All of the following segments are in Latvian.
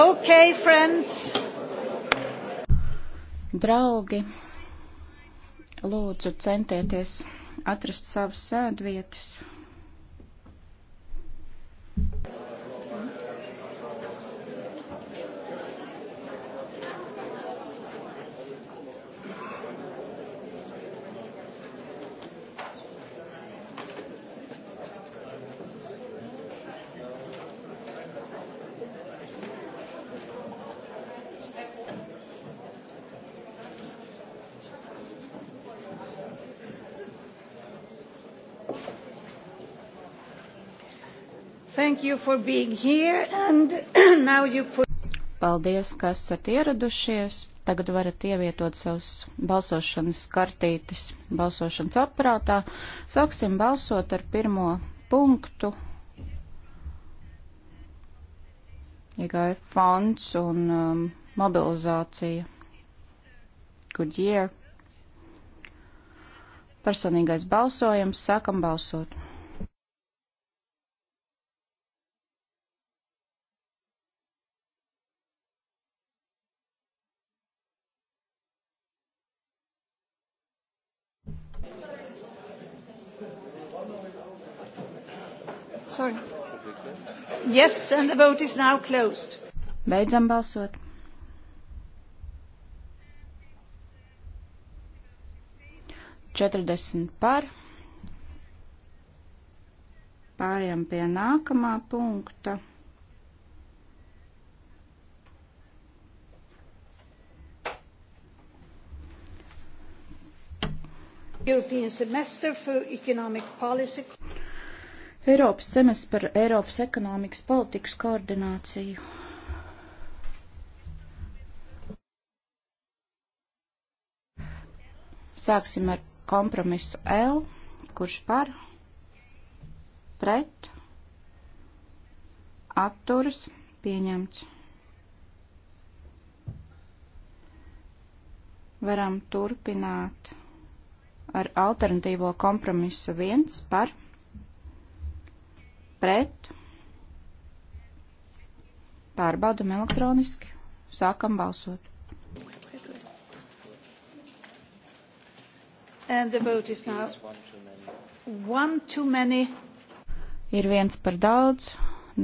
Okay, friends. Draugi, lūdzu centieties atrast savas sēdvietas. put... Paldies, ka esat ieradušies. Tagad varat ievietot savus balsošanas kartītes balsošanas aparātā. Sāksim balsot ar pirmo punktu. Iegāja fonds un um, mobilizācija. Good year. Personīgais balsojums. Sākam balsot. Yes, and the vote is now closed. Beidzam balsot. Četrdesmit par. Pārējām pie nākamā punkta. European semester for economic policy. Eiropas semestrs par Eiropas ekonomikas politikas koordināciju. Sāksim ar kompromisu L, kurš par, pret, atturas, pieņemts. Varam turpināt ar alternatīvo kompromisu 1 par pret. Pārbaudam elektroniski. Sākam balsot. And the vote is now one too many. Ir viens par daudz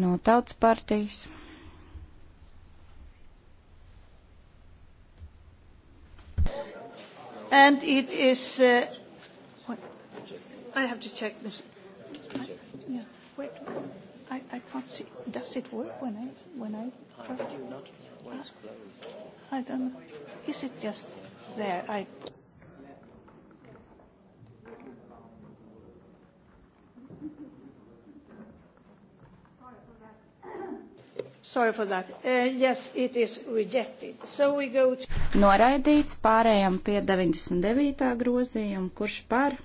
no tautas partijas. And it is. Uh, I have to check this. It's been checked wait. I, I can't see. Does it work when I when I? How did you not when it's closed? I don't. know. Is it just there? I. Sorry for that. Uh, yes, it is rejected. So we go to... Noraidīts, pārējām pie 99. grozījuma, kurš par,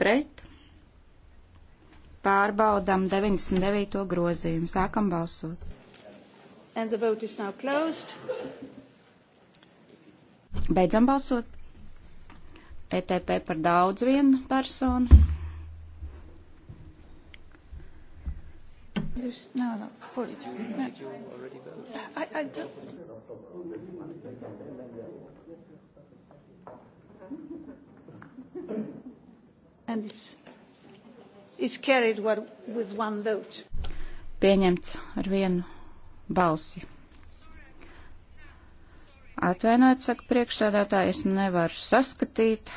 pret, Pārbaudam 99. grozījumu. Sākam balsot. And the vote is now closed. Beidzam balsot. ETP par daudz vienu personu. No, no, 42. No. I, I don't. And it's Pieņemts ar vienu balsi. Atvainojiet, saka priekšsēdētāji, es nevaru saskatīt.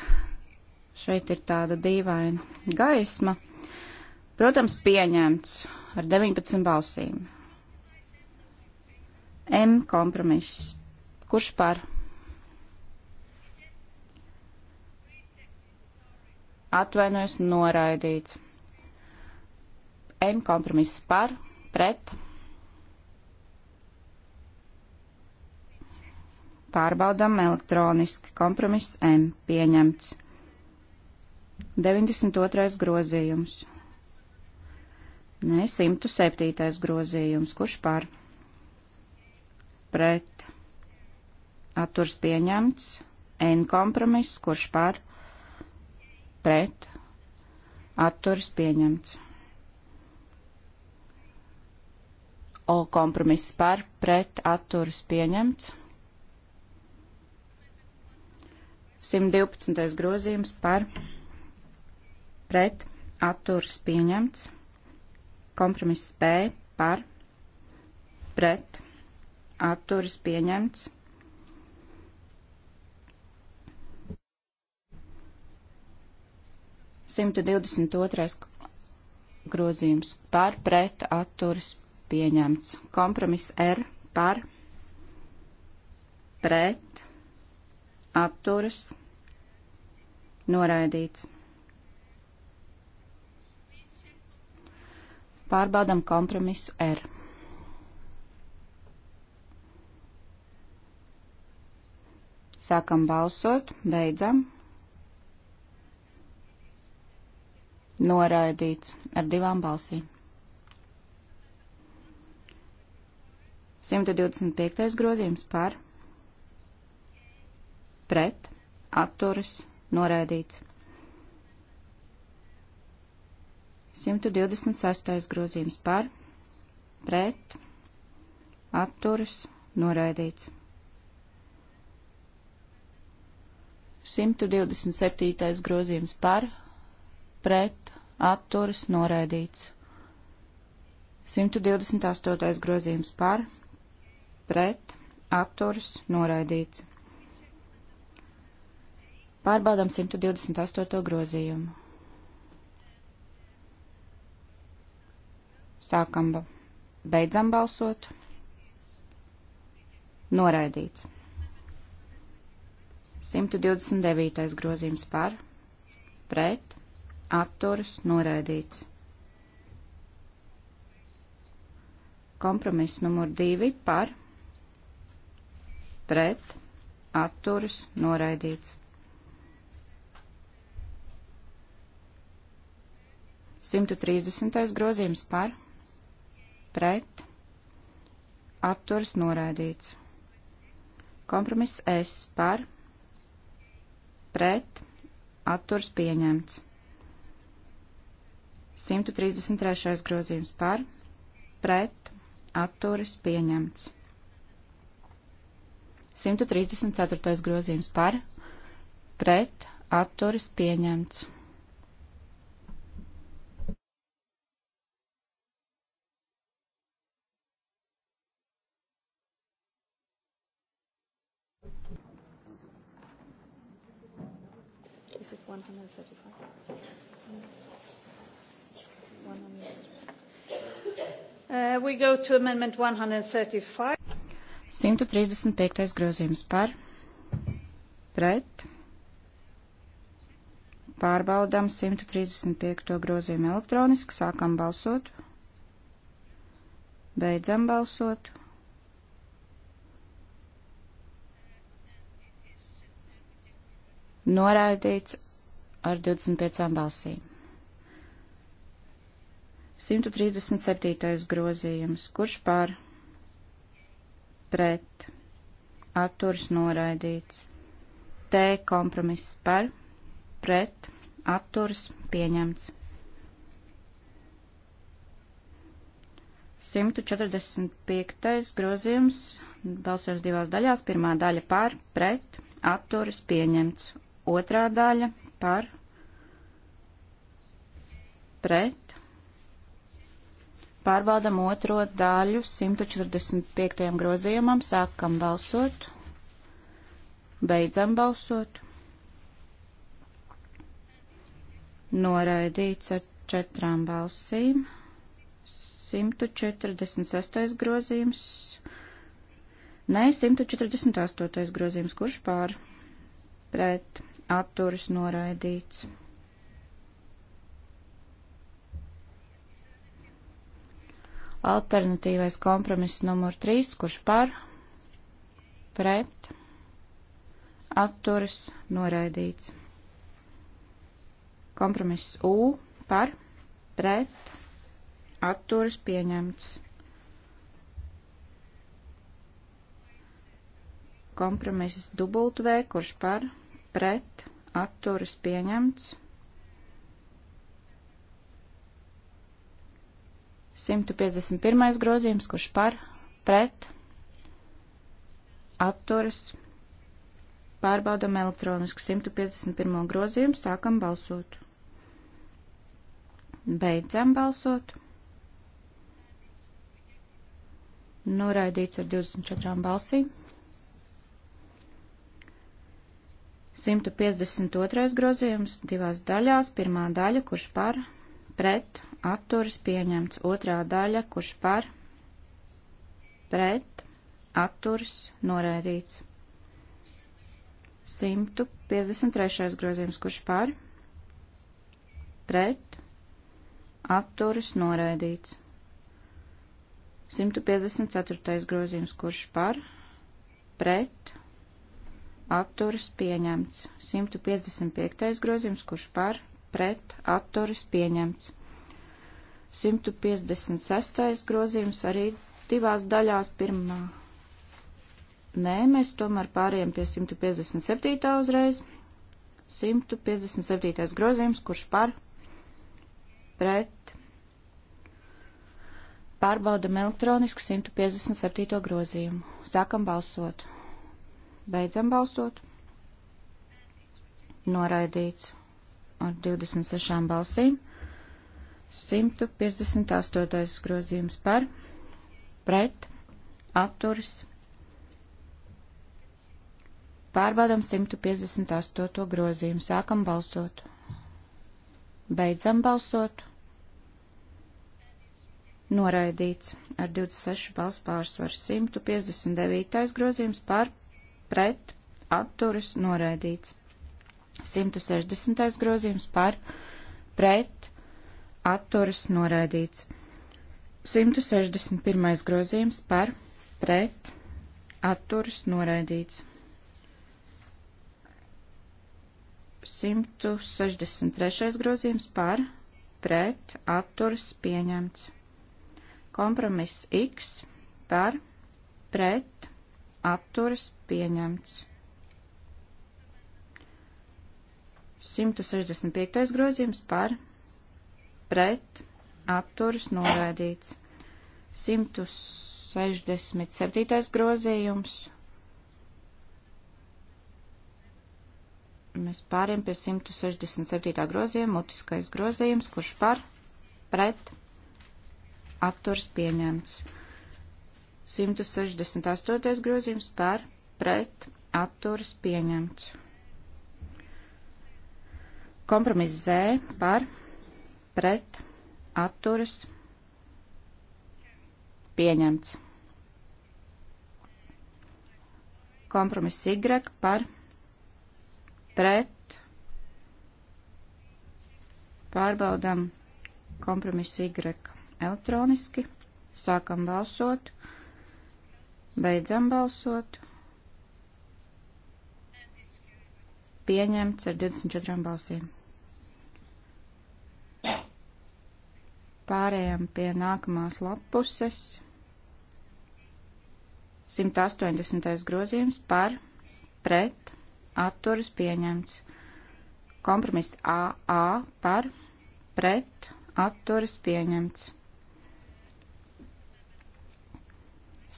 Šeit ir tāda dīvaina gaisma. Protams, pieņemts ar 19 balsīm. M kompromiss. Kurš par? Atvainojos, noraidīts. M kompromiss par, pret. Pārbaudām elektroniski. Kompromiss M pieņemts. 92. grozījums. Nē, 107. grozījums. Kurš par? Pret. Atturs pieņemts. N kompromiss. Kurš par? Pret. Atturs pieņemts. O kompromiss par pret atturas pieņemts. 112. grozījums par pret atturas pieņemts. Kompromiss P par pret atturas pieņemts. Simta divdesmit otrais grozījums par pret atturas pieņemts. Kompromiss R par pret atturas noraidīts. Pārbaudam kompromisu R. Sākam balsot, beidzam. Noraidīts ar divām balsīm. 125. grozījums par, pret, atturas, noraidīts. 126. grozījums par, pret, atturas, noraidīts. 127. grozījums par, pret, atturas, noraidīts. 128. grozījums par, pret, pret, atturas, noraidīts. Pārbaudām 128. grozījumu. Sākam, beidzam balsot. Noraidīts. 129. grozījums par, pret, atturas, noraidīts. Kompromiss numur 2 par, pret, atturas, noraidīts. 130. grozījums par, pret, atturas, noraidīts. Kompromiss S par, pret, atturs pieņemts. 133. grozījums par, pret, atturs pieņemts. 134. grozījums par, pret, atturas pieņemts. Is it 135? Uh, we go to amendment 135. 135. grozījums par, pret, pārbaudām 135. grozījumu elektroniski, sākam balsot, beidzam balsot. Noraidīts ar 25 balsīm. 137. grozījums, kurš pār? pret atturs noraidīts. T kompromiss par pret atturs pieņemts. 145. grozījums balsojums divās daļās. Pirmā daļa par pret atturas pieņemts. Otrā daļa par pret Pārbaudam otro daļu 145. grozījumam, sākam balsot, beidzam balsot. Noraidīts ar četrām balsīm. 146. grozījums. Nē, 148. grozījums, kurš pār pret atturis noraidīts. Alternatīvais kompromiss numur 3, kurš par, pret, atturas, noraidīts. Kompromiss U par, pret, atturas, pieņemts. Kompromiss W, kurš par, pret, atturas, pieņemts. 151. grozījums, kurš par, pret, atturas, pārbaudam elektronisku 151. grozījumu, sākam balsot. Beidzam balsot. Noraidīts ar 24 balsīm. 152. grozījums divās daļās. Pirmā daļa, kurš par, pret, pret, atturas pieņemts. Otrā daļa, kurš par, pret, atturas noraidīts. 153. grozījums, kurš par, pret, atturas noraidīts. 154. grozījums, kurš par, pret, atturas pieņemts. 155. grozījums, kurš par, pret atturas pieņemts. 156. grozījums arī divās daļās pirmā. Nē, mēs tomēr pārējām pie 157. uzreiz. 157. grozījums, kurš par pret pārbaudam elektroniski 157. grozījumu. Sākam balsot. Beidzam balsot. Noraidīts ar 26 balsīm. 158. grozījums par, pret, atturis. Pārbaudam 158. grozījumu. Sākam balsot. Beidzam balsot. Noraidīts ar 26 balsu pārsvaru 159. grozījums par, pret, atturis, noraidīts. 160. grozījums par pret atturas noraidīts. 161. grozījums par pret atturas noraidīts. 163. grozījums par pret atturas pieņemts. Kompromiss X par pret atturas pieņemts. 165. grozījums par pret atturas noraidīts. 167. grozījums. Mēs pāriem pie 167. grozījuma, mutiskais grozījums, kurš par pret atturas pieņemts. 168. grozījums par pret atturas pieņemts. Kompromiss Z par pret atturas pieņemts. Kompromiss Y par pret pārbaudam kompromisu Y elektroniski, sākam balsot, beidzam balsot. Pieņemts ar 24 balsīm. Pārējām pie nākamās lapuses. 180. grozījums par, pret, atturas pieņemts. Kompromiss AA par, pret, atturas pieņemts.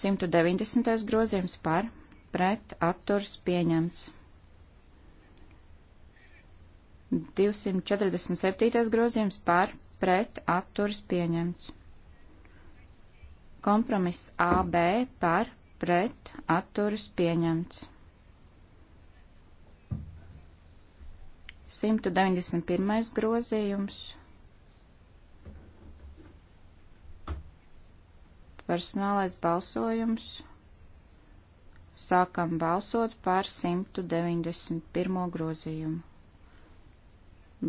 190. grozījums par, pret, atturas pieņemts. 247. grozījums par, pret atturas pieņemts. Kompromiss AB par pret atturas pieņemts. 191. grozījums Personālais balsojums Sākam balsot par 191. grozījumu.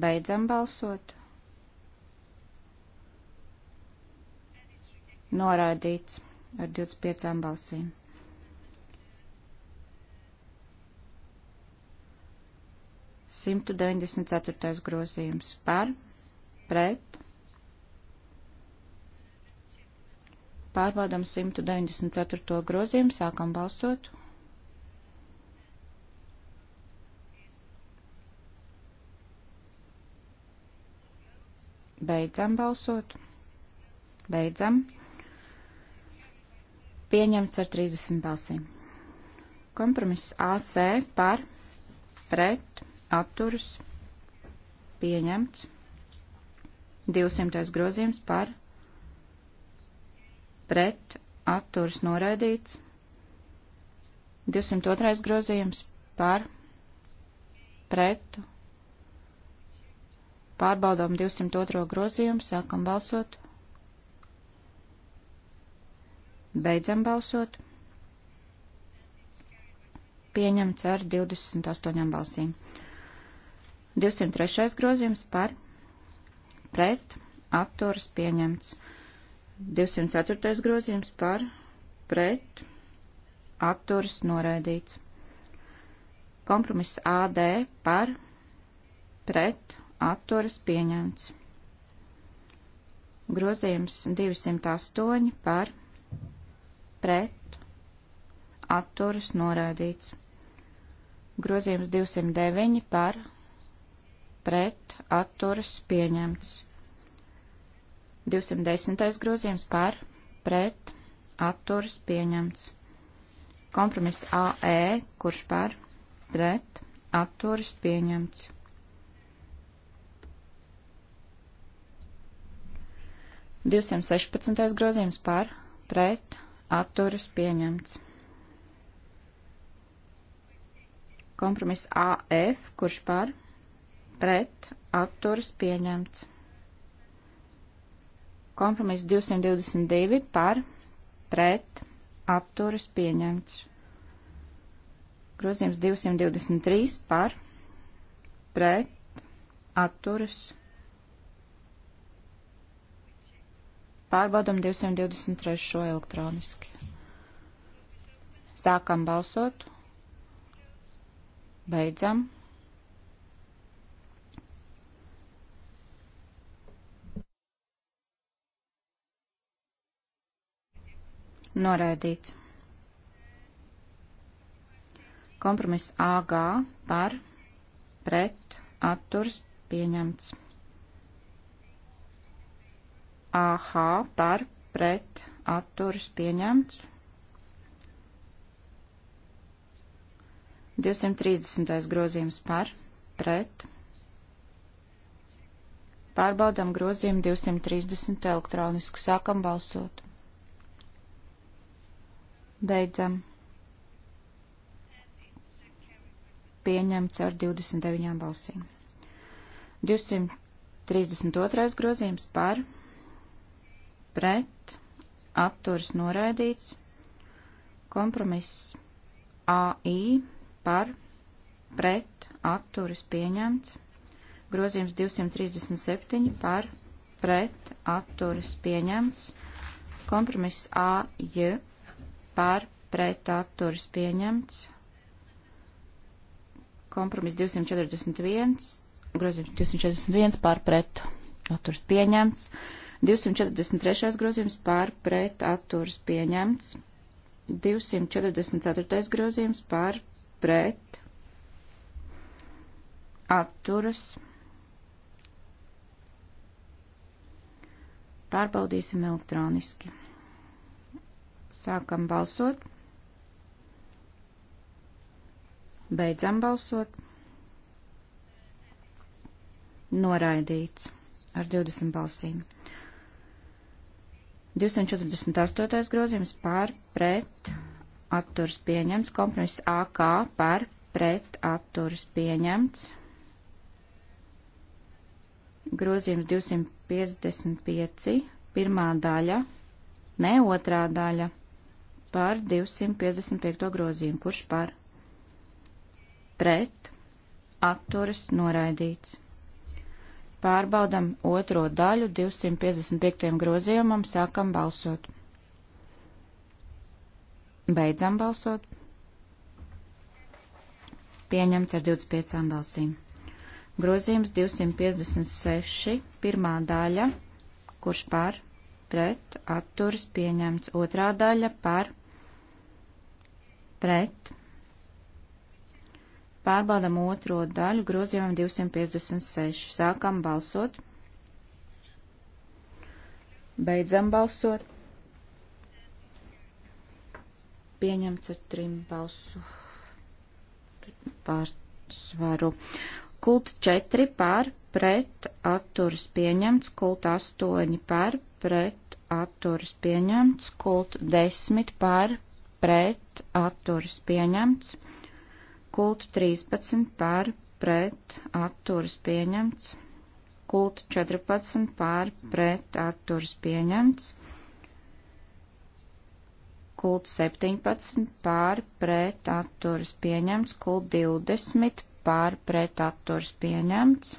Beidzam balsot. noraidīts ar 25 balsīm. Simtu deviņdesmit ceturtais grozījums par, pret, pārbaudam 194. grozījumu, sākam balsot. Beidzam balsot. Beidzam pieņemts ar 30 balsīm. Kompromiss AC par, pret, atturas, pieņemts. 200. grozījums par, pret, atturas, noraidīts. 202. grozījums par, pret, pārbaudām 202. grozījumu, sākam balsot. Beidzam balsot. Pieņemts ar 28 balsīm. 203. grozījums par pret atturas pieņemts. 204. grozījums par pret atturas noraidīts. Kompromiss AD par pret atturas pieņemts. Grozījums 208 par pret pret, atturas noraidīts. Grozījums 209 par, pret, atturas pieņemts. 210. grozījums par, pret, atturas pieņemts. Kompromiss AE, kurš par, pret, atturas pieņemts. Divsimt sešpadsmitais grozījums par, pret, atturas pieņemts. Kompromiss AF, kurš par pret atturas pieņemts. Kompromiss 222 par pret atturas pieņemts. Grozījums 223 par pret atturas pieņemts Pārbaudam 223. Šo elektroniski. Sākam balsot. Beidzam. Noraidīts. Kompromiss AG par pret atturs pieņemts. AH par pret atturas pieņemts. 230. grozījums par pret. Pārbaudām grozījumu 230 elektroniski. Sākam balsot. Beidzam. Pieņemts ar 29 balsīm. 232. grozījums par pret, atturas noraidīts, kompromiss AI par, pret, atturas pieņemts, grozījums 237 par, pret, atturas pieņemts, kompromiss AJ par, pret, atturas pieņemts, kompromiss 241, grozījums 241 par, pret, atturas pieņemts, 243. grozījums pār pret atturas pieņemts. 244. grozījums pār pret atturas. Pārbaudīsim elektroniski. Sākam balsot. Beidzam balsot. Noraidīts ar 20 balsīm. 248. grozījums par pret atturs pieņemts, kompromiss AK par pret atturs pieņemts, grozījums 255, pirmā daļa, ne otrā daļa, par 255. grozījumu, kurš par pret atturs noraidīts. Pārbaudam otro daļu 255. grozījumam, sākam balsot. Beidzam balsot. Pieņemts ar 25 balsīm. Grozījums 256, pirmā daļa, kurš par, pret, atturas pieņemts, otrā daļa par, pret, Pārbaudam otro daļu grozījumam 256. Sākam balsot. Beidzam balsot. Pieņemts ar trim balsu pārsvaru. Kult 4 pār pret atturas pieņemts. Kult 8 pār pret atturas pieņemts. Kult 10 pār pret atturas pieņemts. Kult 13 par pret atturas pieņemts. Kult 14 par pret atturas pieņemts. Kult 17 par pret atturas pieņemts. Kult 20 par pret atturas pieņemts.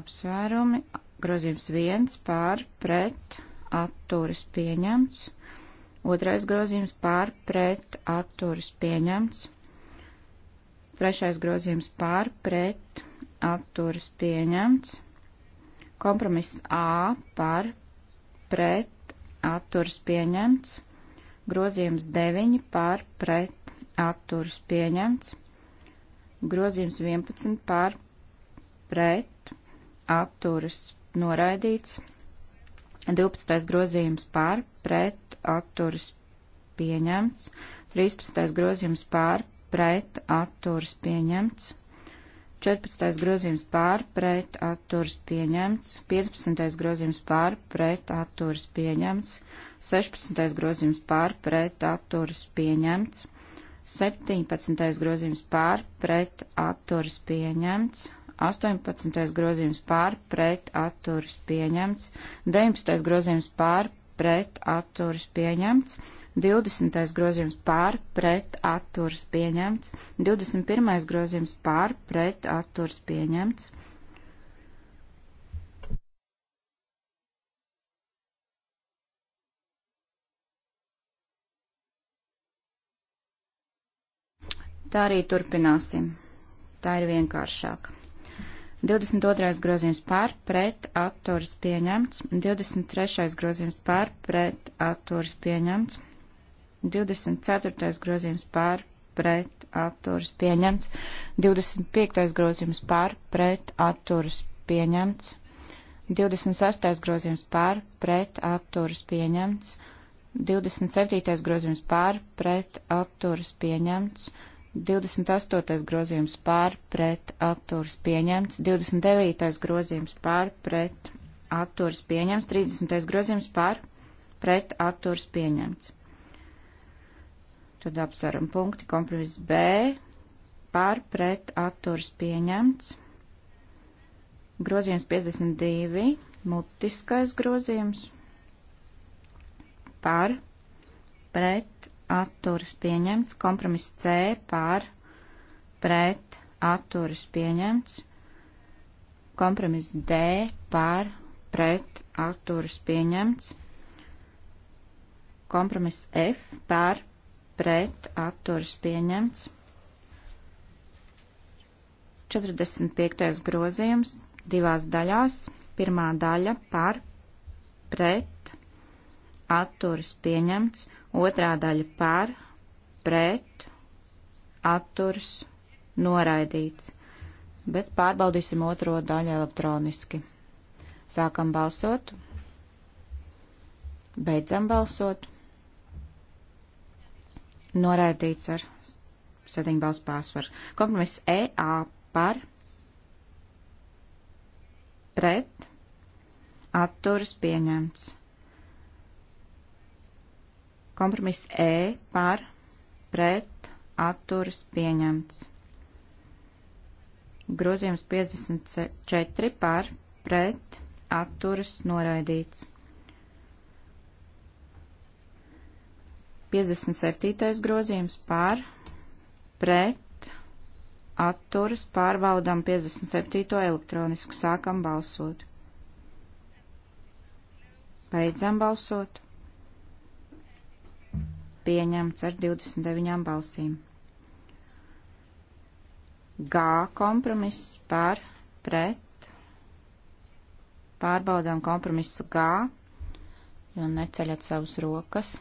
Apsvērumi. Grozījums 1 par pret atturas pieņemts. Otrais grozījums pār pret atturas pieņemts. Trešais grozījums pār pret atturas pieņemts. Kompromiss A par pret atturas pieņemts. Grozījums 9 par pret atturas pieņemts. Grozījums 11 par pret atturas noraidīts. 12. grozījums par pret atturas pieņemts. 13. grozījums pār pret atturas pieņemts. 14. grozījums pār pret atturas pieņemts. 15. grozījums pār pret atturas pieņemts. 16. grozījums pār pret atturas pieņemts. 17. grozījums pār pret atturas pieņemts. 18. grozījums pār pret atturas pieņemts, 19. grozījums pār pret atturas pieņemts, 20. grozījums pār pret atturas pieņemts, 21. grozījums pār pret atturas pieņemts. Tā arī turpināsim. Tā ir vienkāršāk. 22. grozījums pār pret atturas pieņemts, 23. grozījums pār pret atturas pieņemts, 24. grozījums pār pret atturas pieņemts, 25. grozījums pār pret atturas pieņemts, 26. grozījums pār pret atturas pieņemts, 27. grozījums pār pret atturas pieņemts, 28. 28. grozījums pār pret atturs pieņemts, 29. grozījums pār pret atturs pieņemts, 30. grozījums pār pret atturs pieņemts. Tad apsveram punkti. Kompromiss B pār pret atturs pieņemts. Grozījums 52. Mutiskais grozījums pār pret atturas pieņemts, kompromiss C par pret atturas pieņemts, kompromiss D par pret atturas pieņemts, kompromiss F par pret atturas pieņemts, 45. grozījums divās daļās, pirmā daļa par pret atturas pieņemts, Otrā daļa par, pret, atturs, noraidīts. Bet pārbaudīsim otro daļu elektroniski. Sākam balsot. Beidzam balsot. Noraidīts ar septiņu balsu pārsvaru. Kompromiss EA par, pret, atturas pieņemts. Kompromiss E par pret atturas pieņemts. Grozījums 54 par pret atturas noraidīts. 57. grozījums par pret atturas pārbaudām 57. elektronisku sākam balsot. Beidzam balsot pieņemts ar 29 balsīm. G kompromiss par pret. Pārbaudām kompromisu G, jo neceļat savus rokas.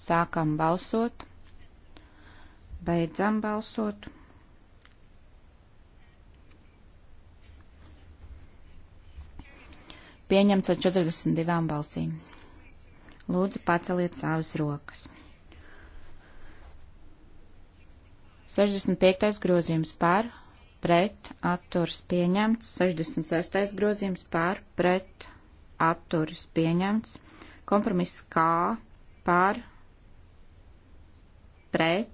Sākam balsot. Beidzam balsot. Pieņemts ar 42 balsīm. Lūdzu, paceliet savas rokas. 65. grozījums par, pret, atturs pieņemts, 66. grozījums par, pret, atturs pieņemts, kompromiss kā par, pret,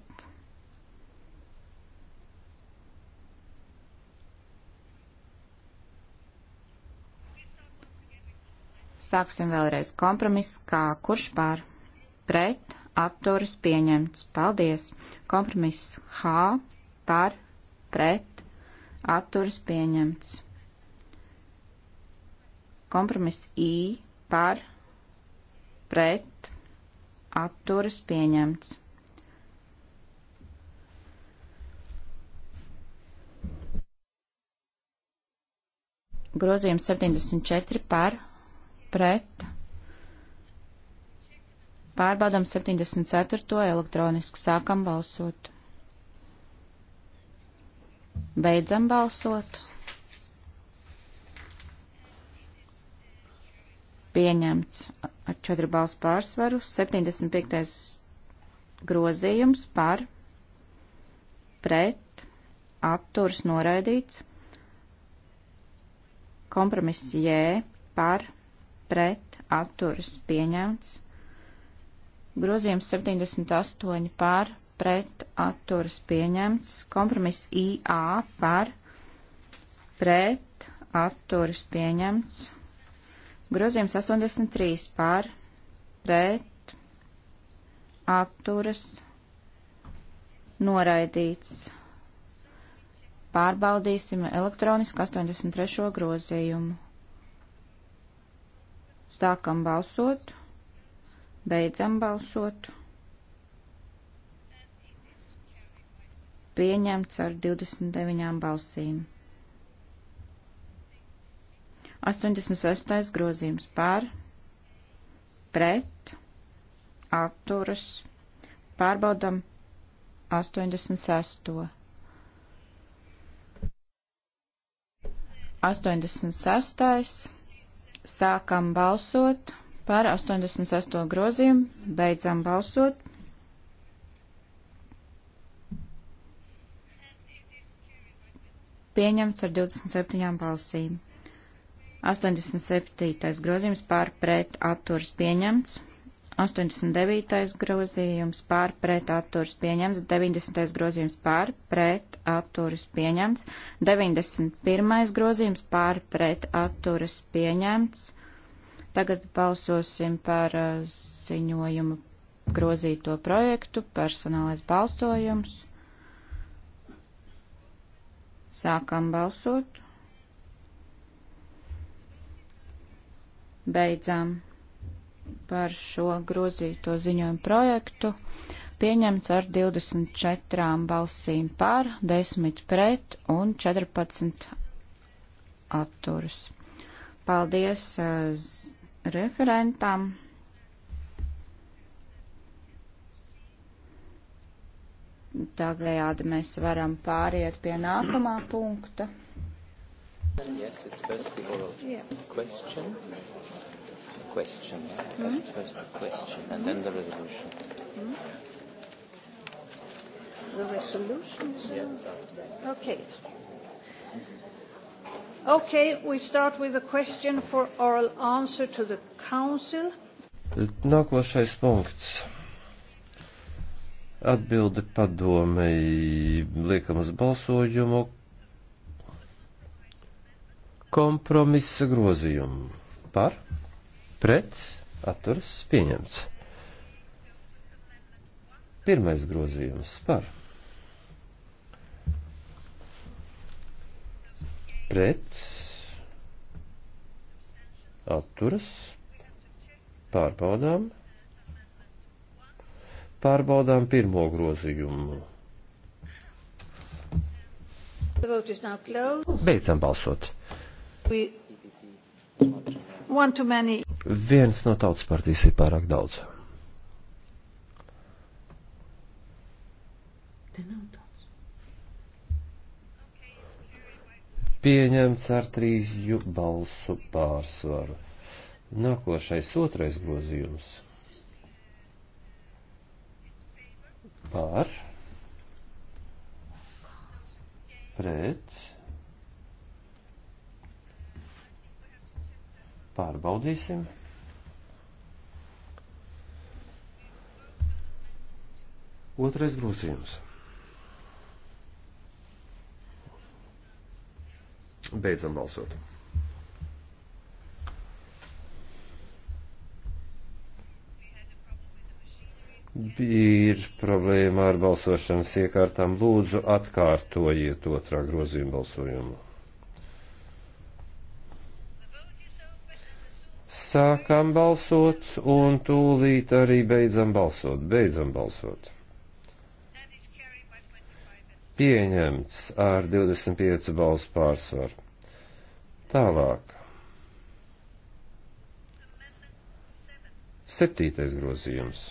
Sāksim vēlreiz kompromiss, kā kurš pār, pret, atturas pieņemts. Paldies! Kompromiss H par pret atturas pieņemts. Kompromiss I par pret atturas pieņemts. Grozījums 74 par pret Pārbaudam 74. elektroniski sākam balsot. Beidzam balsot. Pieņemts ar 4 balsu pārsvaru. 75. grozījums par, pret, apturs noraidīts. Kompromiss J par, pret, apturs pieņemts. Grozījums 78 par pret atturas pieņemts. Kompromiss IA par pret atturas pieņemts. Grozījums 83 par pret atturas noraidīts. Pārbaudīsim elektronisku 83. grozījumu. Sākam balsot. Beidzam balsot. Pieņemts ar 29 balsīm. 86. grozījums pār, pret, atturas, pārbaudam 86. 86. Sākam balsot par 88. grozījumu. Beidzam balsot. Pieņemts ar 27 balsīm. 87. grozījums pār pret atturs pieņemts. 89. grozījums pār pret atturs pieņemts. 90. grozījums pār pret atturs pieņemts. 91. grozījums pār pret atturs pieņemts. Tagad balsosim par uh, ziņojumu grozīto projektu, personālais balsojums. Sākam balsot. Beidzam par šo grozīto ziņojumu projektu. Pieņemts ar 24 balsīm par, 10 pret un 14 atturas. Paldies! Uh, referentam. Tādējādi mēs varam pāriet pie nākamā punkta. Yes, it's first the oral yeah. question. Question, yeah. Mm. First, first the question and mm. then the resolution. Mm. The resolution? Yes, after that. Okay. Okay, we start with a question for oral answer to the council. Nākošais punkts. Atbilde padomei liekam uz balsojumu kompromisa grozījumu. Par, pret, atturas, pieņemts. Pirmais grozījums par pret atturas pārbaudām. Pārbaudām pirmo grozījumu. Beidzam balsot. Viens no tautas partijas ir pārāk daudz. pieņemts ar trīju balsu pārsvaru. Nākošais otrais grozījums. Par, pret, pārbaudīsim. Otrais grozījums. Beidzam balsot. Ir problēma ar balsošanas iekārtām. Lūdzu, atkārtojiet otrā grozījuma balsojumu. Sākam balsot un tūlīt arī beidzam balsot. Beidzam balsot pieņemts ar 25 balsu pārsvaru. Tālāk. Septītais grozījums.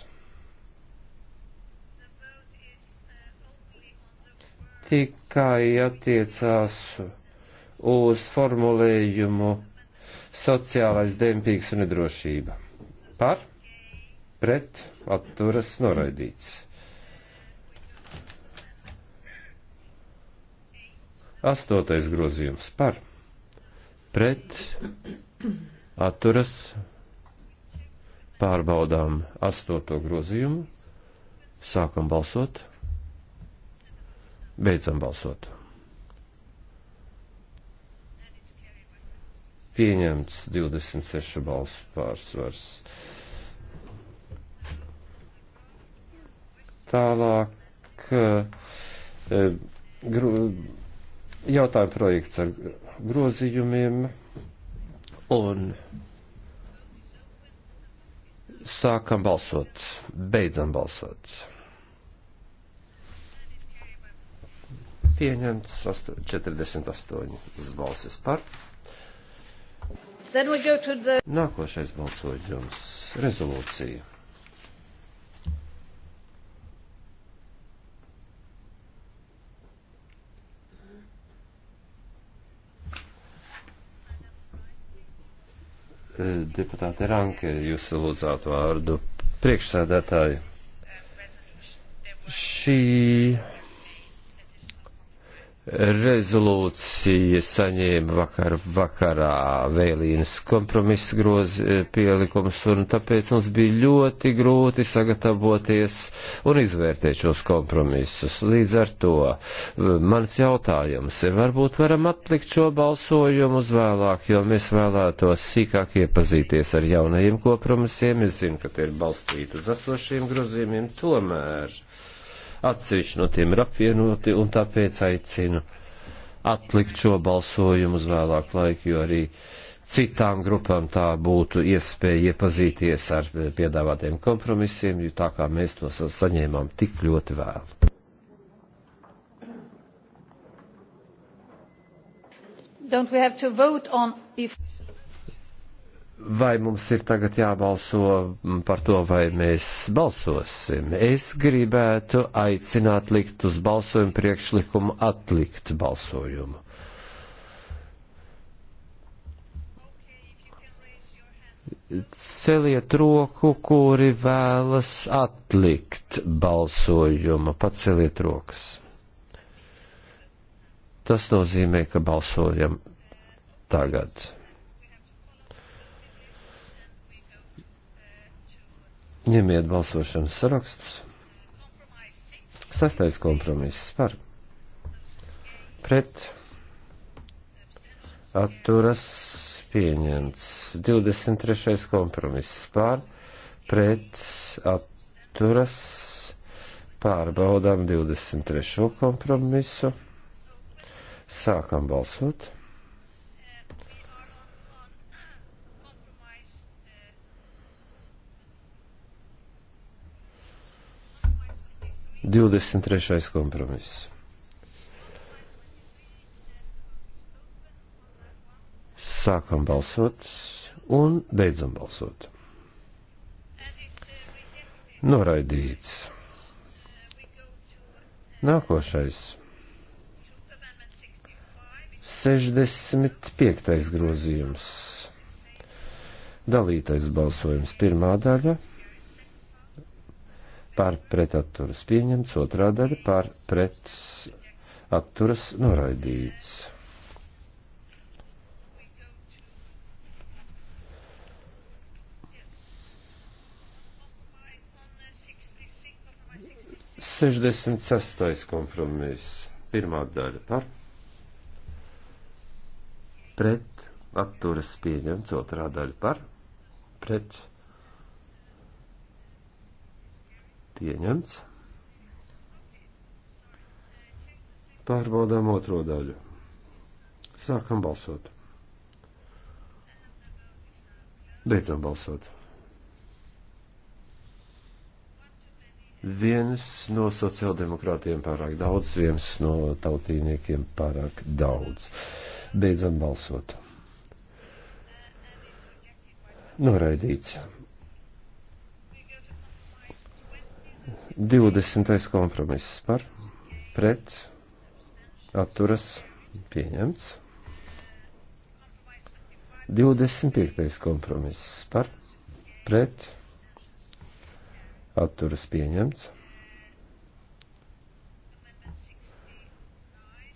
Tikai attiecās uz formulējumu sociālais dempings un nedrošība. Par, pret, atturas, noraidīts. Mm. Astotais grozījums par pret atturas pārbaudām astoto grozījumu, sākam balsot, beidzam balsot. Pieņemts 26 balsu pārsvars. Tālāk. Uh, gru, jautājuma projekts ar grozījumiem un sākam balsot, beidzam balsot. Pieņemts 48 balsis par. The... Nākošais balsojums - rezolūcija. deputāte Ranke, jūs lūdzāt vārdu priekšsēdētāju. Šī rezolūcija saņēma vakar vakarā vēlīnas kompromisa groz e, pielikums, un tāpēc mums bija ļoti grūti sagatavoties un izvērtēt šos kompromisus. Līdz ar to e, mans jautājums ir, e, varbūt varam atlikt šo balsojumu uz vēlāk, jo mēs vēlētos sīkāk iepazīties ar jaunajiem kompromisiem. Es zinu, ka tie ir balstīti uz esošiem grozījumiem, tomēr atsevišķi no tiem ir apvienoti, un tāpēc aicinu atlikt šo balsojumu uz vēlāku laiku, jo arī citām grupām tā būtu iespēja iepazīties ar piedāvātiem kompromisiem, jo tā kā mēs to saņēmām tik ļoti vēlu. Don't we have to vote on if vai mums ir tagad jābalso par to, vai mēs balsosim. Es gribētu aicināt likt uz balsojumu priekšlikumu atlikt balsojumu. Celiet roku, kuri vēlas atlikt balsojumu. Paceliet rokas. Tas nozīmē, ka balsojam tagad. Ņemiet balsošanas sarakstus. Sastais kompromiss par pret atturas pieņemts. 23. kompromiss par pret atturas pārbaudām 23. kompromisu. Sākam balsot. 23. kompromiss. Sākam balsot un beidzam balsot. Noraidīts. Nākošais. 65. grozījums. Dalītais balsojums pirmā daļa par pretatturas pieņemts, otrā daļa par pretatturas noraidīts. Sešdesmit sestais kompromiss. Pirmā daļa par pret atturas pieņemts, otrā daļa par pret Pieņemts. Pārbaudām otro daļu. Sākam balsot. Beidzam balsot. Viens no sociāldemokrātiem pārāk daudz, viens no tautīniekiem pārāk daudz. Beidzam balsot. Noraidīts. 20. kompromiss par pret atturas pieņemts. 25. kompromiss par pret atturas pieņemts.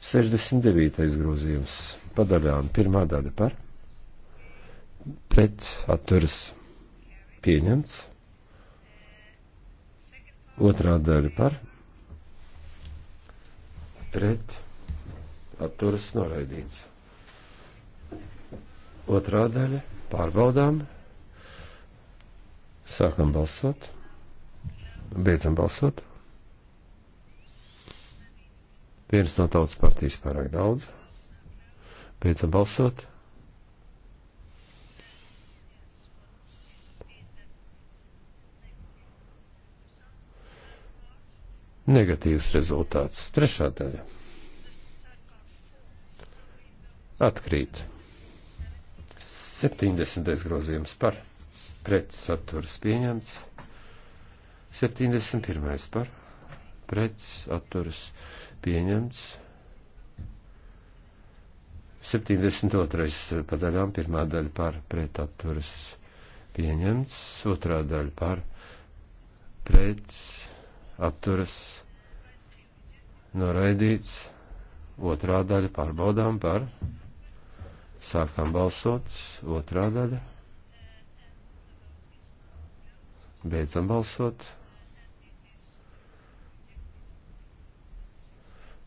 69. grozījums padaļām pirmā daļa par pret atturas pieņemts. Otrā daļa par pret atturas noraidīts. Otrā daļa pārbaudām. Sākam balsot. Beidzam balsot. Viens no tautas partijas pārāk daudz. Beidzam balsot. negatīvs rezultāts. Trešā daļa atkrīt. 70. grozījums par pretsaturas pieņemts. 71. par pretsaturas pieņemts. 72. padaļām pirmā daļa par pretaturas pieņemts, otrā daļa par pretsaturas atturas noraidīts. Otrā daļa pārbaudām par. Sākām balsot. Otrā daļa. Beidzam balsot.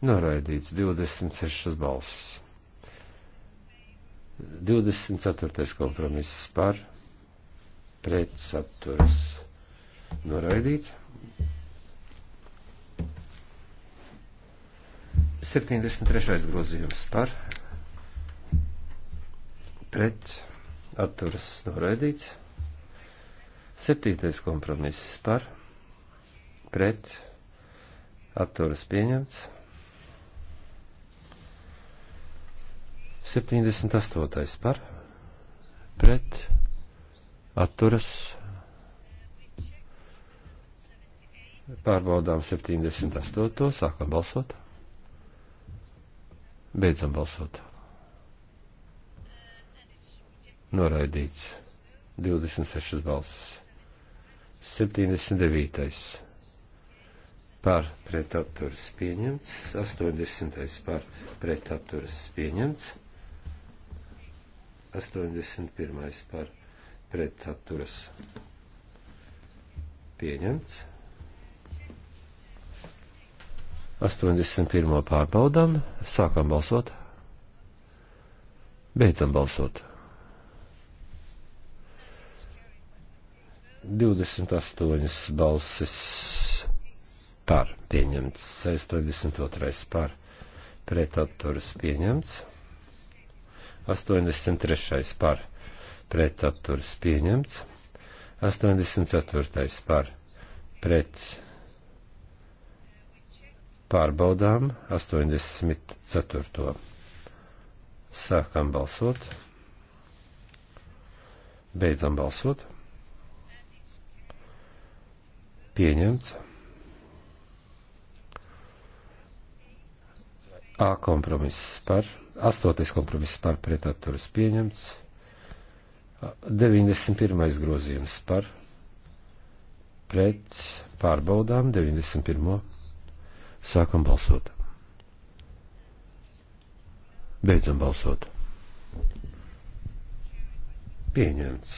Noraidīts 26 balsis. 24. kompromiss par pretsaturas noraidīts. 73. grozījums par pret atturas noraidīts. 7. kompromiss par pret atturas pieņemts. 78. par pret atturas pārbaudām 78. sākam balsot. Beidzam balsot. Noraidīts. 26 balsis. 79. par pretapturas pieņemts. 80. par pretapturas pieņemts. 81. par pretapturas pieņemts. 81. pārbaudām, sākam balsot, beidzam balsot. 28 balsis par pieņemts, 82 par pretatturas pieņemts, 83 par pretatturas pieņemts, 84 par pretatturas Pārbaudām 84. Sākam balsot. Beidzam balsot. Pieņemts. A kompromiss par, 8. kompromiss par pretatturas pieņemts, 91. grozījums par, pret pārbaudām 91. Sākam balsot. Beidzam balsot. Pieņemts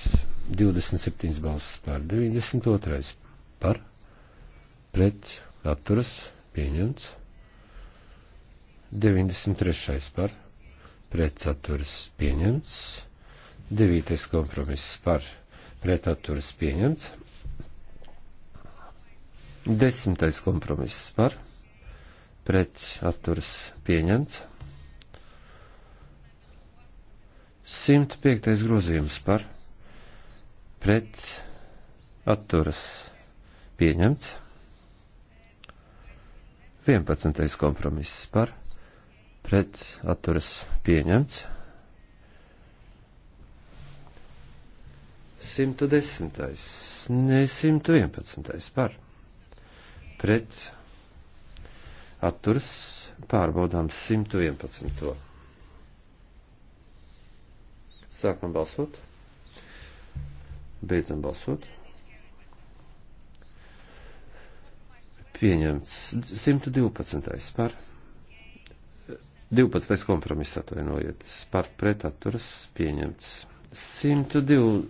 27 balsis par 92 par pret atturas pieņemts 93 par pret atturas pieņemts 9 kompromiss par pret atturas pieņemts 10 kompromiss par pret pret atturas pieņemts. 105. grozījums par pret atturas pieņemts. 11. kompromiss par pret atturas pieņemts. 110. ne 111. par pret atturs pārbaudām 111. Sākam balsot. Beidzam balsot. Pieņemts 112. par 12. kompromiss atvainojiet. Par pretaturas pieņemts 120.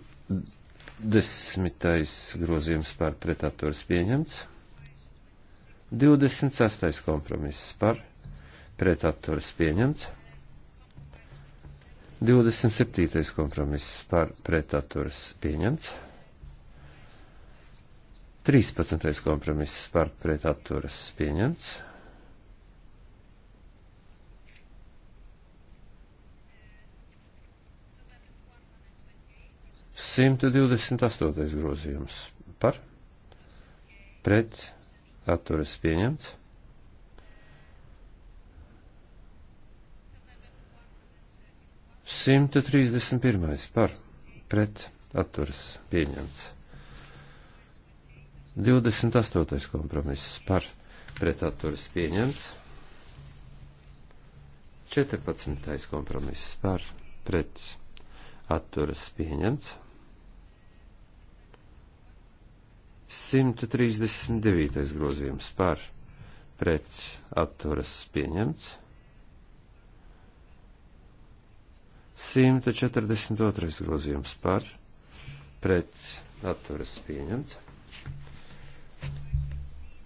grozījums par pretaturas pieņemts. 26. kompromiss par pretatturas pieņemts. 27. kompromiss par pretatturas pieņemts. 13. kompromiss par pretatturas pieņemts. 128. grozījums par pret atturas pieņemts. Simta trīsdesmit pirmais par pret atturas pieņemts. 28. kompromiss par pretaturas pieņemts. 14. kompromiss par pret atturas pieņemts. 139. grozījums par pret atturas pieņemts. 142. grozījums par pret atturas pieņemts.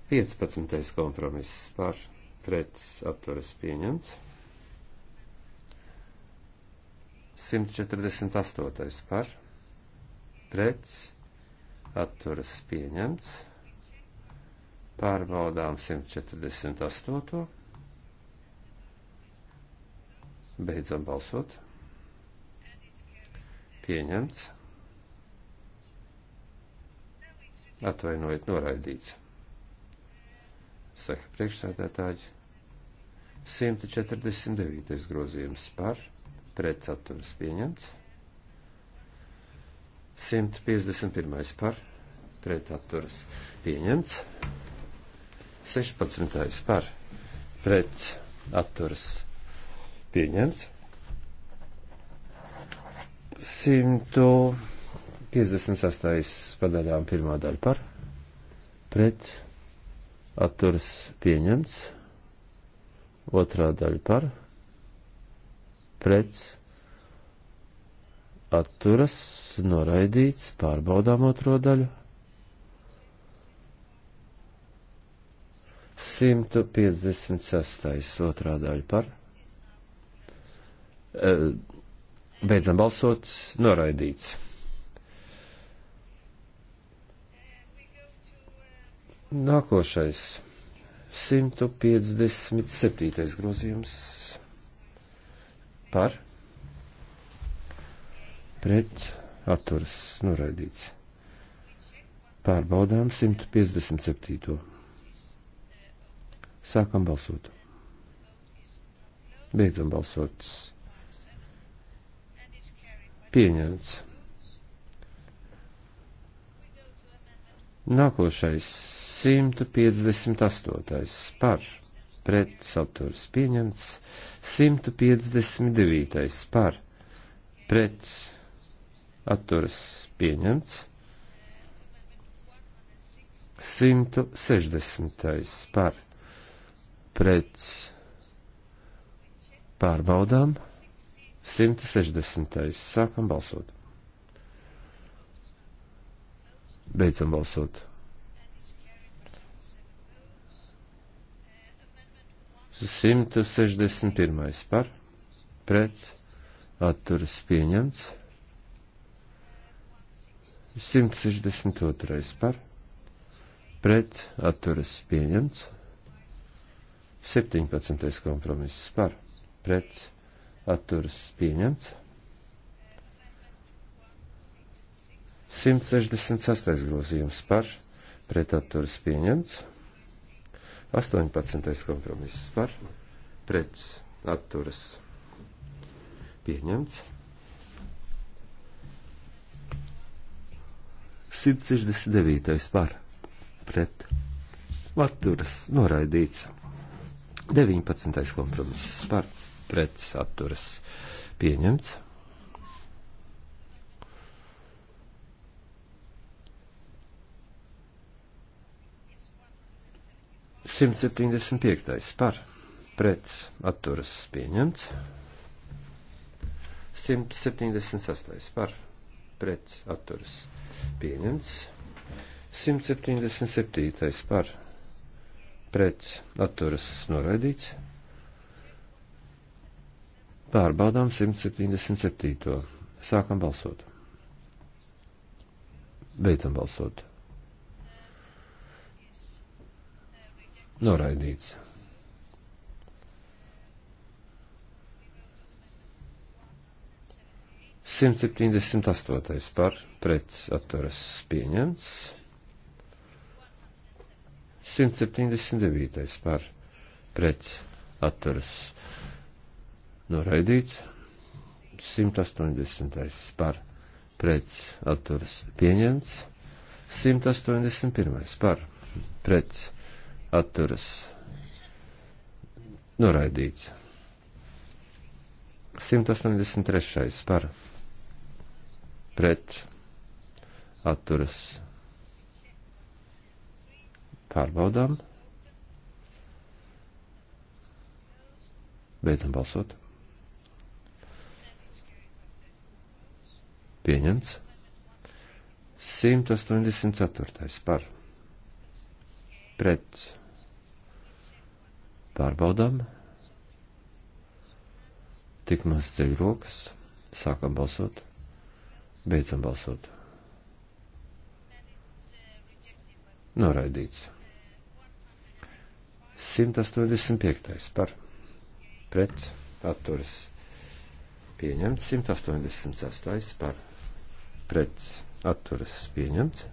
15. kompromiss par pret atturas pieņemts. 148. par pret atturas pieņemts. Pārbaudām 148. Beidzam balsot. Pieņemts. Atvainojiet, noraidīts. Saka priekšsēdētāji. 149. grozījums par pretaturas pieņemts. 151. par pretapturas pieņemts. 16. par pretapturas pieņemts. 158. padaļām pirmā daļa par pret atturas pieņemts. Otrā daļa par pret atturas noraidīts, pārbaudām otro daļu. 156. otrā daļa par. E, beidzam balsot, noraidīts. Nākošais. 157. grozījums par pret atturas noraidīts. Pārbaudām 157. Sākam balsot. Beidzam balsot. Pieņemts. Nākošais 158. par pret saturs pieņemts, 159. par pret atturas pieņemts. 160. par pret pārbaudām 160. sākam balsot. Beidzam balsot. Simtu sešdesmit pirmais par, pret, atturas pieņemts. 162. par pret atturas pieņemts. 17. kompromiss par pret atturas pieņemts. 168. grozījums par pret atturas pieņemts. 18. kompromiss par pret atturas pieņemts. 169. par pret atturas noraidīts. 19. kompromiss par pret atturas pieņemts. Simt septiņdesmit piektais par pret atturas pieņemts. 176. par pret atturas pieņemts. 177. par pret atturas noraidīts. Pārbaudām 177. Sākam balsot. Beidzam balsot. Noraidīts. 178. par pret atturas pieņemts. 179. par pret atturas noraidīts. 180. par pret atturas pieņemts. 181. par pret atturas noraidīts. 183. par pret pret atturas pārbaudām. Beidzam balsot. Pieņemts. 184. par. Pret. Pārbaudām. Tik maz ceļ rokas. Sākam balsot. Beidzam balsot. Noraidīts. 185. par pret atturas pieņemts. 186. par pret atturas pieņemts.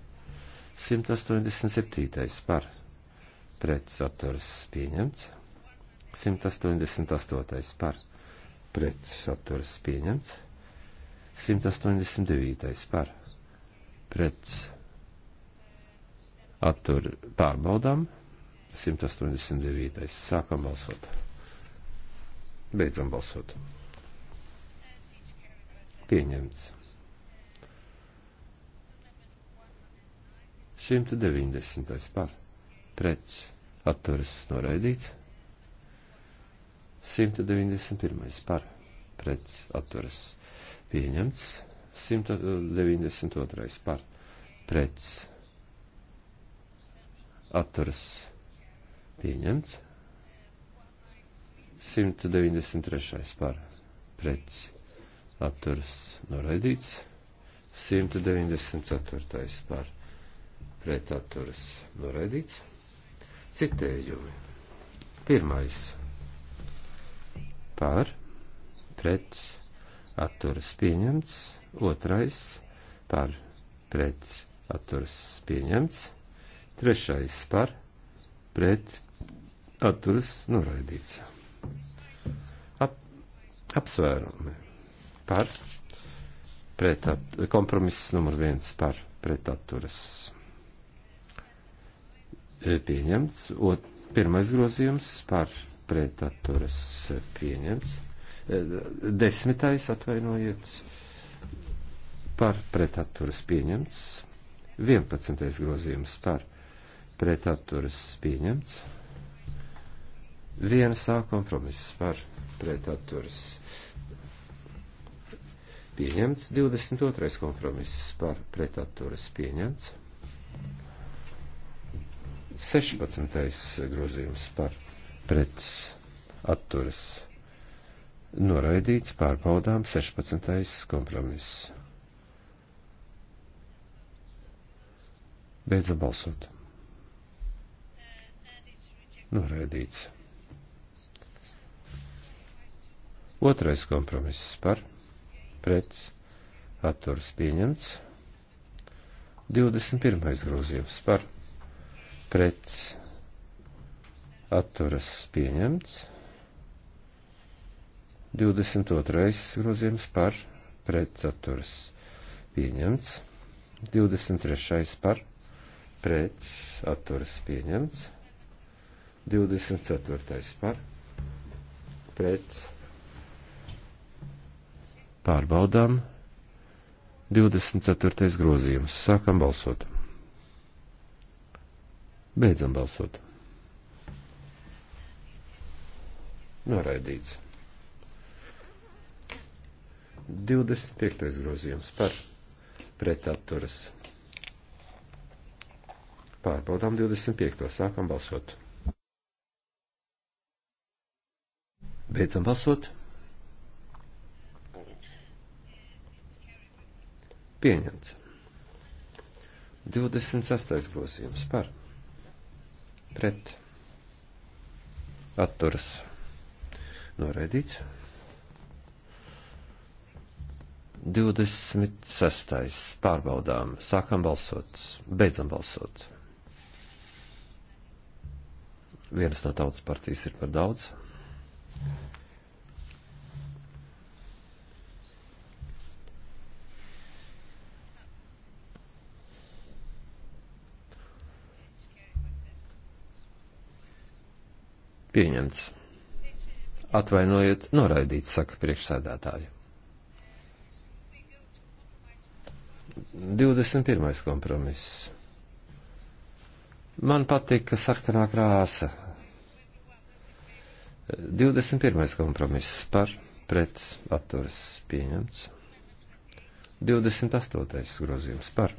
187. par pret atturas pieņemts. 188. par pret atturas pieņemts. 189. par pret attur pārbaudām. 189. Sākam balsot. Beidzam balsot. Pieņemts. 190. par pret atturas noraidīts. 191. par pret atturas pieņemts 192. par pret atturas pieņemts 193. par pret atturas noraidīts 194. par pret atturas noraidīts citējumi pirmais par pret atturas atturas pieņemts, otrais par pret atturas pieņemts, trešais par pret atturas noraidīts. At, apsvērumi par pret at, kompromiss numur viens par pret atturas e, pieņemts, ot, pirmais grozījums par pret atturas e, pieņemts Desmitais, atvainojiet, par pretatturas pieņemts. Vienpadsmitais grozījums par pretatturas pieņemts. Viena sāk kompromiss par pretatturas pieņemts. 22. kompromiss par pretatturas pieņemts. 16. grozījums par pretatturas pieņemts noraidīts, pārbaudām 16. kompromiss. Beidzam balsot. Noraidīts. Otrais kompromiss par, pret, atturs pieņemts. 21. grozījums par, pret, atturas pieņemts. 22. grozījums par pretsaturs pieņemts. 23. par pretsaturs pieņemts. 24. par prets pārbaudām. 24. grozījums. Sākam balsot. Beidzam balsot. Noraidīts. 25. grozījums par pretapturas. Pārbaudām 25. sākam balsot. Beidzam balsot. Pieņemts. 26. grozījums par pret atturas noraidīts. 26. pārbaudām. Sākam balsot. Beidzam balsot. Vienas no tautas partijas ir par daudz. Pieņemts. Atvainojiet, noraidīts, saka priekšsēdētāji. 21. kompromiss. Man patika sarkanā krāsa. 21. kompromiss par pret atturas pieņemts. 28. grozījums par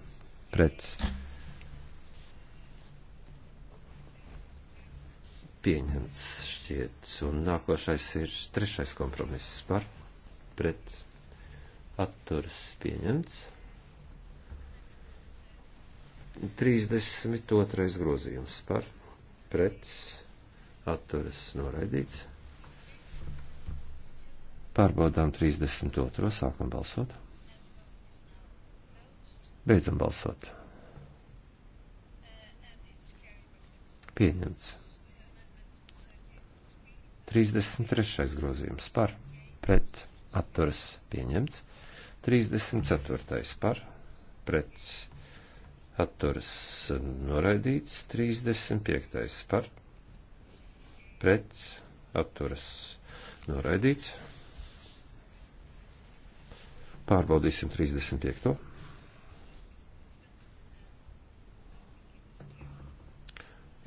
pret pieņemts šķiet. Un nākošais ir trešais kompromiss par pret atturas pieņemts. 32. grozījums par pret atturas noraidīts. Pārbaudām 32. sākam balsot. Beidzam balsot. Pieņemts. 33. grozījums par pret atturas pieņemts. 34. par pret atturas noraidīts, 35. par, pret, atturas noraidīts. Pārbaudīsim 35.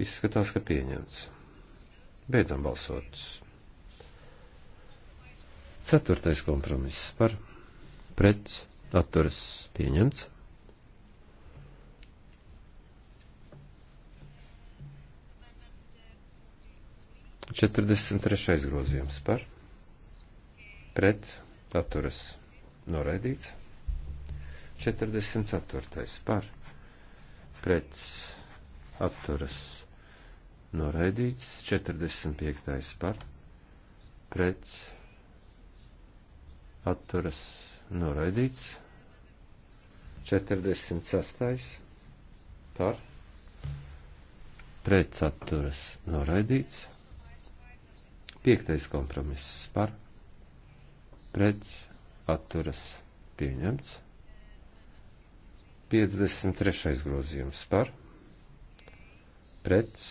Izskatās, ka pieņemts. Beidzam balsot. Ceturtais kompromiss par pret atturas pieņemts. 43. grozījums par pret atturas noraidīts. 44. par pret atturas noraidīts. 45. par pret atturas noraidīts. 46. par pret atturas noraidīts. Piektais kompromiss par pret atturas pieņemts. 53. grozījums par pret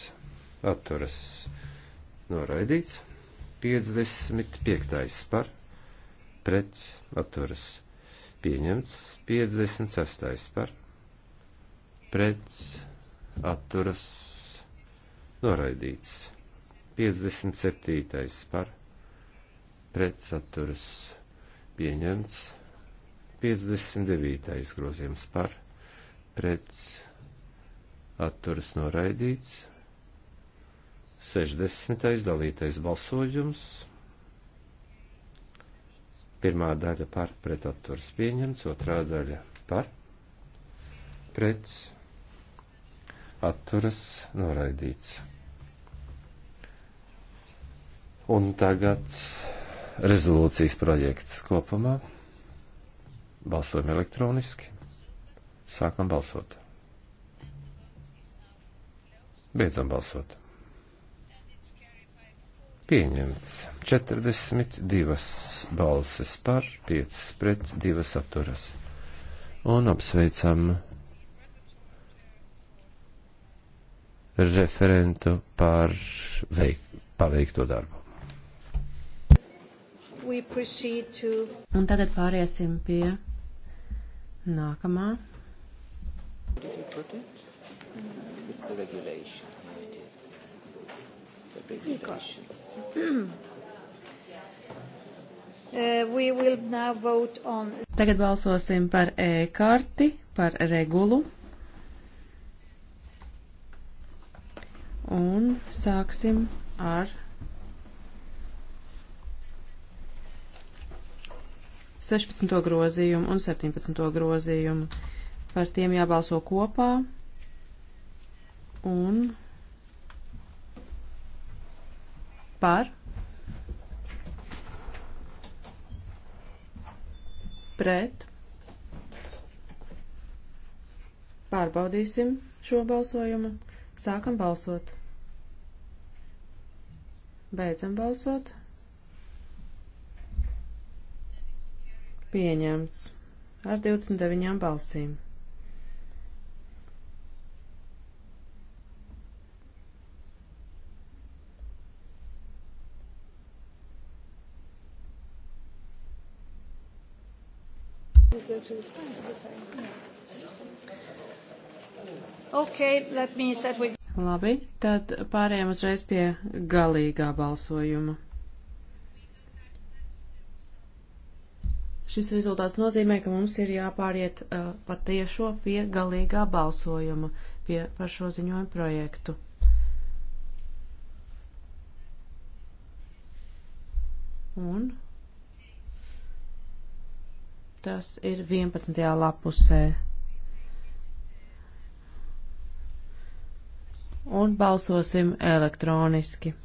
atturas noraidīts. 55. par pret atturas pieņemts. 56. par pret atturas noraidīts. 57. par pretsaturas pieņemts. 59. grozījums par pretsaturas noraidīts. 60. dalītais balsojums. Pirmā daļa par pretaturas pieņemts, otrā daļa par pretsaturas noraidīts. Un tagad rezolūcijas projekts kopumā. Balsojam elektroniski. Sākam balsot. Beidzam balsot. Pieņemts 42 balses par, 5 pret, 2 apturas. Un apsveicam referentu par veik, paveikto darbu to... Un tagad pāriesim pie nākamā. Uh, on... Tagad balsosim par e-karti, par regulu. Un sāksim ar 16. grozījumu un 17. grozījumu. Par tiem jābalso kopā un par pret pārbaudīsim šo balsojumu. Sākam balsot. Beidzam balsot. pieņemts ar 29 balsīm. Okay, that means that we... Labi, tad pārējām uzreiz pie galīgā balsojuma. Šis rezultāts nozīmē, ka mums ir jāpāriet uh, patiešo pie galīgā balsojuma pie, par šo ziņojumu projektu. Un tas ir 11. lapusē. Un balsosim elektroniski.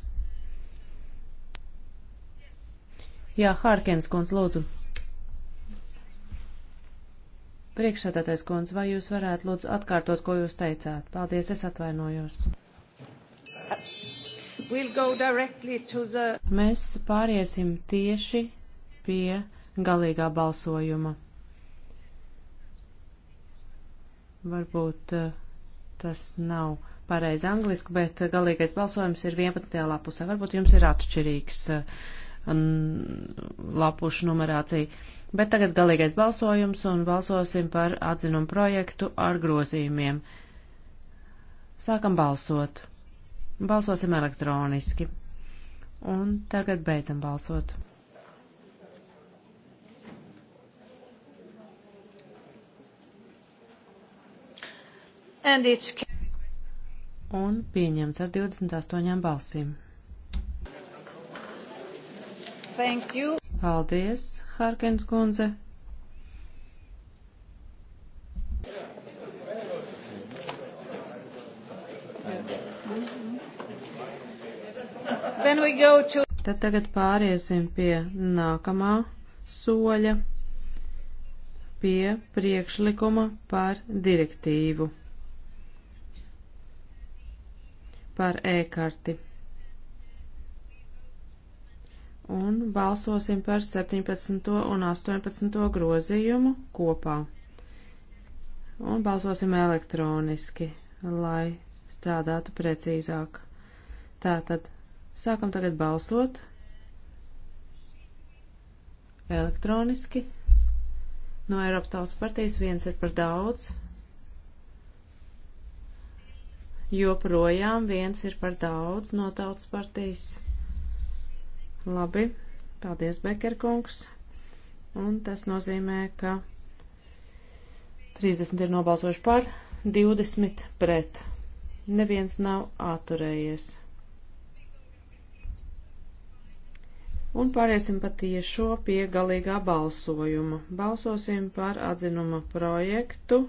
Jā, Hārkens kundz, lūdzu. Priekšsēdētais kundze, vai jūs varētu lūdzu atkārtot, ko jūs teicāt? Paldies, es atvainojos. We'll the... Mēs pāriesim tieši pie galīgā balsojuma. Varbūt eh, tas nav pareizi angliski, bet galīgais balsojums ir 11. lapusē. Varbūt jums ir atšķirīgs eh, lapušu numerācija. Bet tagad galīgais balsojums un balsosim par atzinumu projektu ar grozījumiem. Sākam balsot. Balsosim elektroniski. Un tagad beidzam balsot. Un pieņemts ar 28 balsīm. Thank you. Paldies, Harkins kundze. To... Tad tagad pāriesim pie nākamā soļa, pie priekšlikuma par direktīvu, par e-karti un balsosim par 17. un 18. grozījumu kopā. Un balsosim elektroniski, lai strādātu precīzāk. Tātad sākam tagad balsot elektroniski. No Eiropas Tautas partijas viens ir par daudz, joprojām viens ir par daudz no tautas partijas. Labi, paldies, Bekerkungs. Un tas nozīmē, ka 30 ir nobalsojuši par, 20 pret. Neviens nav atturējies. Un pāriesim patiešo pie galīgā balsojuma. Balsosim par atzinuma projektu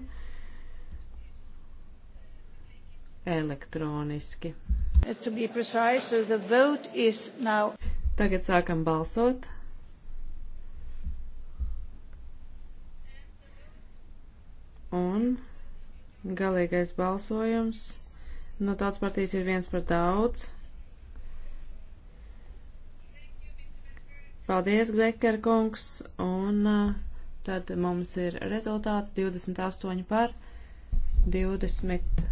elektroniski. To be precise, so the vote is now. Tagad sākam balsot. Un galīgais balsojums. No tāds partijas ir viens par daudz. Paldies, Gvekar kungs. Un uh, tad mums ir rezultāts 28 par 20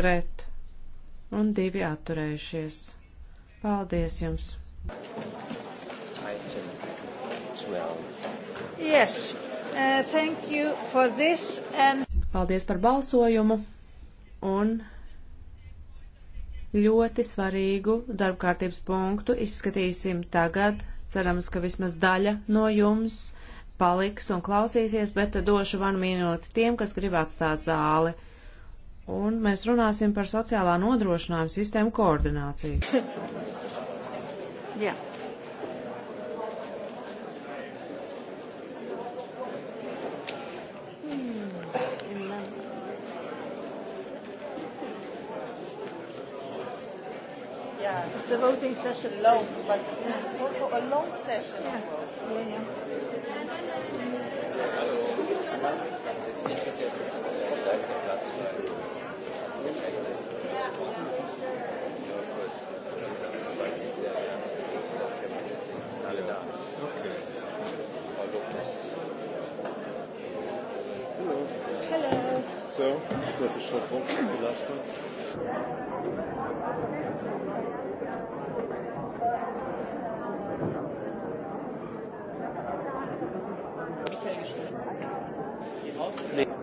pret un divi atturējušies. Paldies jums! Item 12. Yes. Uh, thank you for this and... Paldies par balsojumu un ļoti svarīgu darbkārtības punktu izskatīsim tagad. Cerams, ka vismaz daļa no jums paliks un klausīsies, bet došu vanu minūti tiem, kas grib atstāt zāli. Un mēs runāsim par sociālā nodrošinājuma sistēmu koordināciju. Yeah. Hmm. In London. Yeah. It's the voting session long, but yeah. it's also a long session. Yeah. Yeah, yeah. Hallo. Sitzt nicht mit der Leistung Platz. Ja. so. This was a short one, the last one. Nee.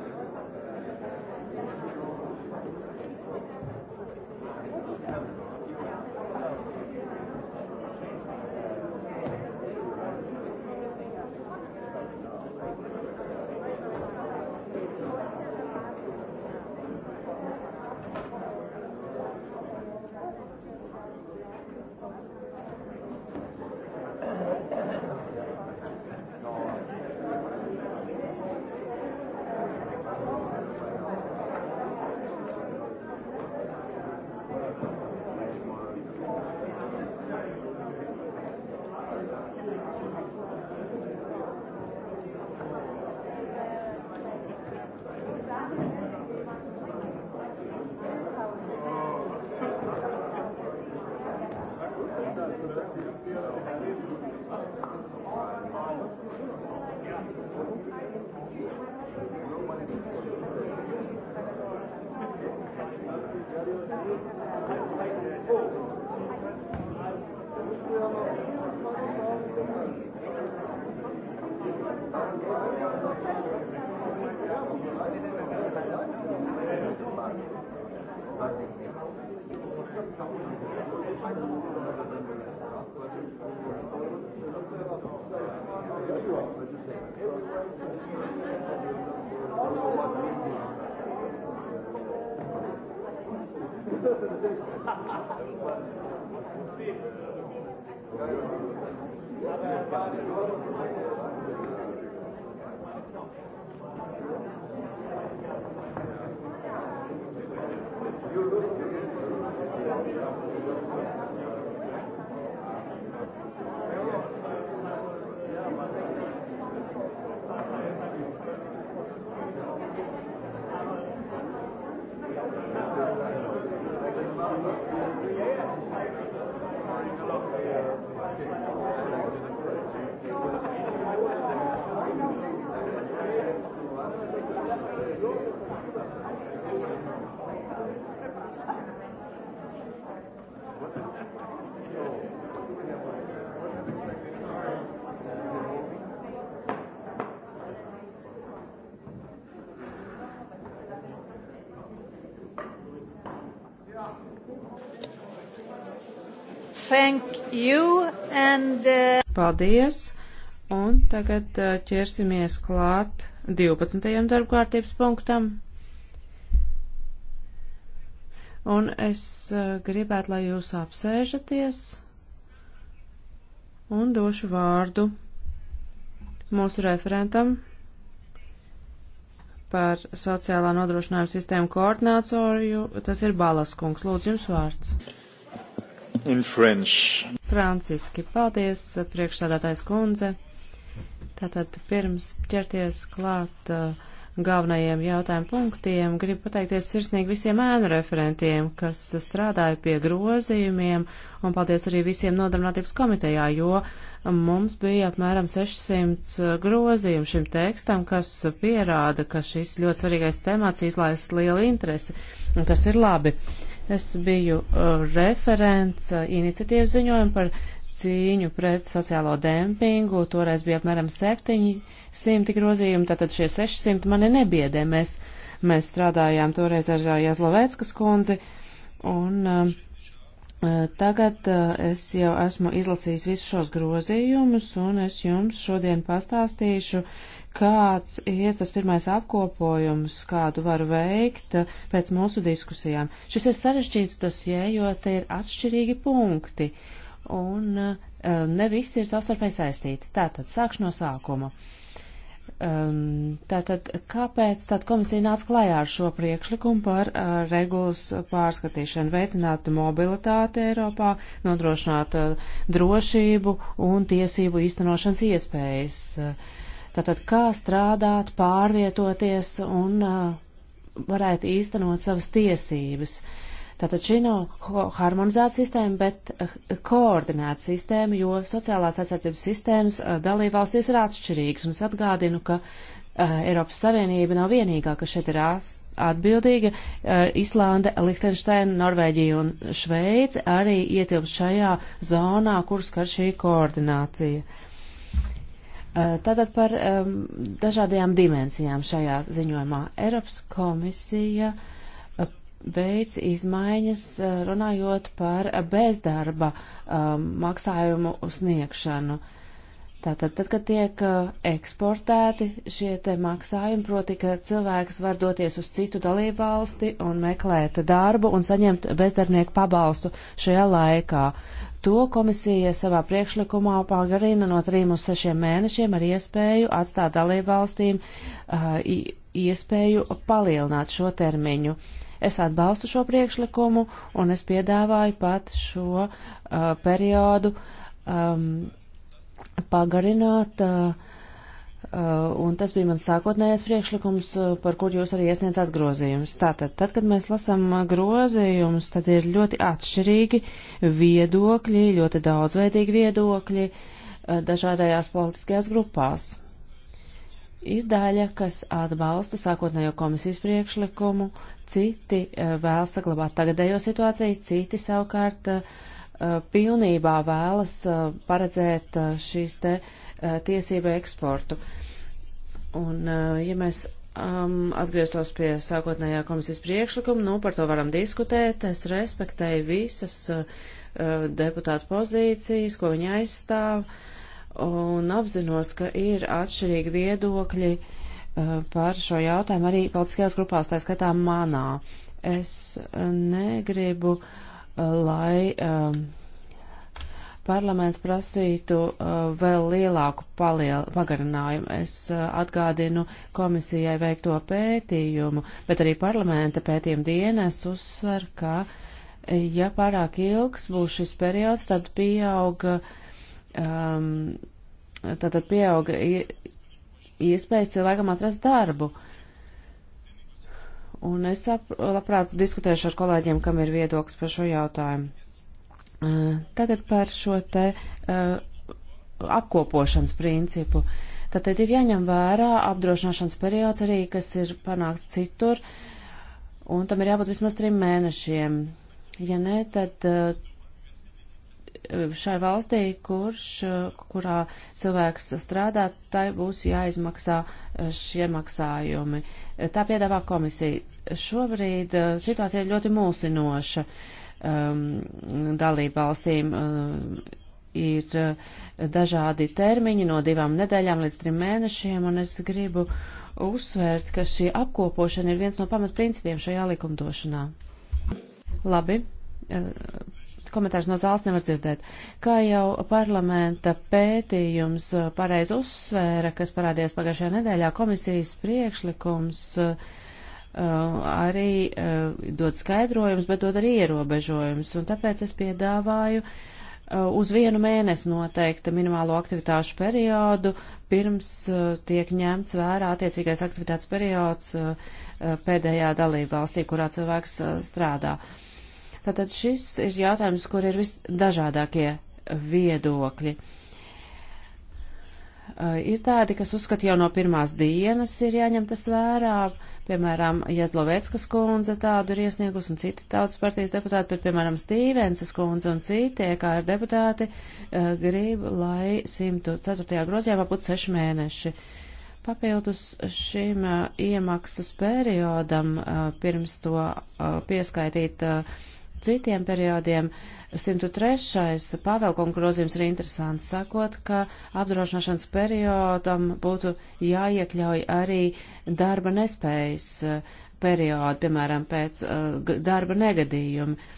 Thank you and. Uh... Paldies! Un tagad uh, ķersimies klāt 12. darbkārtības punktam. Un es uh, gribētu, lai jūs apsēžaties un došu vārdu mūsu referentam par sociālā nodrošinājuma sistēmu koordinātoru. Tas ir Balaskungs. Lūdzu, jums vārds. Franciski, paldies, priekšsādātājs kundze. Tātad pirms ķerties klāt uh, galvenajiem jautājumu punktiem, gribu pateikties sirsnīgi visiem ēnu referentiem, kas strādāja pie grozījumiem, un paldies arī visiem nodarbinātības komitejā, jo mums bija apmēram 600 uh, grozījumu šim tekstam, kas pierāda, ka šis ļoti svarīgais temats izlaist lielu interesi, un tas ir labi. Uh, Es biju uh, referents uh, iniciatīvas ziņojumu par cīņu pret sociālo dempingu. Toreiz bija apmēram 700 grozījumi, tātad šie 600 mani nebiedē. Mēs, mēs strādājām toreiz ar Jāzlovēckas kundzi, un um, uh, tagad uh, es jau esmu izlasījis visus šos grozījumus, un es jums šodien pastāstīšu, kāds ir tas pirmais apkopojums, kādu var veikt eh, pēc mūsu diskusijām. Šis ir sarežģīts dosie, jo te ir atšķirīgi punkti, un eh, ne visi ir savstarpēji saistīti. Tātad, sākšu no sākuma. Ehm, tātad, kāpēc tad komisija nāca klajā ar šo priekšlikumu par uh, regulas pārskatīšanu, veicināt mobilitāti Eiropā, nodrošināt uh, drošību un tiesību īstenošanas iespējas? Uh, Tātad, kā strādāt, pārvietoties un uh, varētu īstenot savas tiesības. Tātad šī nav harmonizēta sistēma, bet uh, koordinēta sistēma, jo sociālās aizsardzības sistēmas uh, dalībvalstīs ir atšķirīgas. Un es atgādinu, ka Eiropas Savienība nav vienīgā, kas šeit ir atbildīga. Islanda, Lihtenšteina, Norvēģija un Šveice arī ietilpst šajā zonā, kur skar šī koordinācija. Eh, tātad par um, dažādajām dimensijām šajā ziņojumā. Eiropas komisija eh, veids izmaiņas eh, runājot par bezdarba um, maksājumu sniegšanu. Uh, Tātad, tad, kad tiek uh, eksportēti šie te maksājumi, proti, ka cilvēks var doties uz citu dalību valsti un meklēt darbu un saņemt bezdarbnieku pabalstu šajā laikā. To komisija savā priekšlikumā pagarina no trim uz sešiem mēnešiem ar iespēju atstāt dalību valstīm uh, iespēju palielināt šo termiņu. Es atbalstu šo priekšlikumu un es piedāvāju pat šo uh, periodu um, pagarināt, un tas bija mans sākotnējais priekšlikums, par kur jūs arī iesniedzāt grozījumus. Tātad, tad, kad mēs lasām grozījumus, tad ir ļoti atšķirīgi viedokļi, ļoti daudzveidīgi viedokļi dažādajās politiskajās grupās. Ir daļa, kas atbalsta sākotnējo komisijas priekšlikumu, citi vēl saglabāt tagadējo situāciju, citi savukārt uh, pilnībā vēlas paredzēt šīs te tiesību eksportu. Un, ja mēs um, atgrieztos pie sākotnējā komisijas priekšlikuma, nu, par to varam diskutēt. Es respektēju visas uh, deputātu pozīcijas, ko viņi aizstāv, un apzinos, ka ir atšķirīgi viedokļi uh, par šo jautājumu arī politiskajās grupās, tā skatā manā. Es negribu uh, lai um, parlaments prasītu uh, vēl lielāku paliel, pagarinājumu. Es uh, atgādinu komisijai veikto pētījumu, bet arī parlamenta pētījuma dienas uzsver, ka, ja pārāk ilgs būs šis periods, tad pieauga, um, tad, tad pieauga iespējas cilvēkam atrast darbu. Uh, Un es ap, labprāt diskutēšu ar kolēģiem, kam ir viedoklis par šo jautājumu. Eh, tagad par šo te eh, apkopošanas principu. Tātad ir jāņem vērā apdrošināšanas periods arī, kas ir panākts citur, un tam ir jābūt vismaz trim mēnešiem. Ja nē, tad eh, šai valstī, kurš, kurā cilvēks strādā, tai būs jāizmaksā šie maksājumi tā piedāvā komisija. Šobrīd uh, situācija ir ļoti mulsinoša um, dalību valstīm. Um, ir uh, dažādi termiņi no divām nedēļām līdz trim mēnešiem, un es gribu uzsvērt, ka šī apkopošana ir viens no pamatprincipiem šajā likumdošanā. Labi, komentārs no zāles nevar dzirdēt. Kā jau parlamenta pētījums uh, pareiz uzsvēra, kas parādījās pagājušajā nedēļā, komisijas priekšlikums uh, arī uh, dod skaidrojums, bet dod arī ierobežojums. Un tāpēc es piedāvāju uh, uz vienu mēnesi noteikta minimālo aktivitāšu periodu, pirms uh, tiek ņemts vērā attiecīgais aktivitātes periods uh, pēdējā dalība valstī, kurā cilvēks strādā. Uh, Tātad šis ir jautājums, kur ir visdažādākie viedokļi. Uh, ir tādi, kas uzskata jau no pirmās dienas ir jāņem tas vērā, piemēram, Jazlovetskas kundze tādu ir iesniegus un citi tautas partijas deputāti, bet, piemēram, Stīvensas kundze un citi, e kā ir deputāti, uh, grib, lai 104. grozījumā būtu seši mēneši. Papildus šim uh, iemaksas periodam uh, pirms to uh, pieskaitīt uh, citiem periodiem. 103. Pāvēlkunga grozījums ir interesants, sakot, ka apdrošināšanas periodam būtu jāiekļauj arī darba nespējas eh, periodu, piemēram, pēc eh, darba negadījuma.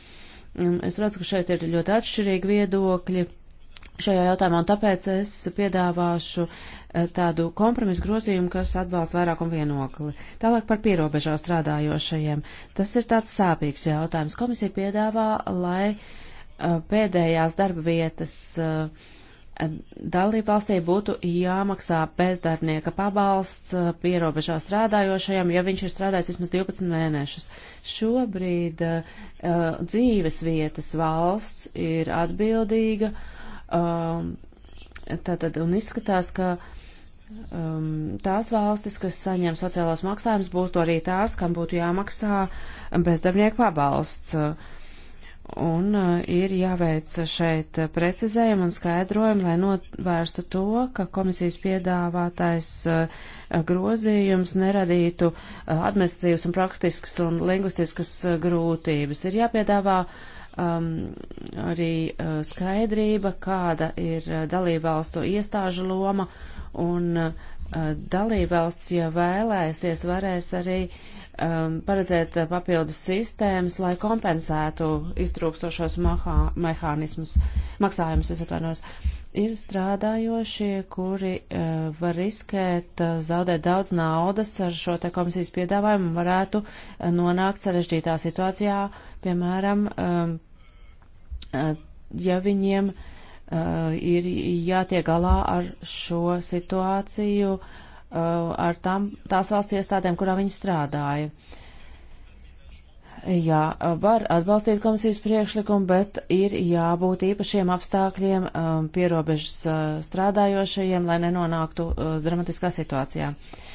Mm, es redzu, ka šeit ir ļoti atšķirīgi viedokļi šajā jautājumā, un tāpēc es piedāvāšu eh, tādu kompromisu grozījumu, kas atbalsta vairākumu vienokli. Tālāk par pierobežā strādājošajiem. Tas ir tāds sāpīgs jautājums. Komisija piedāvā, lai eh, pēdējās darba vietas eh, dalībvalstī būtu jāmaksā bezdarbnieka pabalsts pierobežā strādājošajam, ja viņš ir strādājis vismaz 12 mēnešus. Šobrīd dzīves vietas valsts ir atbildīga uh, Um, tātad, un izskatās, ka um, tās valstis, kas saņem sociālās maksājumus, būtu arī tās, kam būtu jāmaksā bezdarbnieku pabalsts. Un uh, ir jāveic šeit precizējumi un skaidrojumi, lai novērstu to, ka komisijas piedāvātais uh, grozījums neradītu uh, administratīvas un praktiskas un lingvistiskas uh, grūtības. Ir jāpiedāvā uh, um, arī uh, skaidrība, kāda ir uh, dalībvalstu iestāžu loma, un uh, dalībvalsts, ja vēlēsies, varēs arī um, paredzēt uh, papildus sistēmas, lai kompensētu iztrūkstošos mahā, mehānismus, maksājumus, es atvainos. Ir strādājošie, kuri uh, var riskēt uh, zaudēt daudz naudas ar šo te komisijas piedāvājumu un varētu uh, nonākt sarežģītā situācijā, uh, Piemēram, um, uh, ja viņiem uh, ir jātiek galā ar šo situāciju, uh, ar tām, tās valsts iestādēm, kurā viņi strādāja. Jā, var atbalstīt komisijas priekšlikumu, bet ir jābūt īpašiem apstākļiem um, pierobežas strādājošajiem, lai nenonāktu dramatiskā situācijā. Uh,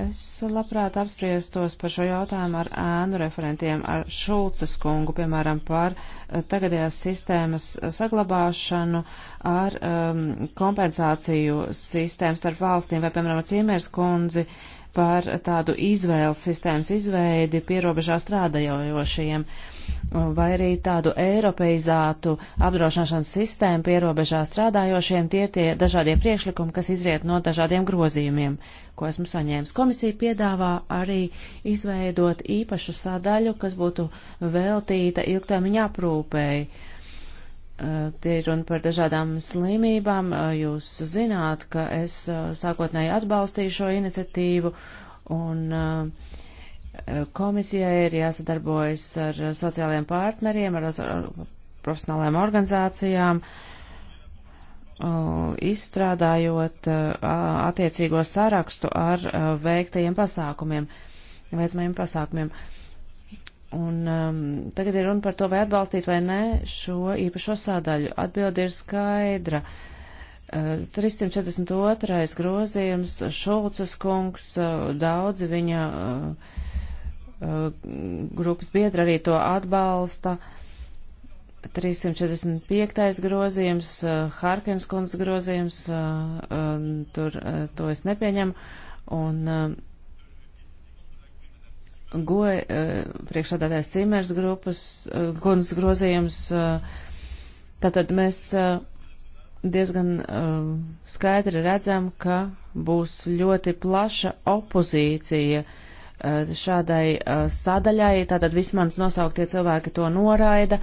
Es labprāt apspriestos par šo jautājumu ar ēnu referentiem, ar Šulces kungu, piemēram, par eh, tagadējās sistēmas eh, saglabāšanu ar um, kompensāciju sistēmu starp valstīm vai, piemēram, ar Ciemērs kundzi. Uh, par tādu izvēles sistēmas izveidi pierobežā strādājošajiem, vai arī tādu eiropeizātu apdrošināšanas sistēmu pierobežā strādājošiem. Tie ir tie dažādie priekšlikumi, kas izriet no dažādiem grozījumiem, ko esmu saņēmis. Komisija piedāvā arī izveidot īpašu sadaļu, kas būtu veltīta ilgtermiņa aprūpēji Tie ir runa par dažādām slimībām. Jūs zināt, ka es sākotnēji atbalstīju šo iniciatīvu un komisijai ir jāsadarbojas ar sociālajiem partneriem, ar, ar profesionālajām organizācijām, izstrādājot attiecīgo sarakstu ar veiktajiem pasākumiem, veicamajiem pasākumiem. Uh, Un um, tagad ir runa par to, vai atbalstīt vai nē šo īpašo sādaļu. Atbildi ir skaidra. Uh, 342. grozījums, Šulces kungs, uh, daudzi viņa uh, uh, grupas biedri arī to atbalsta. 345. grozījums, uh, Harkins kundzes grozījums, uh, uh, tur uh, to es nepieņemu. Un, uh, goja uh, eh, priekšsādātais cimers grupas, uh, eh, gunas grozījums. Uh, tātad mēs uh, diezgan uh, skaidri redzam, ka būs ļoti plaša opozīcija uh, šādai uh, sadaļai. Tātad vismaz nosauktie cilvēki to noraida.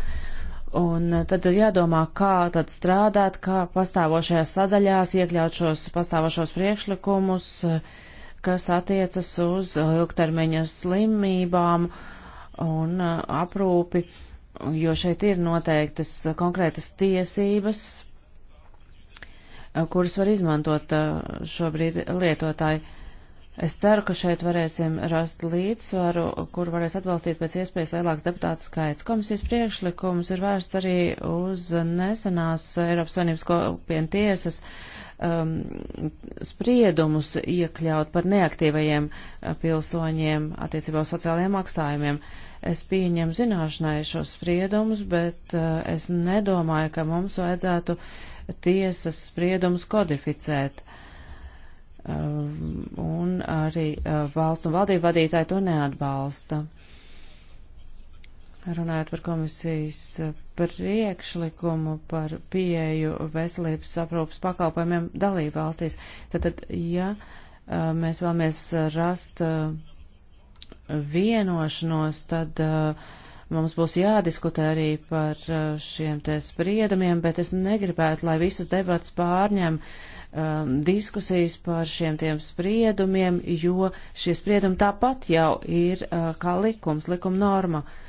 Un tad ir jādomā, kā tad strādāt, kā pastāvošajās sadaļās iekļaut šos pastāvošos priekšlikumus. Uh, kas attiecas uz uh, ilgtermiņa slimībām un uh, aprūpi, jo šeit ir noteiktas uh, konkrētas tiesības, kuras var izmantot šobrīd lietotāji. Es ceru, ka šeit varēsim rast līdzsvaru, kur varēs atbalstīt pēc iespējas lielāks deputātu skaits. Komisijas priekšlikums ir vērsts arī uz nesenās Eiropas Savienības kopienu tiesas uh, um, spriedumus iekļaut par neaktīvajiem uh, pilsoņiem attiecībā uz sociālajiem maksājumiem. Es pieņemu zināšanai šos spriedumus, bet uh, es nedomāju, ka mums vajadzētu tiesas spriedumus kodificēt. Um, un arī uh, valstu un valdību vadītāji to neatbalsta runājot par komisijas priekšlikumu par pieeju veselības aprūpas pakalpojumiem dalību valstīs. Tātad, ja mēs vēlamies rast vienošanos, tad mums būs jādiskutē arī par šiem te spriedumiem, bet es negribētu, lai visas debatas pārņem diskusijas par šiem tiem spriedumiem, jo šie spriedumi tāpat jau ir kā likums, likuma norma. Uh,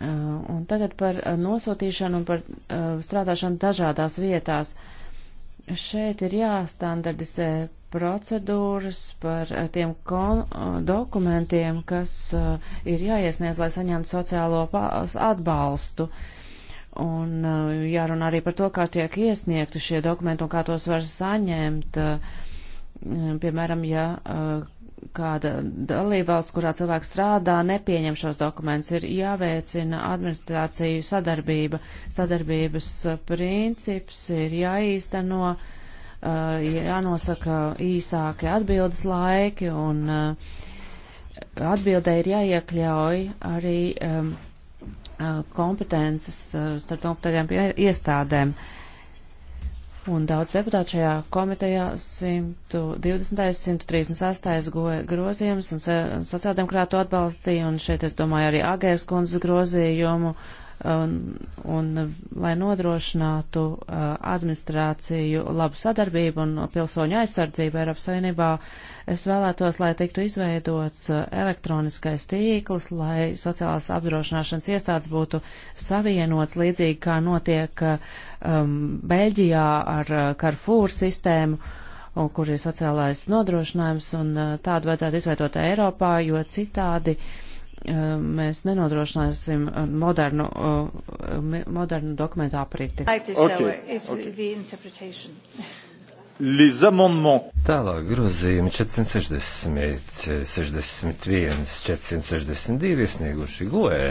Uh, un tagad par uh, nosūtīšanu un par uh, strādāšanu dažādās vietās. Šeit ir jāstandardizē procedūras par tiem dokumentiem, kas ir jāiesniedz, lai saņemtu sociālo atbalstu. Un jārunā arī par to, kā tiek iesniegti šie dokumenti un kā tos var saņemt. Piemēram, ja kāda dalībvalsts, kurā cilvēks strādā, nepieņem šos dokumentus. Ir jāveicina administrāciju sadarbība. Sadarbības uh, princips ir jāīsteno, uh, jānosaka īsāki atbildes laiki un uh, atbildē ir jāiekļauj arī um, kompetences starp kompetentajām iestādēm. Uh, un daudz deputātu šajā komitejā 120. 138. grozījums un sociāldemokrātu atbalstīja, un šeit es domāju arī Agēras kundzes grozījumu un, un lai nodrošinātu uh, administrāciju labu sadarbību un pilsoņu aizsardzību Eiropas Savienībā, es vēlētos, lai tiktu izveidots uh, elektroniskais tīkls, lai sociālās apdrošināšanas iestādes būtu savienots līdzīgi kā notiek uh, um, Beļģijā ar Carrefour sistēmu un kur ir sociālais nodrošinājums, un tādu vajadzētu izveidot Eiropā, jo citādi uh, Eh, mēs nenodrošināsim modernu, eh, modernu dokumentu apriti. Okay. Okay. Les amendements. Tālāk grozījumi 460, 61, 462 iesnieguši goē. E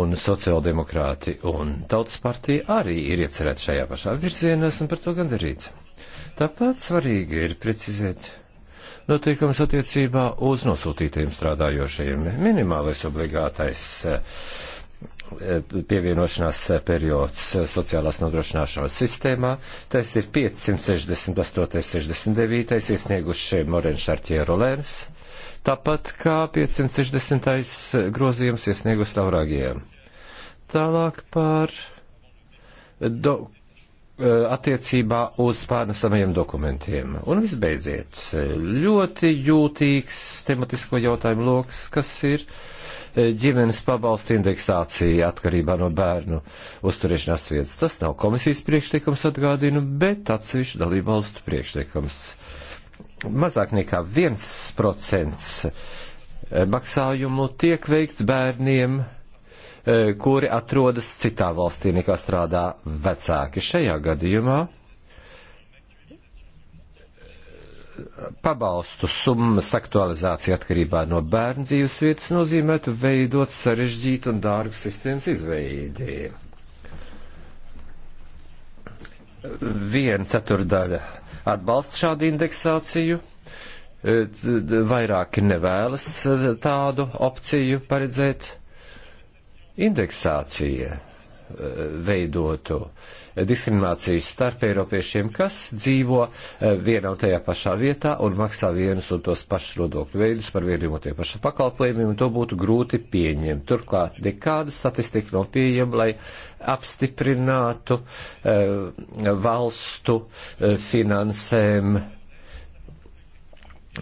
un sociāldemokrāti un tautas partija arī ir iecerēti šajā pašā virzienā, esmu par to gandarīts. Tāpat svarīgi ir precizēt noteikums attiecībā uz nosūtītiem strādājošajiem. Minimālais obligātais eh, eh, pievienošanās eh, periods sociālās nodrošināšanas sistēmā. Tas ir 568. 69. iesniegušiem Morenšarķie Rolēns, tāpat kā 560. grozījums iesniegus Laurāgiem. Tālāk par do, Eh, attiecībā uz pārnesamajiem dokumentiem. Un visbeidziet, ļoti jūtīgs tematisko jautājumu lokus, kas ir eh, ģimenes pabalsta indeksācija atkarībā no bērnu uzturēšanās vietas. Tas nav komisijas priekšlikums atgādinu, bet atsevišķu dalībvalstu priekšlikums. Mazāk nekā 1% eh, maksājumu tiek veikts bērniem E, kuri atrodas citā valstī nekā strādā vecāki. Šajā gadījumā pabalstu summas aktualizācija atkarībā no bērnu dzīves vietas nozīmētu veidot sarežģītu un dārgu sistēmas izveidi. Viena ceturdaļa atbalsta šādu indeksāciju, e, vairāki nevēlas tādu opciju paredzēt indeksācija eh, veidotu diskrimināciju starp eiropiešiem, kas dzīvo eh, vienā un tajā pašā vietā un maksā vienus un tos pašus nodokļu veidus par vieniem un tie paši pakalpojumiem, un to būtu grūti pieņemt. Turklāt nekāda statistika nav no pieejama, lai apstiprinātu eh, valstu eh, finansēm eh,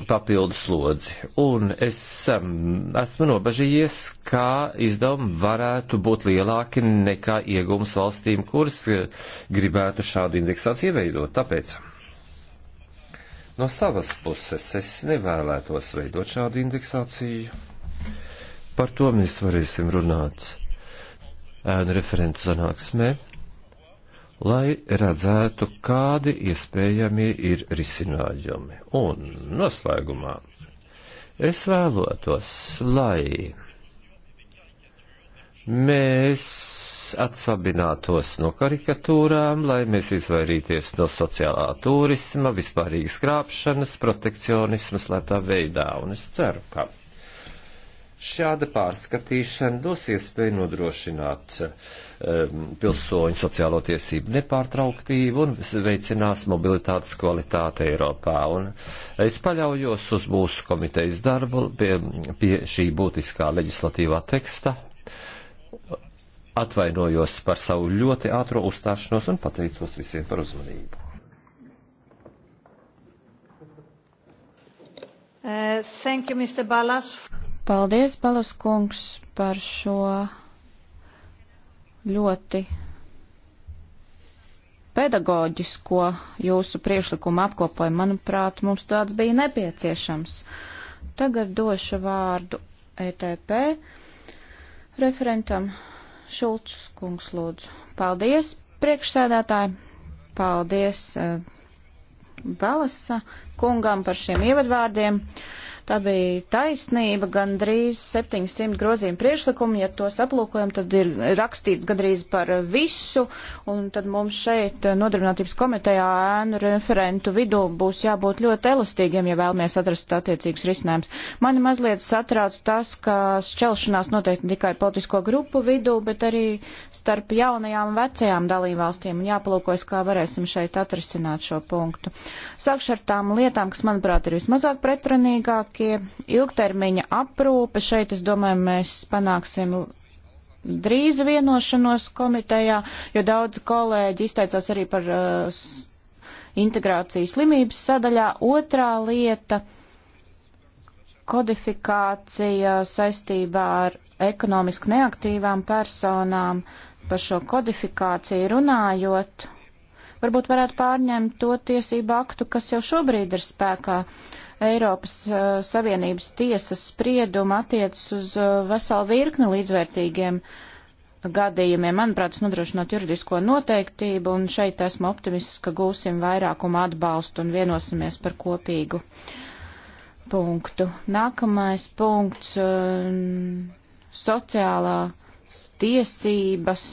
papildus slodzi. Un es um, esmu nobažījies, kā izdevumi varētu būt lielāki nekā iegums valstīm, kuras uh, gribētu šādu indeksāciju veidot. Tāpēc no savas puses es nevēlētos veidot šādu indeksāciju. Par to mēs varēsim runāt ēnu referentu sanāksmē lai redzētu, kādi iespējami ir risinājumi. Un noslēgumā es vēlotos, lai mēs atsabinātos no karikatūrām, lai mēs izvairīties no sociālā turisma, vispārīgas krāpšanas, protekcionismas, lai tā veidā, un es ceru, ka Šāda pārskatīšana dos iespēju nodrošināt um, pilsoņu sociālo tiesību nepārtrauktību un veicinās mobilitātes kvalitāti Eiropā. Un es paļaujos uz mūsu komitejas darbu pie, pie šī būtiskā leģislatīvā teksta. Atvainojos par savu ļoti ātro uzstāšanos un pateicos visiem par uzmanību. Uh, thank you, Mr. Ballas. Paldies, Balus kungs, par šo ļoti pedagoģisko jūsu priešlikumu apkopojumu. Manuprāt, mums tāds bija nepieciešams. Tagad došu vārdu ETP referentam Šulcs kungs lūdzu. Paldies, priekšsēdētāji. Paldies. Uh, Balasa kungam par šiem ievadvārdiem. Tā bija taisnība, gandrīz 700 grozījumu priekšlikumu, ja tos aplūkojam, tad ir rakstīts gandrīz par visu, un tad mums šeit eh, nodarbinātības komitejā ēnu referentu vidū būs jābūt ļoti elastīgiem, ja vēlamies atrast attiecīgus risinājumus. Mani mazliet satrauc tas, ka šķelšanās noteikti tikai politisko grupu vidū, bet arī starp jaunajām un vecajām dalībvalstīm, un jāpalūkojas, kā varēsim šeit atrisināt šo punktu. Sākšu ar tām lietām, kas, manuprāt, ir vismazāk pretrunīgāk cilvēkiem, ilgtermiņa aprūpe. Šeit, es domāju, mēs panāksim drīz vienošanos komitejā, jo daudz kolēģi izteicās arī par uh, integrācijas slimības sadaļā. Otrā lieta - kodifikācija saistībā ar ekonomiski neaktīvām personām. Par šo kodifikāciju runājot, varbūt varētu pārņemt to tiesību aktu, kas jau šobrīd ir spēkā. Uh, Eiropas uh, Savienības tiesas sprieduma attiecas uz uh, veselu virkni līdzvērtīgiem gadījumiem. Manuprāt, tas nodrošinot juridisko noteiktību, un šeit esmu optimists, ka gūsim vairākumu atbalstu un vienosimies par kopīgu punktu. Nākamais punkts uh, eh, - sociālā tiesības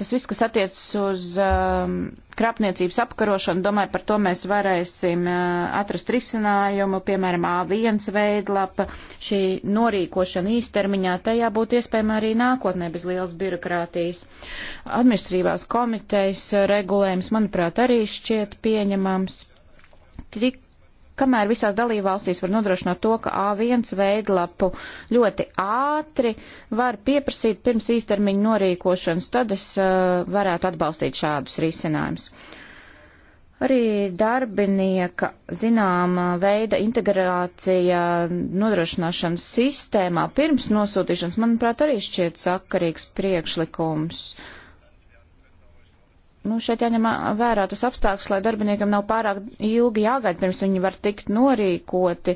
tas viss, kas attiecas uz um, krāpniecības apkarošanu, domāju, par to mēs varēsim uh, atrast risinājumu, piemēram, A1 veidlapa, šī norīkošana īstermiņā, tajā būtu iespējama arī nākotnē bez lielas birokrātijas. Administrīvās komitejas regulējums, manuprāt, arī šķiet pieņemams. Tik kamēr visās dalībvalstīs var nodrošināt to, ka A1 veidlapu ļoti ātri var pieprasīt pirms īstermiņa norīkošanas, tad es uh, varētu atbalstīt šādus risinājumus. Arī darbinieka zināma veida integrācija nodrošināšanas sistēmā pirms nosūtīšanas, manuprāt, arī šķiet sakarīgs priekšlikums. Uh, Nu, šeit jāņem vērā tas apstākļus, lai darbiniekam nav pārāk ilgi jāgaida, pirms viņi var tikt norīkoti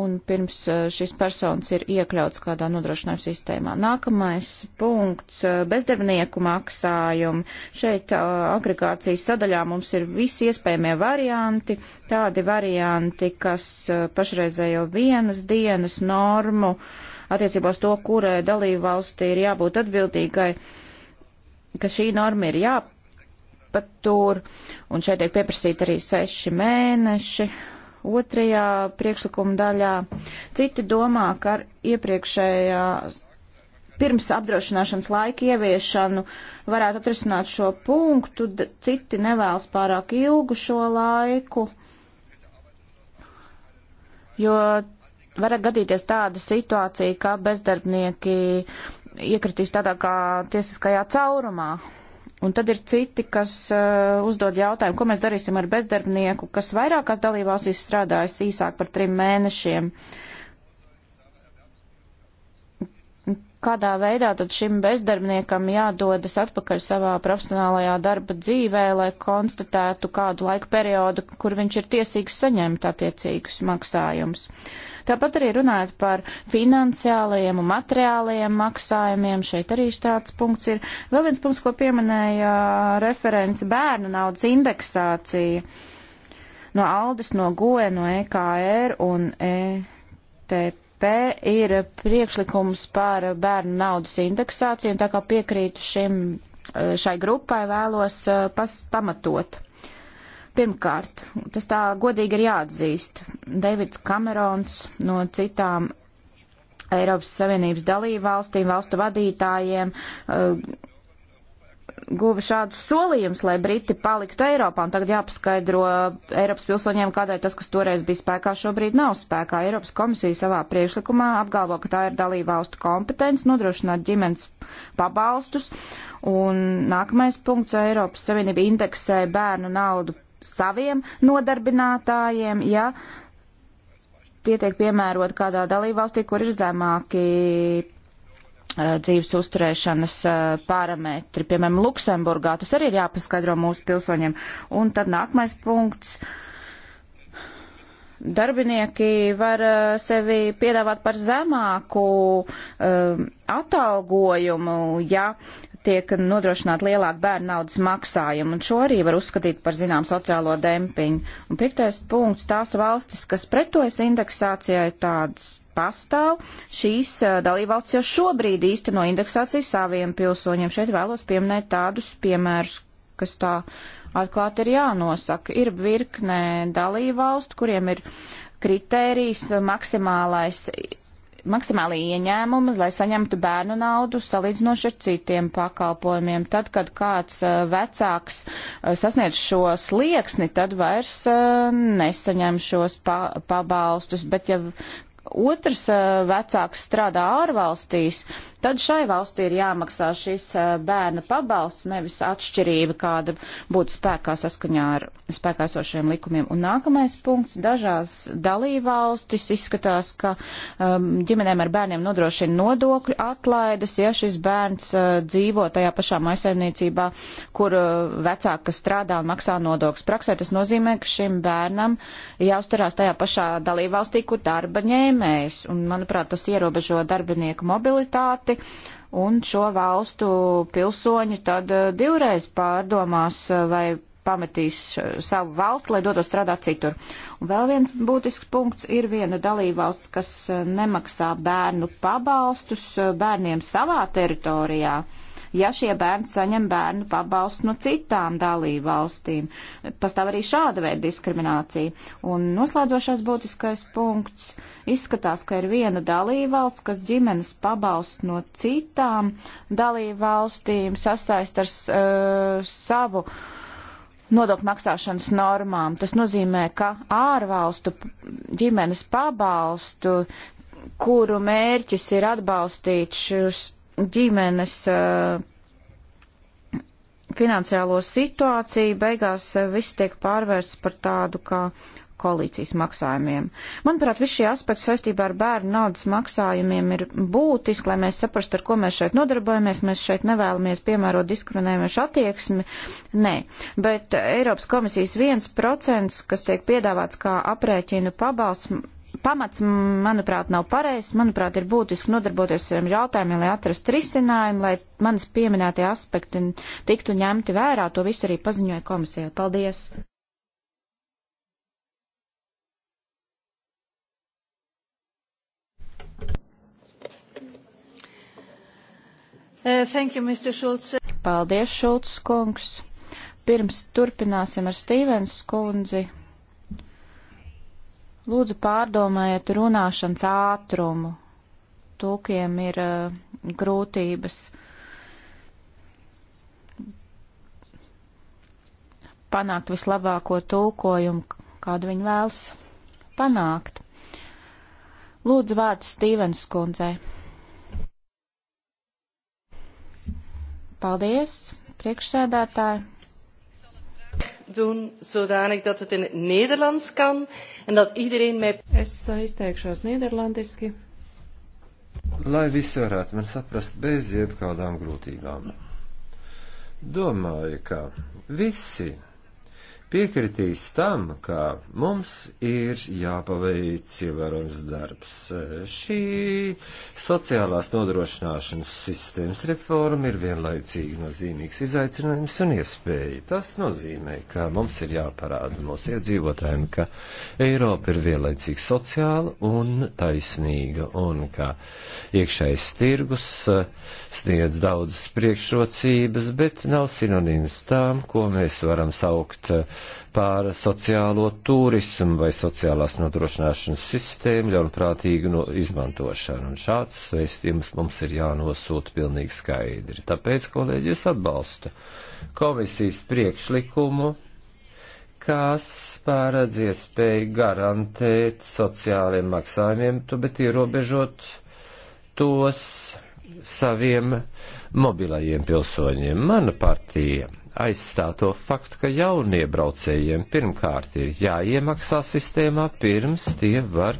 un pirms uh, šis personas ir iekļauts kādā nodrošinājuma sistēmā. Nākamais punkts uh, - bezdarbnieku maksājumi. Šeit uh, agregācijas sadaļā mums ir visi iespējamie varianti, tādi varianti, kas pašreizējo vienas dienas normu attiecībā uz to, kurai dalību valstī ir jābūt atbildīgai, ka šī norma ir jāpārāk pat tur, un šeit tiek pieprasīti arī seši mēneši. Otrajā priekšlikuma daļā citi domā, ka ar iepriekšējā pirms apdrošināšanas laika ieviešanu varētu atrisināt šo punktu, citi nevēlas pārāk ilgu šo laiku, jo var gadīties tāda situācija, ka bezdarbnieki iekritīs tādā kā tiesiskajā caurumā, Un tad ir citi, kas uh, uzdod jautājumu, ko mēs darīsim ar bezdarbnieku, kas vairākās dalībvalstīs strādājas īsāk par trim mēnešiem. Kādā veidā tad šim bezdarbniekam jādodas atpakaļ savā profesionālajā darba dzīvē, lai konstatētu kādu laiku periodu, kur viņš ir tiesīgs saņemt attiecīgus maksājumus? Uh, Tāpat arī runājot par finansiālajiem un materiālajiem maksājumiem, šeit arī tāds punkts ir. Vēl viens punkts, ko pieminēja referents - bērnu naudas indeksācija no Aldas, no Goe, no EKR un ETP ir priekšlikums par bērnu naudas indeksāciju, un tā kā piekrītu šim, šai grupai vēlos eh, pas, pamatot. Pirmkārt, tas tā godīgi ir jāatzīst. Davids Kamerons no citām Eiropas Savienības dalību valstīm, valstu vadītājiem uh, guva šādus solījumus, lai Briti paliktu Eiropā, un tagad jāpaskaidro Eiropas pilsoņiem, kādēļ tas, kas toreiz bija spēkā, šobrīd nav spēkā. Eiropas komisija savā priekšlikumā apgalvo, ka tā ir dalība valstu kompetence nodrošināt ģimenes pabalstus, un nākamais punkts Eiropas Savienība indeksē bērnu naudu saviem nodarbinātājiem, ja tie tiek piemērot kādā dalībvalstī, kur ir zemāki eh, dzīves uzturēšanas eh, parametri, piemēram, Luksemburgā. Tas arī ir jāpaskaidro mūsu pilsoņiem. Un tad nākamais punkts. Darbinieki var eh, sevi piedāvāt par zemāku um, atalgojumu, ja tiek nodrošināta lielāka bērnu naudas maksājuma, un šo arī var uzskatīt par zinām sociālo dempiņu. Un piektais punkts - tās valstis, kas pretojas indeksācijai, tādas pastāv. Šīs eh, dalībvalstis jau šobrīd īsteno indeksāciju saviem pilsoņiem. Šeit vēlos pieminēt tādus piemērus, kas tā atklāti ir jānosaka. Ir virknē dalībvalstu, kuriem ir kritērijs eh, maksimālais maksimāli ieņēmumi, lai saņemtu bērnu naudu salīdzinoši ar citiem pakalpojumiem. Tad, kad kāds eh, vecāks eh, sasniedz šo slieksni, tad vairs eh, nesaņem šos pa pabalstus, bet ja otrs eh, vecāks strādā ārvalstīs, tad šai valstī ir jāmaksā šis eh, bērna pabalsts, nevis atšķirība, kāda būtu spēkā saskaņā ar spēkā esošiem likumiem. Un nākamais punkts - dažās dalībvalstis izskatās, ka um, ģimenēm ar bērniem nodrošina nodokļu atlaides, ja šis bērns uh, dzīvo tajā pašā maisaimniecībā, kur uh, vecāka strādā un maksā nodokļus. Praksē tas nozīmē, ka šim bērnam jāuzturās tajā pašā dalībvalstī, kur darba ņēmē ņēmējs, un, manuprāt, tas ierobežo darbinieku mobilitāti, un šo valstu pilsoņi tad eh, divreiz pārdomās eh, vai pametīs eh, savu valstu, lai dotos strādāt citur. Un vēl viens būtisks punkts ir viena dalībvalsts, kas nemaksā bērnu pabalstus bērniem savā teritorijā. Uh, ja šie bērni saņem bērnu pabalstu no citām dalību valstīm. Pastāv arī šāda veida diskriminācija. Un noslēdzošais būtiskais punkts izskatās, ka ir viena dalība valsts, kas ģimenes pabalstu no citām dalību valstīm sasaist ar uh, savu nodokļu maksāšanas normām. Tas nozīmē, ka ārvalstu ģimenes pabalstu, kuru mērķis ir atbalstīt šos ģimenes eh, finansiālo situāciju, beigās eh, viss tiek pārvērsts par tādu kā koalīcijas maksājumiem. Manuprāt, visi šie aspekti saistībā ar bērnu naudas maksājumiem ir būtiski, lai mēs saprastu, ar ko mēs šeit nodarbojamies. Mēs šeit nevēlamies piemērot diskriminējušu attieksmi. Nē, bet Eiropas komisijas viens procents, kas tiek piedāvāts kā aprēķina pabalsts, pamats, manuprāt, nav pareizs. Manuprāt, ir būtiski nodarboties ar jautājumiem, lai atrastu risinājumu, lai manas pieminētie aspekti tiktu ņemti vērā. To visu arī paziņoja komisija. Paldies! Uh, thank you, Mr. Schulz. Paldies, Šulc kungs. Pirms turpināsim ar Stīvens kundzi. Lūdzu, pārdomājiet runāšanas ātrumu. Tūkiem ir uh, grūtības panākt vislabāko tulkojumu, kādu viņi vēlas panākt. Lūdzu, vārds Stīvens kundzei. Paldies, priekšsēdētāji! doen zodanig dat het in het Nederlands kan en dat iedereen mij... Es eh, izteikšos nederlandiski. Lai visi varētu man saprast bez jebkādām grūtībām. Domāju, ka visi piekritīs tam, ka mums ir jāpaveic ievērojams darbs. Šī sociālās nodrošināšanas sistēmas reforma ir vienlaicīgi nozīmīgs izaicinājums un iespēja. Tas nozīmē, ka mums ir jāparāda mūsu iedzīvotājiem, ka Eiropa ir vienlaicīgi sociāla un taisnīga un ka iekšējais tirgus eh, sniedz daudzas priekšrocības, bet nav sinonīms tām, ko mēs varam saukt uh, pār sociālo turismu vai sociālās nodrošināšanas sistēmu ļaunprātīgu no izmantošanu. Un šāds veistījums mums ir jānosūta pilnīgi skaidri. Tāpēc, kolēģi, es atbalstu komisijas priekšlikumu kas pārādz iespēju garantēt sociāliem maksājumiem, tu, bet ierobežot tos saviem mobilajiem pilsoņiem. Mana partija aizstāv to faktu, ka jauniebraucējiem pirmkārt ir jāiemaksā sistēmā, pirms tie var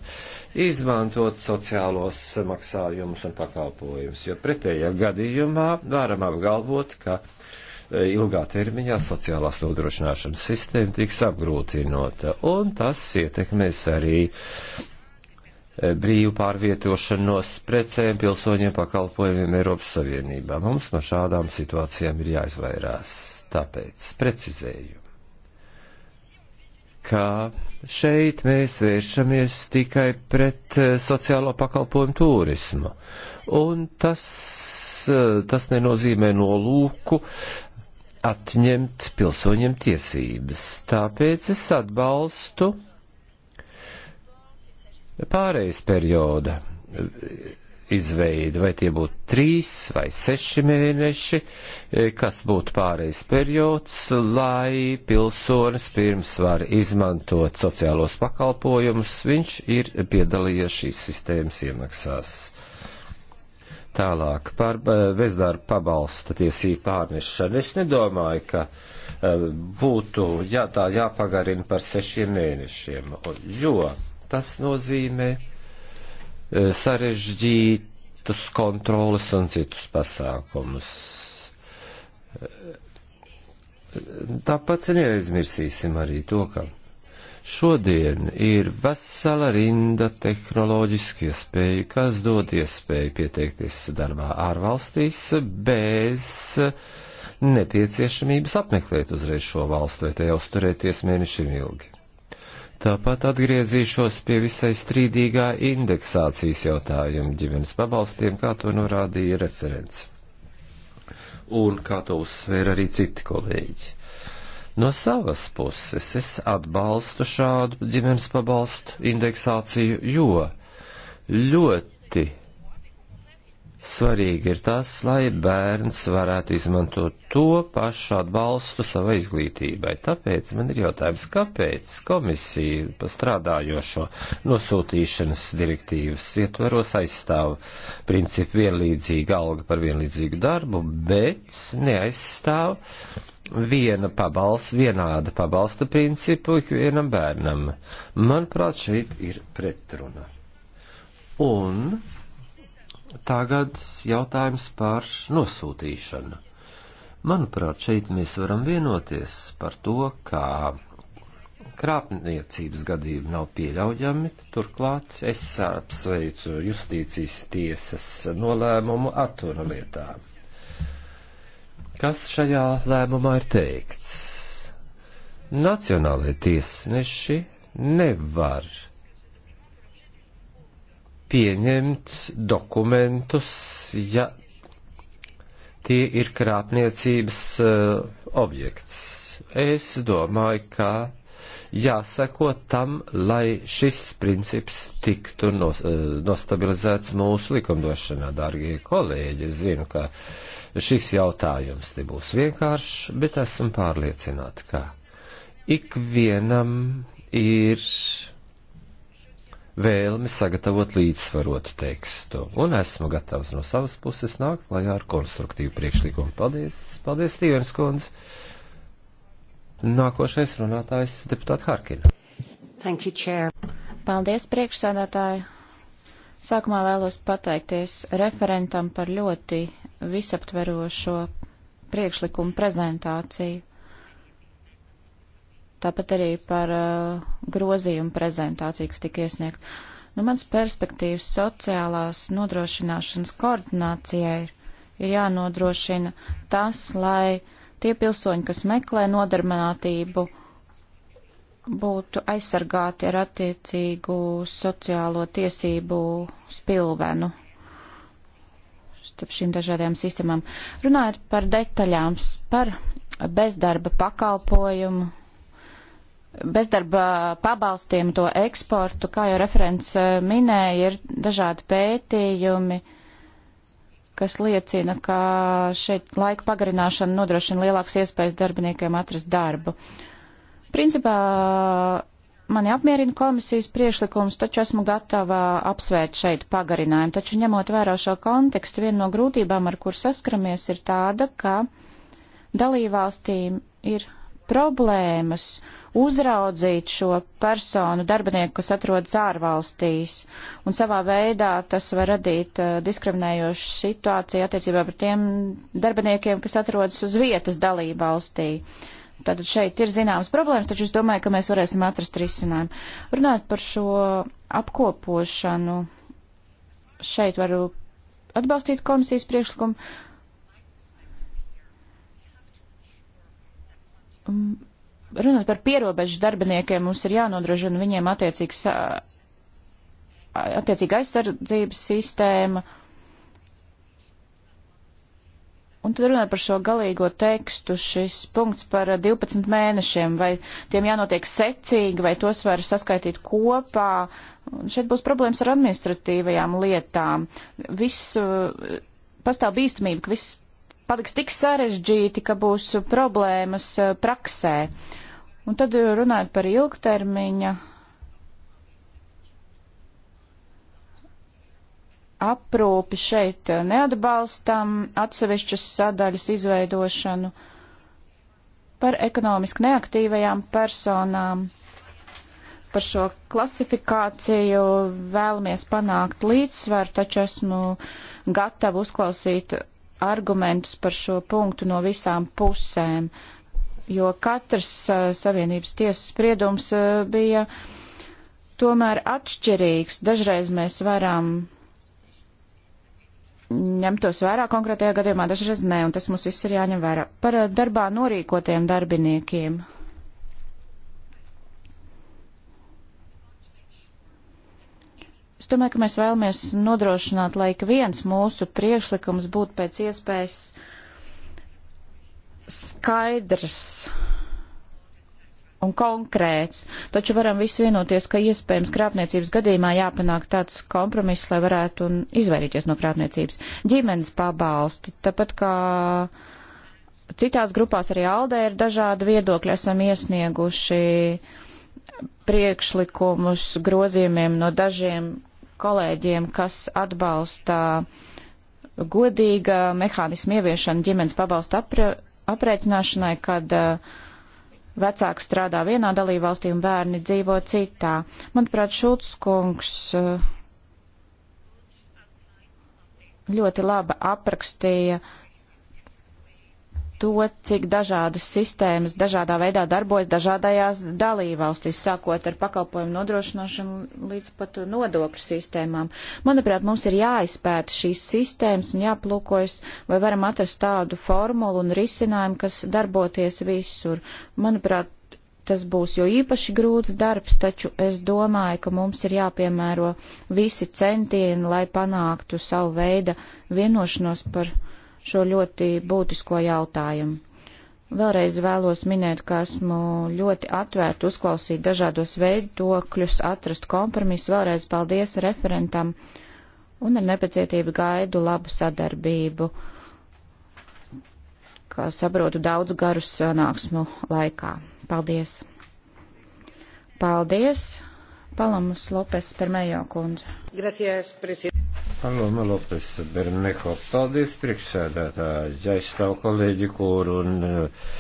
izmantot sociālos maksājumus un pakalpojumus, jo pretējā gadījumā varam apgalvot, ka e, ilgā termiņā sociālās nodrošināšanas sistēma tiks apgrūtinota, un tas ietekmēs arī Eh, brīvu pārvietošanos precēm, pilsoņiem pakalpojumiem Eiropas Savienībā. Mums no šādām situācijām ir jāizvairās. Tāpēc precizēju, ka šeit mēs vēršamies tikai pret eh, sociālo pakalpojumu turismu. Un tas, eh, tas nenozīmē nolūku atņemt pilsoņiem tiesības. Tāpēc es atbalstu pārejas perioda izveidi, vai tie būtu trīs vai seši mēneši, e, kas būtu pārejas periods, lai pilsonis pirms var izmantot sociālos pakalpojumus, viņš ir piedalījies šīs sistēmas iemaksās. Tālāk par e, bezdarba pabalsta tiesību pārnešanu. Es nedomāju, ka e, būtu jā, tā jāpagarina par sešiem mēnešiem, jo tas nozīmē e, sarežģītus kontrolas un citus pasākumus. E, tāpat neaizmirsīsim arī to, ka šodien ir vesela rinda tehnoloģiski iespēju, kas dod iespēju pieteikties darbā ārvalstīs bez nepieciešamības apmeklēt uzreiz šo valstu vai tajā uzturēties mēnešiem ilgi. Tāpat atgriezīšos pie visai strīdīgā indeksācijas jautājuma ģimenes pabalstiem, kā to norādīja referents. Un kā to uzsvēra arī citi kolēģi. No savas puses es atbalstu šādu ģimenes pabalstu indeksāciju, jo ļoti Svarīgi ir tas, lai bērns varētu izmantot to pašu atbalstu savai izglītībai. Tāpēc man ir jautājums, kāpēc komisija pastrādājošo nosūtīšanas direktīvas ietvaros aizstāv principu vienlīdzīga alga par vienlīdzīgu darbu, bet neaizstāv viena pabalsta, vienāda pabalsta principu ikvienam bērnam. Manuprāt, šeit ir pretruna. Un Tagad jautājums par nosūtīšanu. Manuprāt, šeit mēs varam vienoties par to, ka krāpniecības gadījumi nav pieļaujami. Turklāt es apsveicu justīcijas tiesas nolēmumu atvara lietā. Kas šajā lēmumā ir teikts? Nacionālajie tiesneši nevar pieņemt dokumentus, ja tie ir krāpniecības eh, objekts. Es domāju, ka jāseko tam, lai šis princips tiktu eh, nostabilizēts mūsu likumdošanā, dārgie kolēģi. Es zinu, ka šis jautājums te būs vienkāršs, bet esmu pārliecināta, ka ikvienam ir vēlmi sagatavot līdzsvarotu tekstu. Un esmu gatavs no savas puses nākt klajā ar konstruktīvu priekšlikumu. Paldies, paldies, Stīvens Kundze. Nākošais runātājs deputāta Harkina. Thank you, Chair. Paldies, priekšsēdētāji. Sākumā vēlos pateikties referentam par ļoti visaptverošo priekšlikumu prezentāciju tāpat arī par uh, grozījumu prezentāciju, kas tika iesniegt. Nu, mans perspektīvas sociālās nodrošināšanas koordinācijai ir, ir jānodrošina tas, lai tie pilsoņi, kas meklē nodarbinātību, būtu aizsargāti ar attiecīgu sociālo tiesību spilvenu starp šīm dažādajām sistēmām. Runājot par detaļām, par bezdarba pakalpojumu, bezdarba pabalstiem, to eksportu, kā jau referents e, minēja, ir dažādi pētījumi, kas liecina, ka šeit laika pagarināšana nodrošina lielākas iespējas darbiniekiem atrast darbu. Principā mani apmierina komisijas priešlikums, taču esmu gatava apsvērt šeit pagarinājumu. Taču ņemot vērā šo kontekstu, viena no grūtībām, ar kur saskaramies, ir tāda, ka dalībvalstīm ir problēmas uh, uzraudzīt šo personu, darbinieku, kas atrodas ārvalstīs. Un savā veidā tas var radīt uh, diskriminējošu situāciju attiecībā par tiem darbiniekiem, kas atrodas uz vietas dalību valstī. Tātad šeit ir zināmas problēmas, taču es domāju, ka mēs varēsim atrast risinājumu. Runāt par šo apkopošanu, šeit varu atbalstīt komisijas priekšlikumu. Um, Runāt par pierobežu darbiniekiem, mums ir jānodrošina viņiem attiecīgs, attiecīga aizsardzības sistēma. Un tad runāt par šo galīgo tekstu, šis punkts par 12 mēnešiem, vai tiem jānotiek secīgi, vai tos var saskaitīt kopā. Un šeit būs problēmas ar administratīvajām lietām. Viss uh, pastāv bīstamība, ka viss paliks tik sarežģīti, ka būs problēmas e, praksē. Un tad e, runājot par ilgtermiņa aprūpi šeit e, neatbalstam atsevišķas sadaļas izveidošanu par ekonomiski neaktīvajām personām. Par šo klasifikāciju vēlamies panākt līdzsvaru, taču esmu gatava uzklausīt argumentus par šo punktu no visām pusēm, jo katrs uh, Savienības tiesas spriedums uh, bija tomēr atšķirīgs. Dažreiz mēs varam ņemt tos vērā konkrētajā gadījumā, dažreiz nē, un tas mums viss ir jāņem vērā. Par uh, darbā norīkotiem darbiniekiem Es domāju, ka mēs vēlamies nodrošināt, lai ik viens mūsu priekšlikums būtu pēc iespējas skaidrs un konkrēts, taču varam visi vienoties, ka iespējams krāpniecības gadījumā jāpanāk tāds kompromiss, lai varētu izvairīties no krāpniecības. Ģimenes pabalsti, tāpat kā citās grupās arī Aldē ir dažādi viedokļi, esam iesnieguši priekšlikumus grozījumiem no dažiem kolēģiem, kas atbalsta godīga mehānismu ieviešanu ģimenes pabalstu apre, aprēķināšanai, kad uh, vecāki strādā vienā dalībvalstī un bērni dzīvo citā. Manuprāt, Šulc kungs uh, ļoti labi aprakstīja uh, to, cik dažādas sistēmas dažādā veidā darbojas dažādajās dalībvalstīs, sākot ar pakalpojumu nodrošināšanu līdz pat nodokļu sistēmām. Manuprāt, mums ir jāizpēta šīs sistēmas un jāplūkojas, vai varam atrast tādu formulu un risinājumu, kas darboties visur. Manuprāt, tas būs jo īpaši grūts darbs, taču es domāju, ka mums ir jāpiemēro visi centieni, lai panāktu savu veidu vienošanos par šo ļoti būtisko jautājumu. Vēlreiz vēlos minēt, ka esmu ļoti atvērta uzklausīt dažādos veidokļus, atrast kompromisu. Vēlreiz paldies referentam un ar nepacietību gaidu labu sadarbību, kā saprotu daudz garu sanāksmu laikā. Paldies! Paldies! Palamus Lopes Permejo kundze. Gracias, presidente. Paloma Lopes Bermeho. Paldies priekšsēdētāji. Aizstāv kolēģi, kur un eh,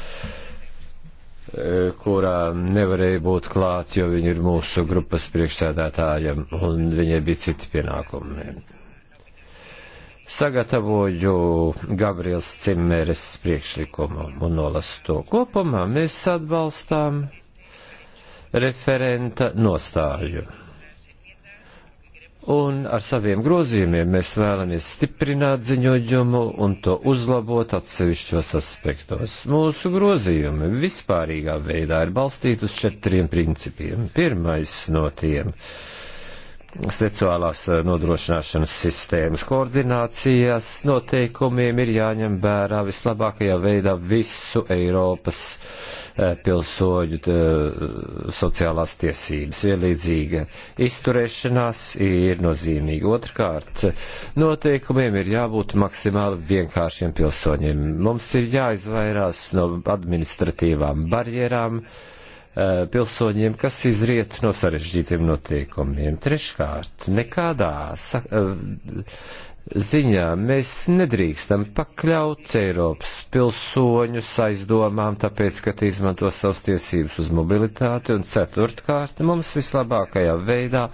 kurā nevarēja būt klāt, jo viņa ir mūsu grupas priekšsēdētājiem un viņai bija citi pienākumi. Sagatavoju Gabriels Cimmeres priekšlikumu un nolasu to kopumā. Mēs atbalstām referenta nostāju Un ar saviem grozījumiem mēs vēlamies stiprināt ziņojumu un to uzlabot atsevišķos aspektos. Mūsu grozījumi vispārīgā veidā ir balstīti uz četriem principiem. Pirmais no tiem ir seksuālās eh, nodrošināšanas sistēmas koordinācijas noteikumiem ir jāņem vērā vislabākajā veidā visu Eiropas eh, pilsoņu eh, sociālās tiesības. Vienlīdzīga izturēšanās ir nozīmīga. Otrkārt, noteikumiem ir jābūt maksimāli vienkāršiem pilsoņiem. Mums ir jāizvairās no administratīvām barjerām Eh, pilsoņiem, kas izriet no sarežģītiem notiekumiem. Treškārt, nekādā eh, ziņā mēs nedrīkstam pakļaut Eiropas pilsoņus aizdomām, tāpēc, ka tie izmanto savas tiesības uz mobilitāti, un ceturtkārt, mums vislabākajā veidā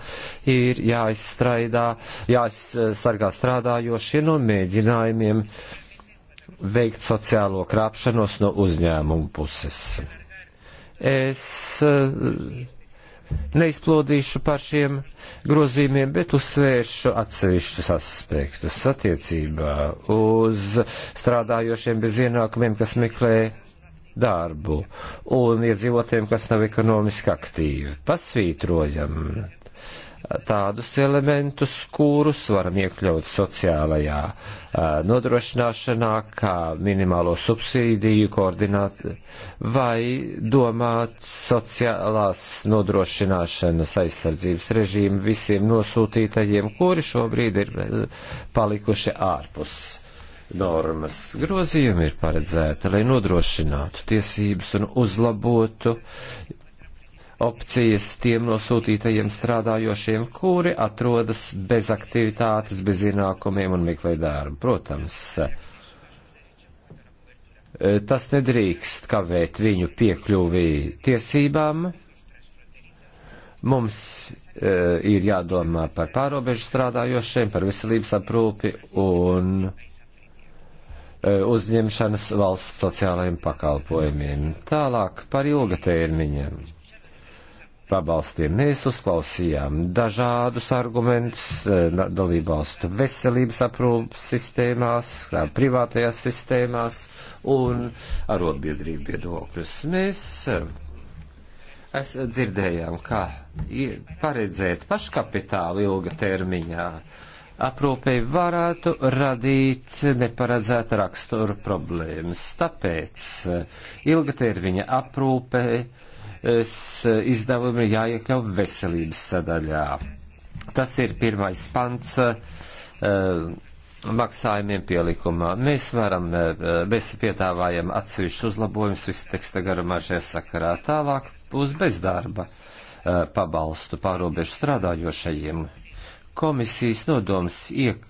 ir jāizstraidā, jāizsargā strādājošie no mēģinājumiem veikt sociālo krāpšanos no uzņēmumu puses. Es eh, neizplodīšu par šiem grozījumiem, bet uzsvēršu atsevišķus aspektus attiecībā uz strādājošiem bez ienākumiem, kas meklē darbu, un iedzīvotiem, kas nav ekonomiski aktīvi. Pasvītrojam tādus elementus, kurus varam iekļaut sociālajā nodrošināšanā, kā minimālo subsīdiju koordināt, vai domāt sociālās nodrošināšanas aizsardzības režīmu visiem nosūtītajiem, kuri šobrīd ir palikuši ārpus normas. Grozījumi ir paredzēti, lai nodrošinātu tiesības un uzlabotu opcijas tiem nosūtītajiem strādājošiem, kuri atrodas bez aktivitātes, bez ienākumiem un meklē darbu. Protams, tas nedrīkst kavēt viņu piekļuvī tiesībām. Mums e, ir jādomā par pārobežu strādājošiem, par veselības aprūpi un e, uzņemšanas valsts sociālajiem pakalpojumiem. Tālāk par ilgatermiņiem pabalstiem. Mēs uzklausījām dažādus argumentus eh, dalībvalstu veselības aprūpas sistēmās, privātajās sistēmās un arotbiedrību viedokļus. Mēs eh, es dzirdējām, kā paredzēt paškapitālu ilga termiņā aprūpei varētu radīt neparedzēta rakstura problēmas. Tāpēc eh, ilgatermiņa aprūpei Eh, izdevumi ir jāiekļau veselības sadaļā. Tas ir pirmais pants eh, maksājumiem pielikumā. Mēs varam, eh, mēs piedāvājam atsevišķu uzlabojumus visu teksta garumā šajā sakarā tālāk uz bezdarba pabalstu pārobežu strādājošajiem. Komisijas nodoms iek,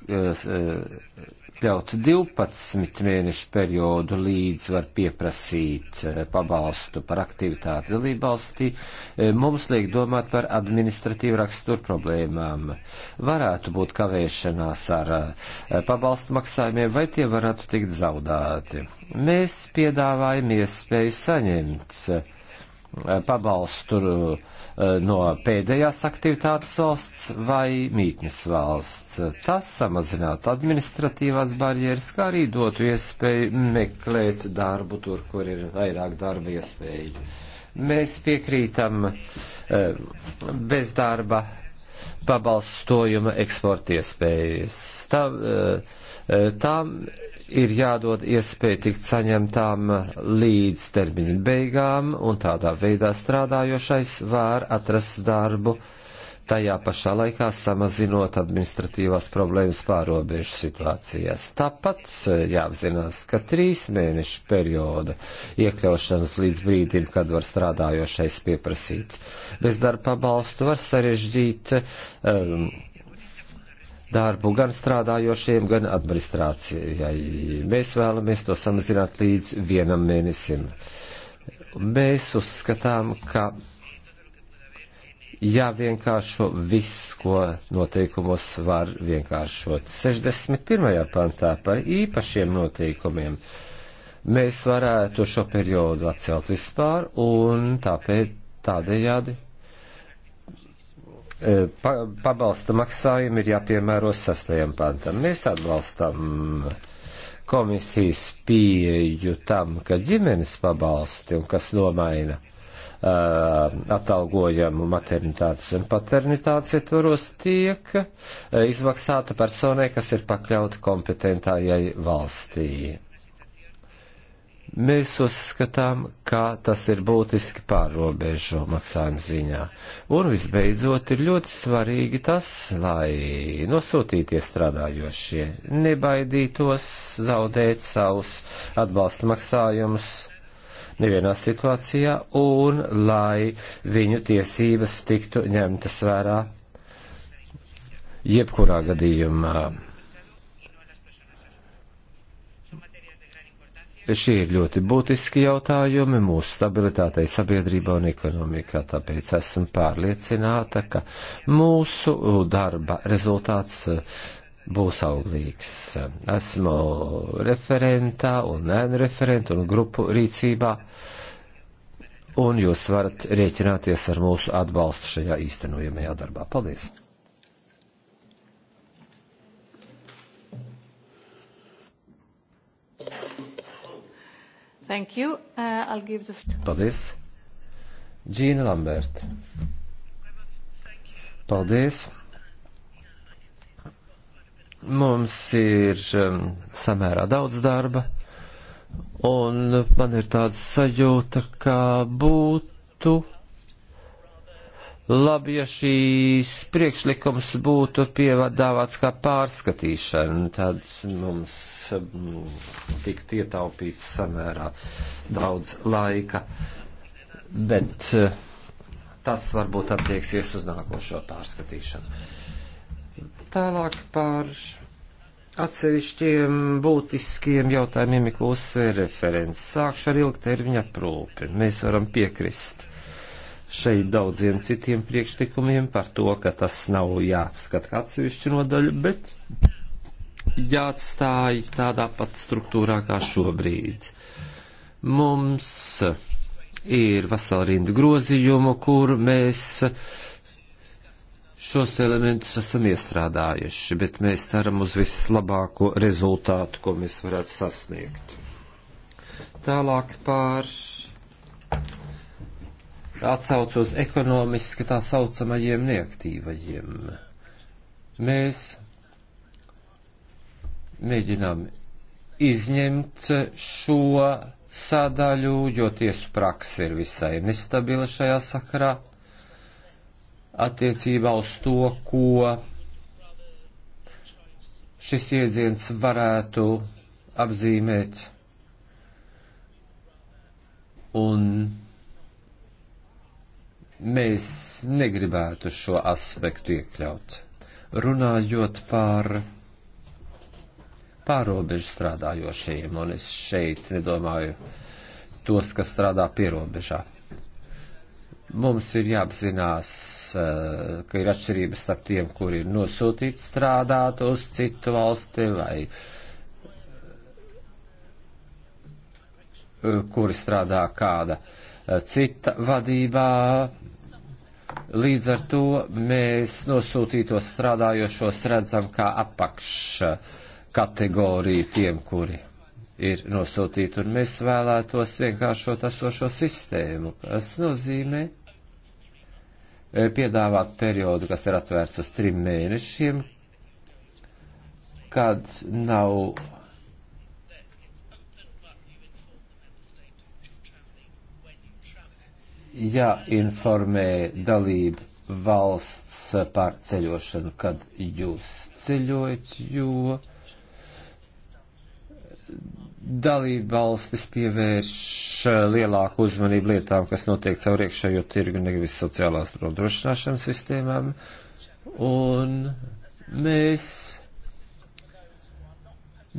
iekļaut 12 mēnešu periodu līdz var pieprasīt eh, pabalstu par aktivitāti dalībvalstī, eh, mums liek domāt par administratīvu raksturu problēmām. Varētu būt kavēšanās ar eh, pabalstu maksājumiem, vai tie varētu tikt zaudēti. Mēs piedāvājam iespēju saņemt Eh, pabalstu eh, no pēdējās aktivitātes valsts vai mītnes valsts. Tas samazinātu administratīvās barjeras, kā arī dotu iespēju meklēt darbu tur, kur ir vairāk darba iespēju. Mēs piekrītam eh, bezdarba pabalstojuma eksporta iespējas. Tā, tā ir jādod iespēja tikt saņemtām līdz termiņu beigām, un tādā veidā strādājošais var atrast darbu, tajā pašā laikā samazinot administratīvās problēmas pārobežu situācijās. Tāpat eh, jāapzinās, ka trīs mēnešu perioda iekļaušanas līdz brīdim, kad var strādājošais pieprasīt bezdarba pabalstu, var sarežģīt um, darbu gan strādājošiem, gan administrācijai. Mēs vēlamies to samazināt līdz vienam mēnesim. Mēs uzskatām, ka jāvienkāršo viss, ko noteikumos var vienkāršot. 61. pantā par īpašiem noteikumiem mēs varētu šo periodu atcelt vispār un tāpēc tādējādi E, pa, pabalsta maksājumi ir jāpiemēro sastajam pantam. Mēs atbalstam komisijas pieju tam, ka ģimenes pabalsti un kas nomaina e, atalgojumu maternitātes un paternitātes ietvaros tiek e, izmaksāta personai, kas ir pakļauta kompetentajai valstī. Mēs uzskatām, ka tas ir būtiski pārrobežu maksājumu ziņā. Un visbeidzot ir ļoti svarīgi tas, lai nosūtītie strādājošie nebaidītos zaudēt savus atbalsta maksājumus nevienā situācijā un lai viņu tiesības tiktu ņemtas vērā jebkurā gadījumā. Šie ir ļoti būtiski jautājumi mūsu stabilitātei sabiedrībā un ekonomikā, tāpēc esmu pārliecināta, ka mūsu darba rezultāts eh, būs auglīgs. Esmu referentā un nēnu referentu un grupu rīcībā, un jūs varat rēķināties ar mūsu atbalstu šajā īstenojamajā darbā. Paldies! Thank you. Uh, I'll give the... Paldies. Džīna Lambert. Paldies. Mums ir um, samērā daudz darba, un man ir tāda sajūta, ka būtu labi, ja šīs priekšlikums būtu pievadāvāts kā pārskatīšana, tad mums mm, tiktu ietaupīts samērā daudz laika, bet eh, tas varbūt attieksies uz nākošo pārskatīšanu. Tālāk par atsevišķiem būtiskiem jautājumiem, ko uzsver referents. Sākšu ar ilgtermiņa aprūpi. Mēs varam piekrist šeit daudziem citiem priekšlikumiem par to, ka tas nav jāapskata kā atsevišķa nodaļa, bet jāatstāj tādā pat struktūrā kā šobrīd. Mums ir vesela rinda grozījumu, kur mēs šos elementus esam iestrādājuši, bet mēs ceram uz vislabāko rezultātu, ko mēs varētu sasniegt. Tālāk pār atsauc uz ekonomiski tā saucamajiem neaktīvajiem. Mēs mēģinām izņemt šo sadaļu, jo tiesu praksa ir visai nestabila šajā sakarā attiecībā uz to, ko šis iedziens varētu apzīmēt. Un mēs negribētu šo aspektu iekļaut. Runājot par pārobežu strādājošajiem, un es šeit nedomāju tos, kas strādā pierobežā. Mums ir jāapzinās, eh, ka ir atšķirības starp tiem, kuri ir nosūtīti strādāt uz citu valsti vai eh, kuri strādā kāda uh, Eh, cita vadībā. Līdz ar to mēs nosūtītos strādājošos redzam kā apakš kategoriju tiem, kuri ir nosūtīti, un mēs vēlētos vienkāršot esošo sistēmu, kas nozīmē eh, piedāvāt periodu, kas ir atvērts uz trim mēnešiem, kad nav jāinformē dalību valsts par ceļošanu, kad jūs ceļojat, jo dalība valstis pievērš lielāku uzmanību lietām, kas notiek caur iekšējo tirgu, nevis sociālās nodrošināšanas sistēmām. Un mēs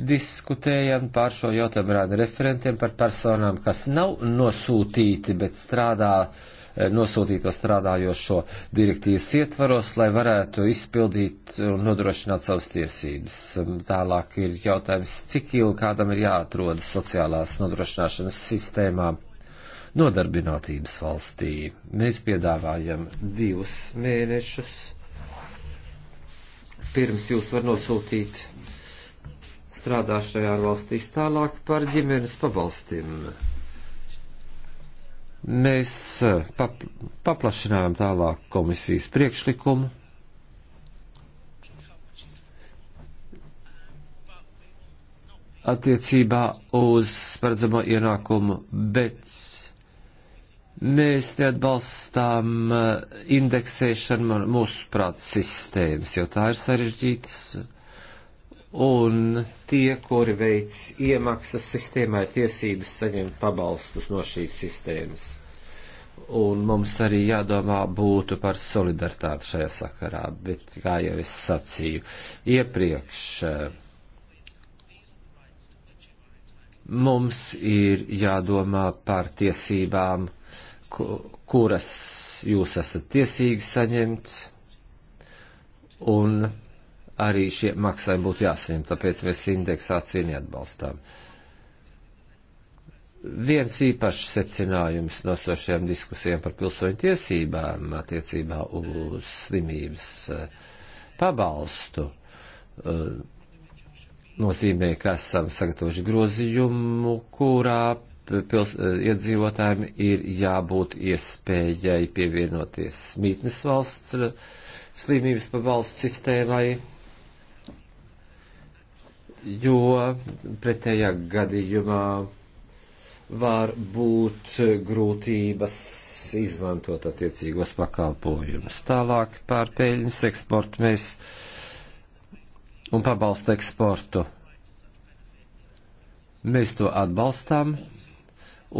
diskutējam par šo jautājumu ar referentiem, par personām, kas nav nosūtīti, bet strādā e, nosūtīto strādājošo direktīvas ietvaros, lai varētu izpildīt un nodrošināt savas tiesības. Tālāk ir jautājums, cik ilgi kādam ir jāatrodas sociālās nodrošināšanas sistēmā nodarbinātības valstī. Mēs piedāvājam divus mēnešus. Pirms jūs var nosūtīt strādāšanai ārvalstīs tālāk par ģimenes pabalstiem. Mēs eh, pap paplašinājām tālāk komisijas priekšlikumu. attiecībā uz paredzamo ienākumu, bet mēs neatbalstām eh, indeksēšanu mūsu prāts sistēmas, jo tā ir sarežģītas un tie, kuri veic iemaksas sistēmā, ir tiesības saņemt pabalstus no šīs sistēmas. Un mums arī jādomā būtu par solidaritāti šajā sakarā, bet kā jau es sacīju iepriekš, mums ir jādomā par tiesībām, kuras jūs esat tiesīgi saņemt, un arī šie maksājumi būtu jāsaņem, tāpēc mēs indeksāciju neatbalstām. Viens īpašs secinājums no šiem diskusijām par pilsoņu tiesībām attiecībā uz slimības eh, pabalstu eh, nozīmē, ka esam sagatavojuši grozījumu, kurā pils, eh, iedzīvotājiem ir jābūt iespējai pievienoties mītnes valsts slimības pabalstu sistēmai jo pretējā gadījumā var būt grūtības izmantot attiecīgos pakalpojumus. Tālāk par peļņas eksportu mēs un pabalstu eksportu. Mēs to atbalstām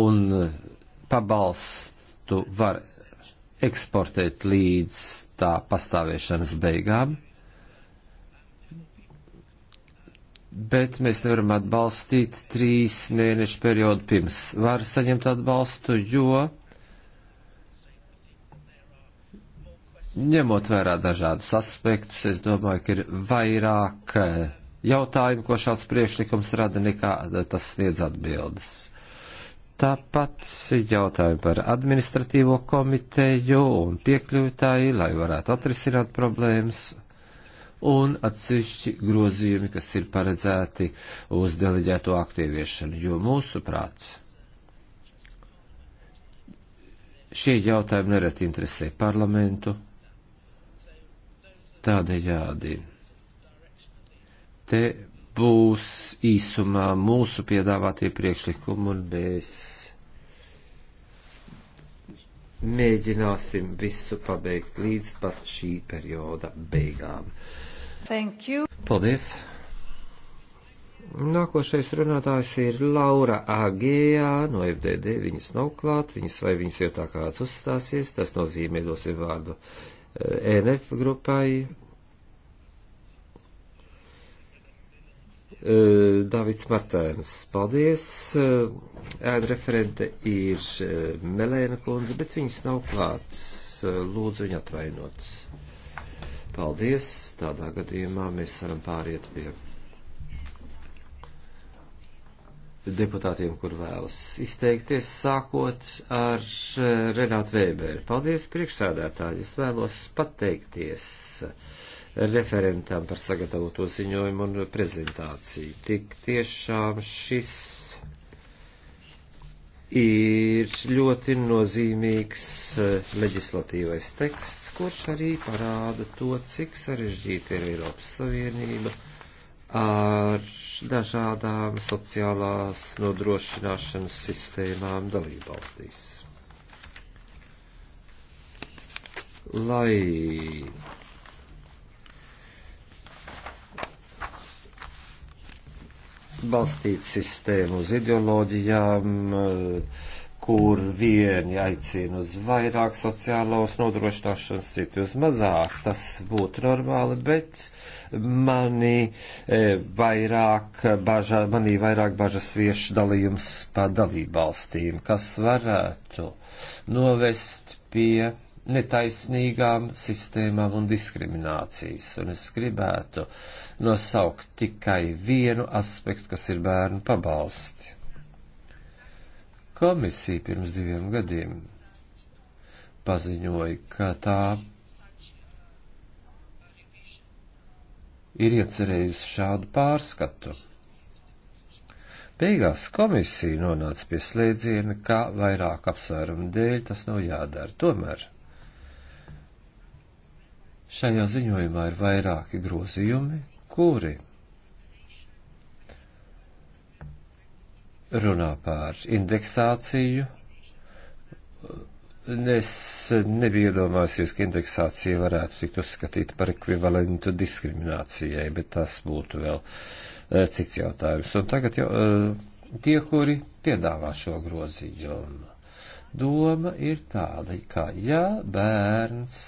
un pabalstu var eksportēt līdz tā pastāvēšanas beigām bet mēs nevaram atbalstīt trīs mēnešu periodu pirms var saņemt atbalstu, jo ņemot vērā dažādus aspektus, es domāju, ka ir vairāk eh, jautājumu, ko šāds priekšlikums rada, nekā tas sniedz atbildes. Tāpat jautājumi par administratīvo komiteju un piekļuvi tai, lai varētu atrisināt problēmas un atsevišķi grozījumi, kas ir paredzēti uz deleģēto aktu ieviešanu, jo mūsu prāts šie jautājumi nereti interesē parlamentu, tādējādi te būs īsumā mūsu piedāvātie priekšlikumi un mēs mēģināsim visu pabeigt līdz pat šī perioda beigām. Thank you. Paldies. Nākošais runātājs ir Laura Agējā no FDD. Viņas nav klāt, viņas vai viņas vietā kāds uzstāsies, tas nozīmē dosim vārdu ENF eh, e grupai. Eh, Davids Martēns, paldies. Eh, ēna referente ir Melēna kundze, bet viņas nav klāts. Lūdzu viņu atvainots. Paldies! Tādā gadījumā mēs varam pāriet pie deputātiem, kur vēlas izteikties, sākot ar eh, Renātu Vēberu. Paldies, priekšsādātāji! Es vēlos pateikties eh, referentam par sagatavoto ziņojumu un prezentāciju. Tik tiešām šis ir ļoti nozīmīgs eh, leģislatīvais teksts, kurš arī parāda to, cik sarežģīta ir Eiropas Savienība ar dažādām sociālās nodrošināšanas sistēmām dalībvalstīs. Lai balstīt sistēmu uz ideoloģijām, uh, kur vieni aicina uz vairāk sociālos nodrošināšanas, citi uz mazāk. Tas būtu normāli, bet mani, e, vairāk, bažā, manī vairāk bažas vieš dalījums pa dalībvalstīm, kas varētu novest pie netaisnīgām sistēmām un diskriminācijas, un es gribētu nosaukt tikai vienu aspektu, kas ir bērnu pabalsti. Komisija pirms diviem gadiem paziņoja, ka tā ir iecerējusi šādu pārskatu. Beigās komisija nonāca pie slēdziena, ka vairāk apsvērumu dēļ tas nav jādara. Tomēr šajā ziņojumā ir vairāki grozījumi, kuri runā par indeksāciju. Es nebiju iedomājusies, ka indeksācija varētu tikt uzskatīta par ekvivalentu diskriminācijai, bet tas būtu vēl eh, cits jautājums. Un tagad jau, eh, tie, kuri piedāvā šo grozījumu, doma ir tāda, ka ja bērns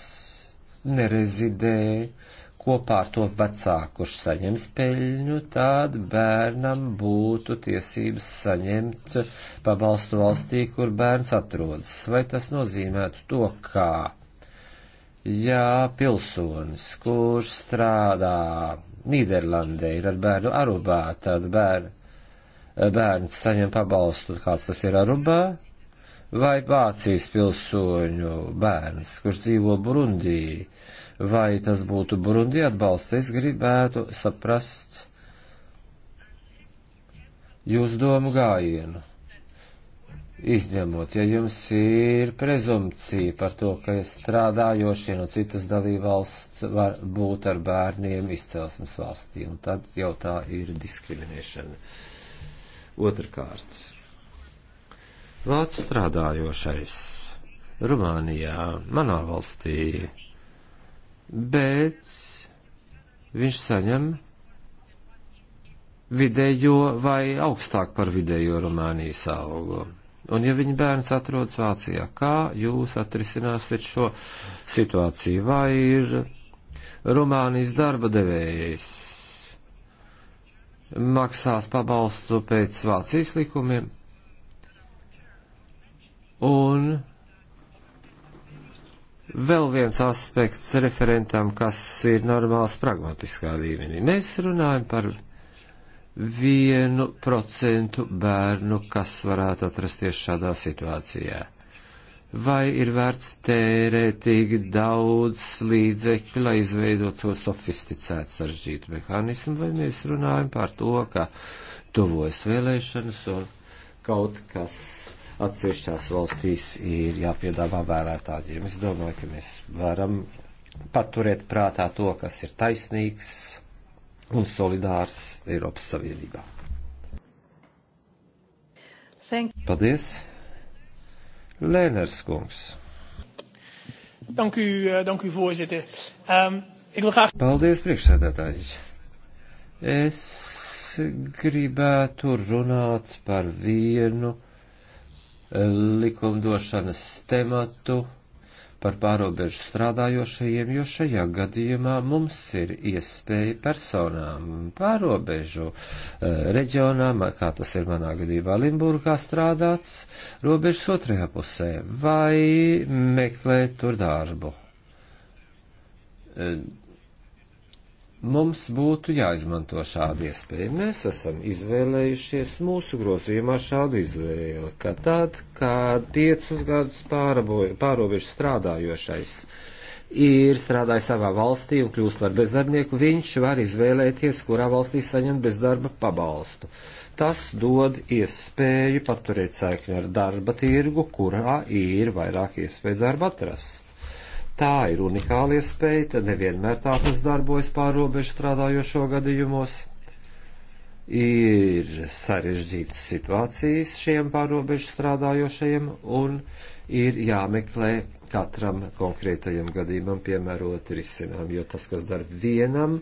nerezidē kopā ar to vecākuši saņems peļņu, tad bērnam būtu tiesības saņemt pabalstu valstī, kur bērns atrodas. Vai tas nozīmētu to, kā, ja pilsonis, kurš strādā Nīderlandē, ir ar bērnu Arubā, tad bēr, bērns saņem pabalstu, kāds tas ir Arubā, vai Vācijas pilsoņu bērns, kurš dzīvo Burundī, vai tas būtu Burundi atbalsts, es gribētu saprast jūs domu gājienu. Izņemot, ja jums ir prezumcija par to, ka strādājošie no citas dalībvalsts var būt ar bērniem izcelsmes valstī, un tad jau tā ir diskriminēšana. Otrkārt, vācu strādājošais Rumānijā, manā valstī, bet viņš saņem vidējo vai augstāk par vidējo Rumānijas algu. Un ja viņa bērns atrodas Vācijā, kā jūs atrisināsiet šo situāciju? Vai ir Rumānijas darba devējs maksās pabalstu pēc Vācijas likumiem? Un vēl viens aspekts referentam, kas ir normāls pragmatiskā līmenī. Mēs runājam par vienu procentu bērnu, kas varētu atrasties šādā situācijā. Vai ir vērts tērēt tik daudz līdzekļu, lai izveidotu sofisticētu saržģītu mehānismu, vai mēs runājam par to, ka tuvojas vēlēšanas un kaut kas atsevišķās valstīs ir jāpiedāvā vēlētājiem. Es domāju, ka mēs varam paturēt prātā to, kas ir taisnīgs un solidārs Eiropas Savienībā. Paldies! Lēners kungs! Dank u, eh, dank u voorzitter. Um, ik wil graag... Paldies, priekšsēdētājs. Es gribētu runāt par vienu likumdošanas tematu par pārobežu strādājošajiem, jo šajā gadījumā mums ir iespēja personām pārobežu eh, reģionā, kā tas ir manā gadījumā Limburgā strādāts, robežas otrajā pusē, vai meklēt tur darbu eh, mums būtu jāizmanto šāda iespēja. Mēs esam izvēlējušies mūsu grozījumā šādu izvēli, ka tad, kad piecus gadus pārobežu strādājošais ir strādājis savā valstī un kļūst par bezdarbnieku, viņš var izvēlēties, kurā valstī saņem bezdarba pabalstu. Tas dod iespēju paturēt saikni ar darba tirgu, kurā ir vairāk iespēju darba atrast Tā ir unikāla iespēja, tad nevienmēr tā tas darbojas pārobežu strādājošo gadījumos. Ir sarežģītas situācijas šiem pārobežu strādājošajiem un ir jāmeklē katram konkrētajam gadījumam piemērot risinājumu, jo tas, kas dar vienam,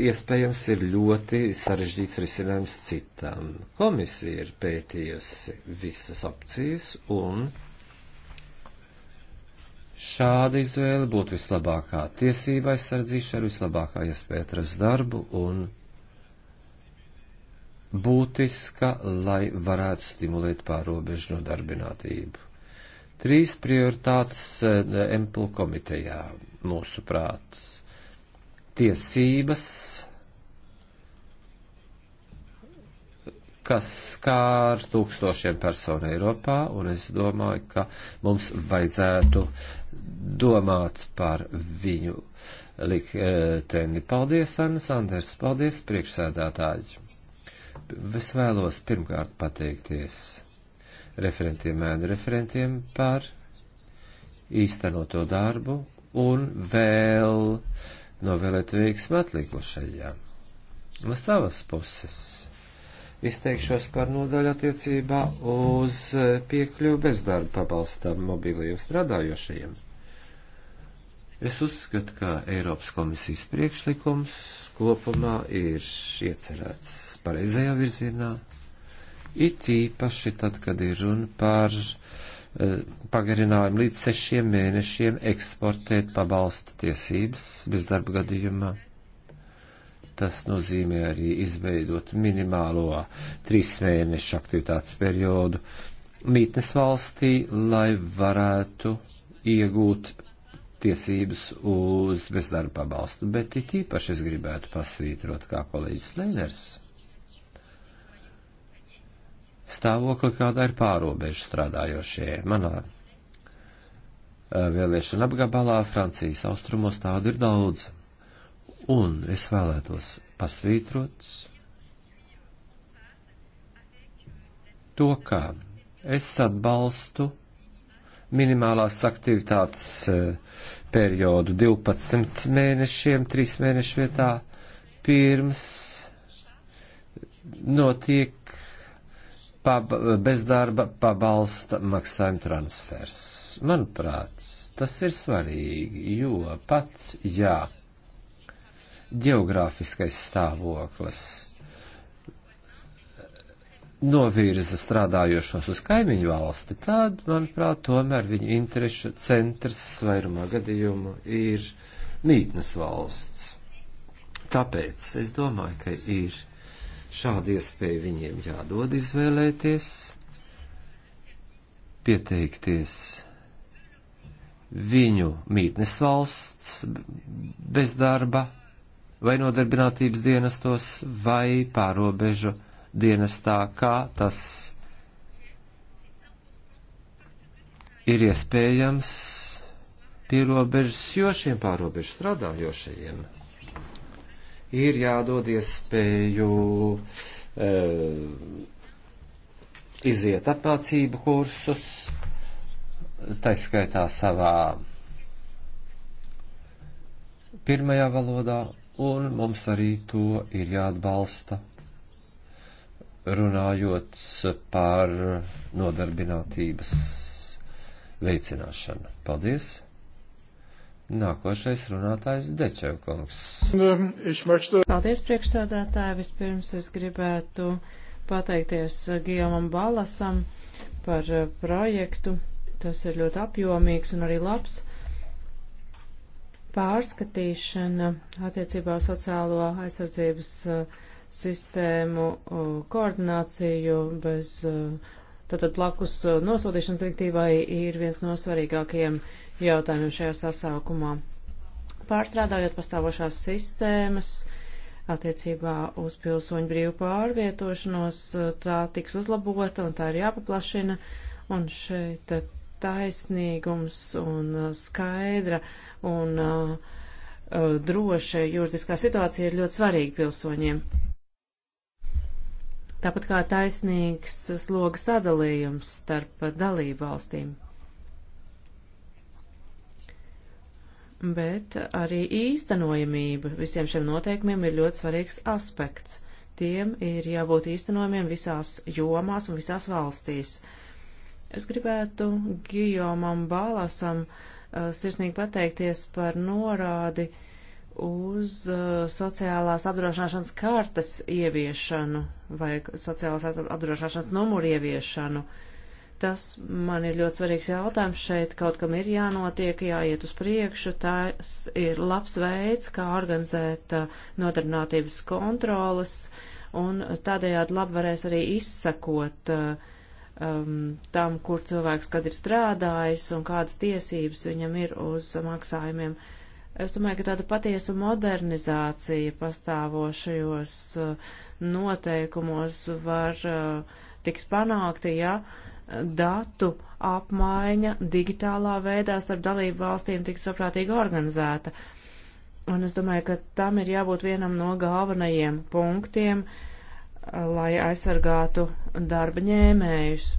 iespējams ir ļoti sarežģīts risinājums citam. Komisija ir pētījusi visas opcijas un Šāda izvēle būtu vislabākā tiesība aizsardzīšana, vislabākā iespēja atrast darbu un būtiska, lai varētu stimulēt pārobežu nodarbinātību. Trīs prioritātes eh, MPL komitejā mūsu prāts - tiesības, kas skār tūkstošiem personu Eiropā, un es domāju, ka mums vajadzētu domāts par viņu likteni. Paldies, Anna Sanders, paldies, priekšsēdētāji. Es vēlos pirmkārt pateikties referentiem, ēnu referentiem par īstenoto darbu un vēl novēlēt veiksmu atlikušajā. No savas puses izteikšos par nodaļu attiecībā uz piekļuvu bezdarba pabalstam mobiliem strādājošajiem. Es uzskatu, ka Eiropas komisijas priekšlikums kopumā ir iecerēts pareizajā virzienā, it īpaši tad, kad ir runa par uh, pagarinājumu līdz sešiem mēnešiem eksportēt pabalsta tiesības bezdarba gadījumā. Tas nozīmē arī izveidot minimālo trīs mēnešu aktivitātes periodu mītnes valstī, lai varētu iegūt tiesības uz bezdarba pabalstu, bet it īpaši es gribētu pasvītrot, kā kolēģis Leiners, stāvokli, kādā ir pārobežu strādājošie. Manā vēlēšana apgabalā Francijas austrumos tādu ir daudz, un es vēlētos pasvītrot to, kā es atbalstu minimālās aktivitātes eh, periodu 12 mēnešiem, 3 mēnešu vietā pirms notiek pab bezdarba pabalsta maksājuma transfers. Manuprāt, tas ir svarīgi, jo pats, jā, geogrāfiskais stāvoklis novirza strādājošos uz kaimiņu valsti, tad, manuprāt, tomēr viņu interešu centrs vairumā gadījumu ir mītnes valsts. Tāpēc es domāju, ka ir šāda iespēja viņiem jādod izvēlēties, pieteikties viņu mītnes valsts bezdarba vai nodarbinātības dienestos vai pārobežu dienestā, kā tas ir iespējams pierobežas, jo šiem pārobežu strādājošajiem ir jādod iespēju e, iziet apmācību kursus, taiskaitā savā pirmajā valodā, un mums arī to ir jāatbalsta runājot par nodarbinātības veicināšanu. Paldies! Nākošais runātājs Dečevkungs. Paldies, priekšsādātāji! Vispirms es gribētu pateikties Gijomam Balasam par eh, projektu. Tas ir ļoti apjomīgs un arī labs pārskatīšana attiecībā uz sociālo aizsardzības uh, sistēmu koordināciju bez. Tātad plakus nosūtīšanas direktīvai ir viens no svarīgākajiem jautājumiem šajā sasaukumā. Pārstrādājot pastāvošās sistēmas attiecībā uz pilsoņu brīvu pārvietošanos, tā tiks uzlabota un tā ir jāpaplašina. Un šeit taisnīgums un skaidra un uh, droša juridiskā situācija ir ļoti svarīga pilsoņiem tāpat kā taisnīgs sloga sadalījums starp dalību valstīm. Bet arī īstenojamība visiem šiem noteikumiem ir ļoti svarīgs aspekts. Tiem ir jābūt īstenojumiem visās jomās un visās valstīs. Es gribētu Gijomam Bālasam uh, sirsnīgi pateikties par norādi uh, uz uh, sociālās apdrošināšanas kartas ieviešanu vai sociālās apdrošināšanas numuru ieviešanu. Tas man ir ļoti svarīgs jautājums šeit. Kaut kam ir jānotiek, jāiet uz priekšu. Tas ir labs veids, kā organizēt uh, nodarbinātības kontrolas, un tādējādi labi varēs arī izsakot uh, um, tam, kur cilvēks kad ir strādājis un kādas tiesības viņam ir uz maksājumiem. Uh, Es domāju, ka tāda patiesa modernizācija pastāvošajos uh, noteikumos var uh, tikt panākta, ja datu apmaiņa digitālā veidā starp dalību valstīm tik saprātīgi organizēta. Un es domāju, ka tam ir jābūt vienam no galvenajiem punktiem, uh, lai aizsargātu darba ņēmējus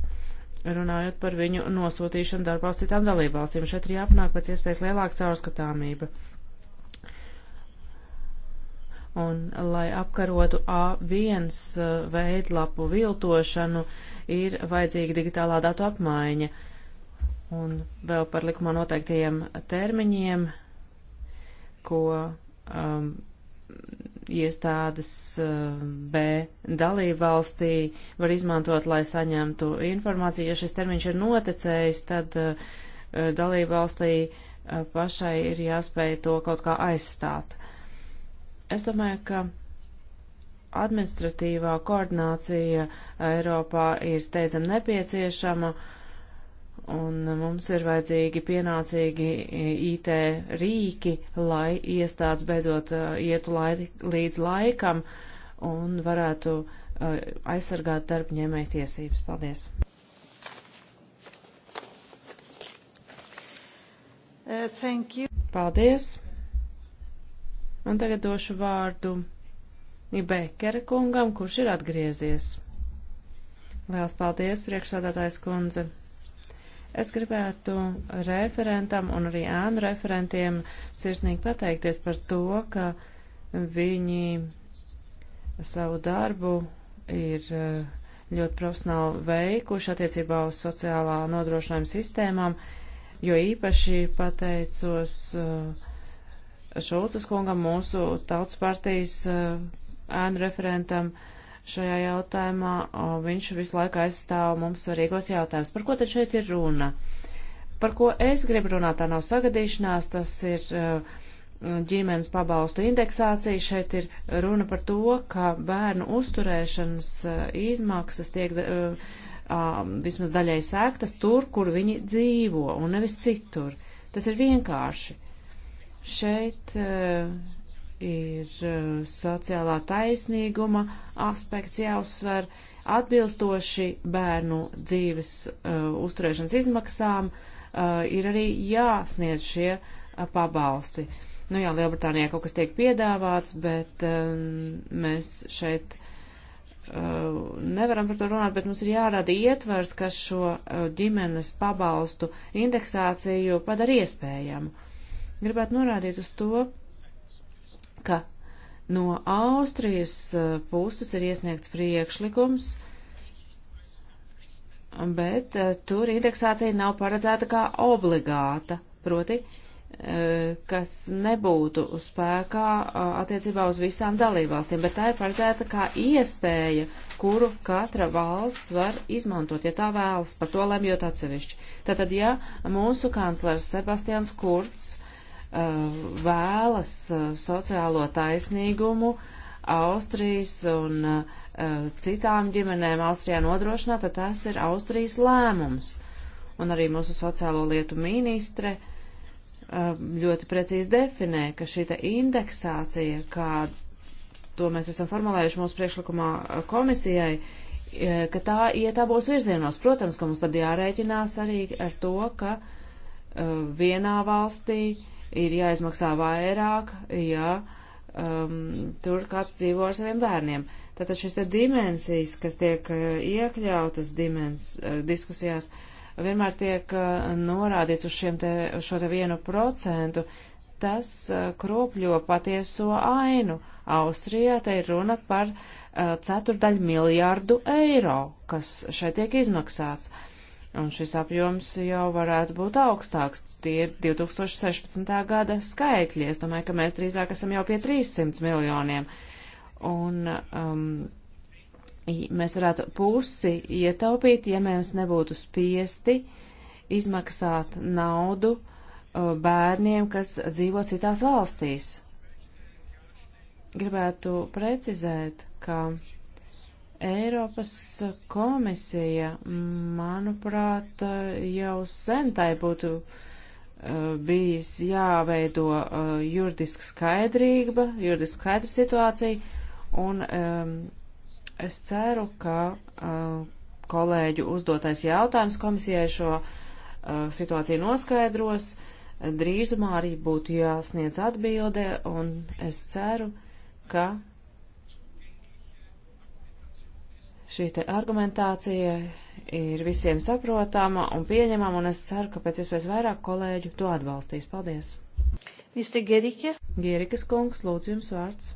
runājot par viņu nosūtīšanu darbā uz citām dalībvalstīm. Šeit ir jāpanāk pēc iespējas lielāka caurskatāmība. Un, lai apkarotu A1 uh, veidlapu viltošanu, ir vajadzīga digitālā datu apmaiņa. Un vēl par likumā noteiktajiem termiņiem, ko um, iestādes eh, B dalību valstī var izmantot, lai saņemtu informāciju. Ja šis termiņš ir noticējis, tad eh, dalību valstī eh, pašai ir jāspēj to kaut kā aizstāt. Es domāju, ka administratīvā koordinācija Eiropā ir steidzam nepieciešama. Uh, un mums ir vajadzīgi pienācīgi e, IT rīki, lai iestādes beidzot e, ietu lai, līdz laikam un varētu e, aizsargāt darbņēmēju tiesības. Paldies! Uh, thank you. Paldies! Un tagad došu vārdu Ibekera kungam, kurš ir atgriezies. Liels paldies, priekšsādātājs kundze! Es gribētu referentam un arī ēnu referentiem sirsnīgi pateikties par to, ka viņi savu darbu ir eh, ļoti profesionāli veikuši attiecībā uz sociālā nodrošinājuma sistēmām, jo īpaši pateicos eh, Šulces kungam, mūsu tautas partijas eh, ēnu referentam, uh, šajā jautājumā. Viņš visu laiku aizstāv mums svarīgos jautājumus. Par ko tad šeit ir runa? Par ko es gribu runāt, tā nav sagadīšanās, tas ir ģimenes pabalstu indeksācija. Šeit ir runa par to, ka bērnu uzturēšanas izmaksas tiek vismaz daļai sēktas tur, kur viņi dzīvo, un nevis citur. Tas ir vienkārši. Šeit uh, ir e, sociālā taisnīguma aspekts jāuzsver atbilstoši bērnu dzīves uh, uzturēšanas izmaksām, uh, ir arī jāsniedz šie uh, pabalsti. Nu jā, Lielbritānijā kaut kas tiek piedāvāts, bet um, mēs šeit uh, nevaram par to runāt, bet mums ir jārada ietvers, kas šo uh, ģimenes pabalstu indeksāciju padara iespējamu. Gribētu norādīt uz to, ka no Austrijas uh, puses ir iesniegts priekšlikums, bet uh, tur indeksācija nav paredzēta kā obligāta, proti, uh, kas nebūtu spēkā attiecībā uz visām dalībvalstīm, bet tā ir paredzēta kā iespēja, kuru katra valsts var izmantot, ja tā vēlas, par to lemjot atsevišķi. Tātad, ja mūsu kanclers Sebastians Kurts Uh, vēlas uh, sociālo taisnīgumu Austrijas un uh, citām ģimenēm Austrijā nodrošināt, tad tas ir Austrijas lēmums. Un arī mūsu sociālo lietu ministre ļoti precīzi definē, ka šī indeksācija, kā to mēs esam formulējuši mūsu priekšlikumā komisijai, ka tā iet abos virzienos. Protams, ka mums tad jārēķinās arī ar to, ka vienā valstī uh, ir jāizmaksā vairāk, ja um, tur kāds dzīvo ar saviem bērniem. Tātad šis te dimensijas, kas tiek uh, iekļautas dimens, uh, diskusijās, vienmēr tiek uh, norādīts uz šiem te, uz šo te vienu procentu, tas kropļo patieso ainu. Austrijā te ir runa par ceturdaļu miljārdu eiro, kas šeit tiek izmaksāts. Uh, Un šis apjoms jau varētu būt augstāks. Tie ir 2016. gada skaitļi. Es domāju, ka mēs drīzāk esam jau pie 300 miljoniem. Un um, mēs varētu pusi ietaupīt, ja mēs nebūtu spiesti izmaksāt naudu uh, bērniem, kas dzīvo citās valstīs. Gribētu precizēt, ka Eiropas komisija, manuprāt, jau sen tai būtu eh, bijis jāveido eh, juridiska skaidrība, juridiska skaidra situācija, un um, es ceru, ka um, kolēģu uzdotais jautājums komisijai šo uh, situāciju noskaidros. Drīzumā arī būtu jāsniedz atbilde, un es ceru, ka šī te argumentācija ir visiem saprotama un pieņemama, un es ceru, ka pēc iespējas vairāk kolēģu to atbalstīs. Paldies! Mr. Gerike. Gierikas kungs, lūdzu jums vārds.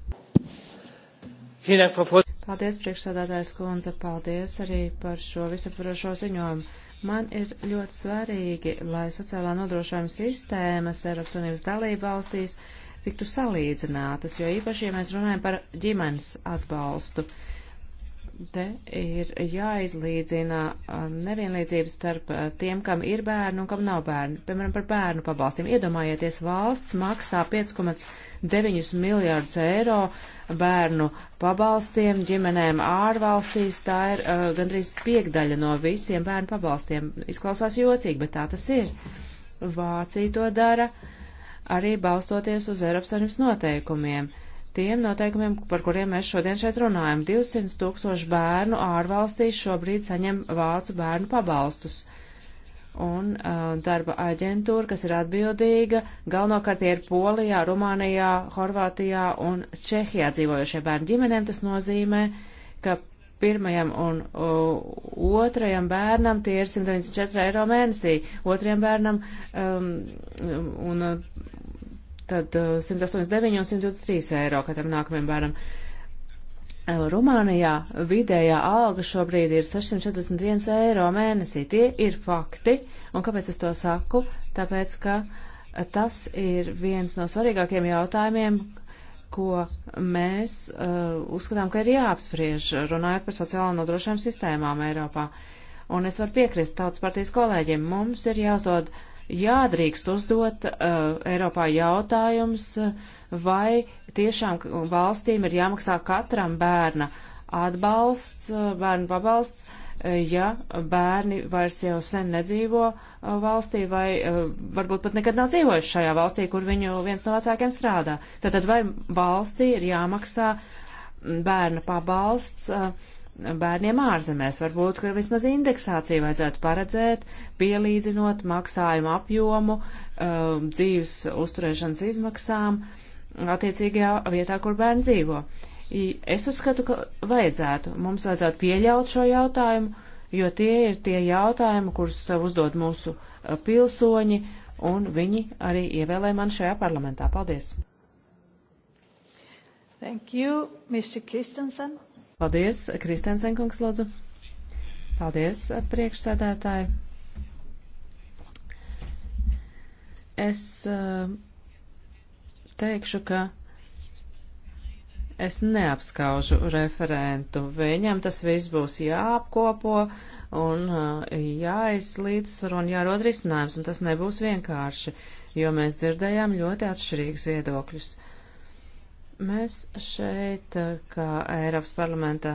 Paldies, priekšsādātājs kundze, paldies arī par šo visaptvarošo ziņojumu. Man ir ļoti svarīgi, lai sociālā nodrošājuma sistēmas Eiropas Unības dalība valstīs tiktu salīdzinātas, jo īpaši, ja mēs runājam par ģimenes atbalstu. Uh, Te ir jāizlīdzina nevienlīdzības starp tiem, kam ir bērni un kam nav bērni. Piemēram, par bērnu pabalstiem. Iedomājieties, valsts maksā 5,9 miljārdus eiro bērnu pabalstiem ģimenēm ārvalstīs. Tā ir uh, gandrīz piekdaļa no visiem bērnu pabalstiem. Izklausās jocīgi, bet tā tas ir. Vācija to dara arī balstoties uz Eiropas Savienības noteikumiem tiem noteikumiem, par kuriem mēs šodien šeit runājam. 200 tūkstoši bērnu ārvalstīs šobrīd saņem vācu bērnu pabalstus. Un uh, darba aģentūra, kas ir atbildīga, galvenokārt ir Polijā, Rumānijā, Horvātijā un Čehijā dzīvojošie bērnu ģimenēm. Tas nozīmē, ka pirmajam un uh, otrajam bērnam tie ir 194 eiro mēnesī, otrajam bērnam um, um un, tad 189 uh, un 123 eiro katram nākamajam bērnam. Uh, Rumānijā vidējā alga šobrīd ir 641 eiro mēnesī. Tie ir fakti. Un kāpēc es to saku? Tāpēc, ka tas ir viens no svarīgākiem jautājumiem, ko mēs uh, uzskatām, ka ir jāapspriež, runājot par sociālo nodrošinājumu sistēmām Eiropā. Un es varu piekrist tautas partijas kolēģiem. Mums ir jāuzdod uh, jādrīkst uzdot uh, Eiropā jautājums, uh, vai tiešām valstīm ir jāmaksā katram bērna atbalsts, uh, bērnu pabalsts, uh, ja bērni vairs jau sen nedzīvo valstī vai varbūt pat nekad nav dzīvojuši šajā valstī, kur viņu viens no vecākiem strādā. Tātad vai valstī ir jāmaksā mm, bērna pabalsts? Uh, bērniem ārzemēs. Varbūt, ka vismaz indeksāciju vajadzētu paredzēt, pielīdzinot maksājumu apjomu, um, dzīves uzturēšanas izmaksām attiecīgajā vietā, kur bērni dzīvo. Es uzskatu, ka vajadzētu. Mums vajadzētu pieļaut šo jautājumu, jo tie ir tie jautājumi, kurus uzdod mūsu uh, pilsoņi, un viņi arī ievēlē man šajā parlamentā. Paldies! Thank you, Mr. Christensen. Paldies, Kristensenkungs, lūdzu. Paldies, priekšsēdētāji. Es eh, teikšu, ka es neapskaužu referentu. Viņam tas viss būs jāapkopo un eh, jāizlīdzsvar un jārod risinājums, un tas nebūs vienkārši, jo mēs dzirdējām ļoti atšķirīgus viedokļus. Mēs šeit, eh, kā Eiropas parlamenta